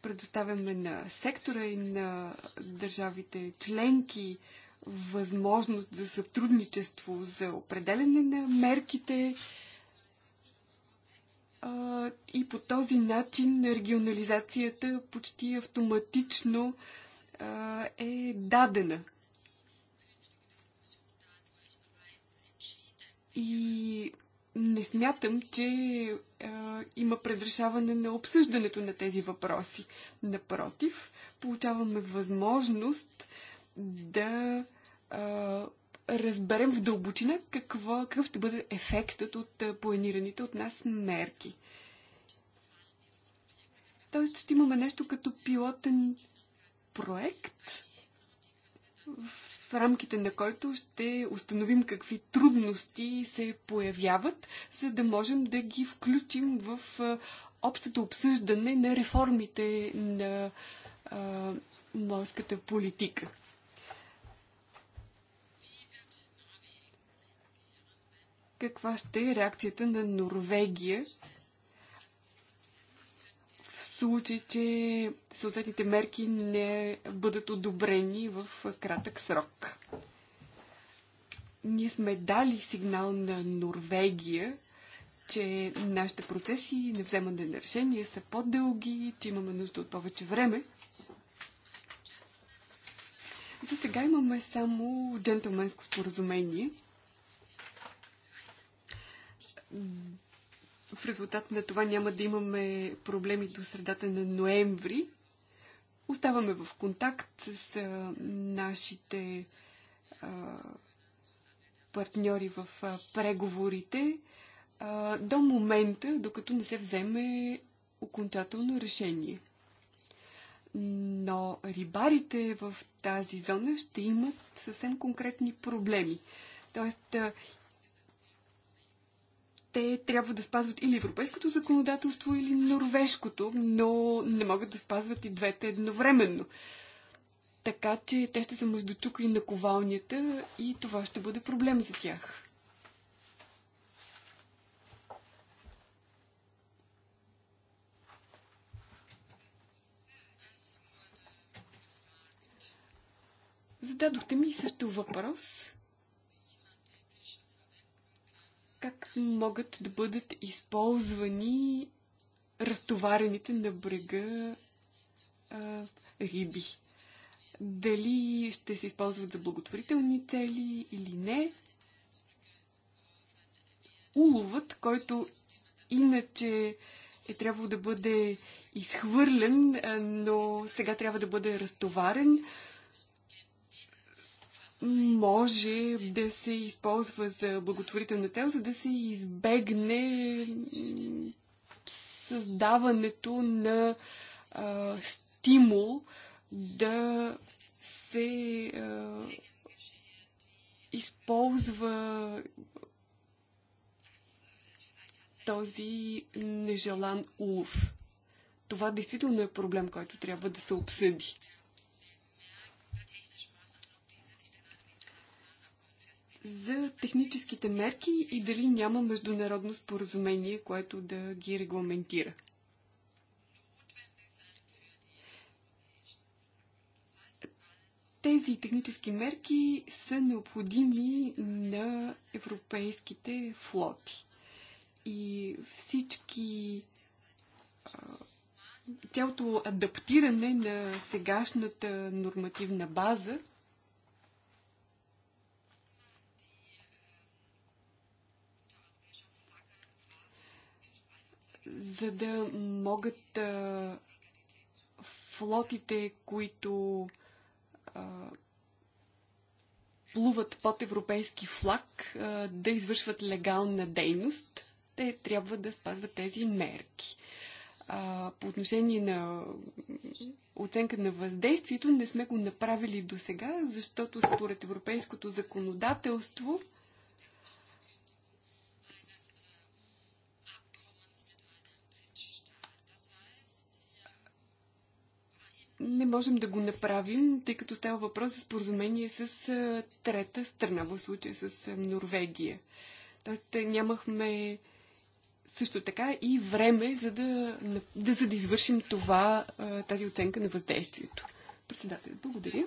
предоставяме на сектора и на държавите членки възможност за сътрудничество, за определене на мерките и по този начин регионализацията почти автоматично е дадена И не смятам, че а, има предрешаване на обсъждането на тези въпроси. Напротив, получаваме възможност да а, разберем в дълбочина какво, какъв ще бъде ефектът от а, планираните от нас мерки. Тоест ще имаме нещо като пилотен проект, в рамките на който ще установим какви трудности се появяват, за да можем да ги включим в общото обсъждане на реформите на а, морската политика. Каква ще е реакцията на Норвегия в случай, че съответните мерки не бъдат одобрени в кратък срок. Ние сме дали сигнал на Норвегия, че нашите процеси на вземане на решения са по-дълги, че имаме нужда от повече време. За сега имаме само джентълменско споразумение – в резултат на това няма да имаме проблеми до средата на ноември. Оставаме в контакт с нашите партньори в преговорите до момента, докато не се вземе окончателно решение. Но рибарите в тази зона ще имат съвсем конкретни проблеми. Тоест, те трябва да спазват или европейското законодателство, или норвежкото, но не могат да спазват и двете едновременно. Така че те ще са между чука и наковалнията и това ще бъде проблем за тях. Зададохте ми също въпрос могат да бъдат използвани разтоварените на брега а, риби. Дали ще се използват за благотворителни цели или не, уловът, който иначе е трябвало да бъде изхвърлен, но сега трябва да бъде разтоварен, може да се използва за благотворителна цел, за да се избегне създаването на а, стимул да се а, използва този нежелан улов. Това действително е проблем, който трябва да се обсъди. за техническите мерки и дали няма международно споразумение, което да ги регламентира. Тези технически мерки са необходими на европейските флоти. И всички цялото адаптиране на сегашната нормативна база за да могат а, флотите, които а, плуват под европейски флаг, а, да извършват легална дейност, те трябва да спазват тези мерки. А, по отношение на оценка на въздействието не сме го направили до сега, защото според европейското законодателство не можем да го направим, тъй като става въпрос за споразумение с трета страна, в случая с Норвегия. Тоест нямахме също така и време, за да, да, за да извършим това, тази оценка на въздействието. Председател, благодаря.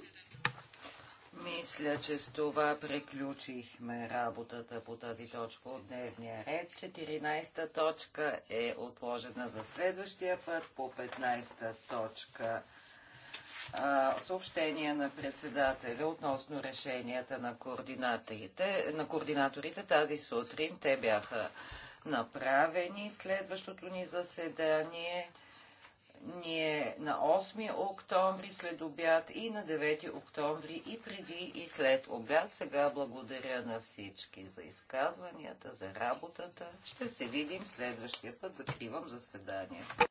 Мисля, че с това приключихме работата по тази точка от дневния ред. 14-та точка е отложена за следващия път. По 15-та точка съобщение на председателя относно решенията на координаторите. На координаторите тази сутрин те бяха направени. Следващото ни заседание ние на 8 октомври след обяд и на 9 октомври и преди и след обяд. Сега благодаря на всички за изказванията, за работата. Ще се видим следващия път. Закривам заседанието.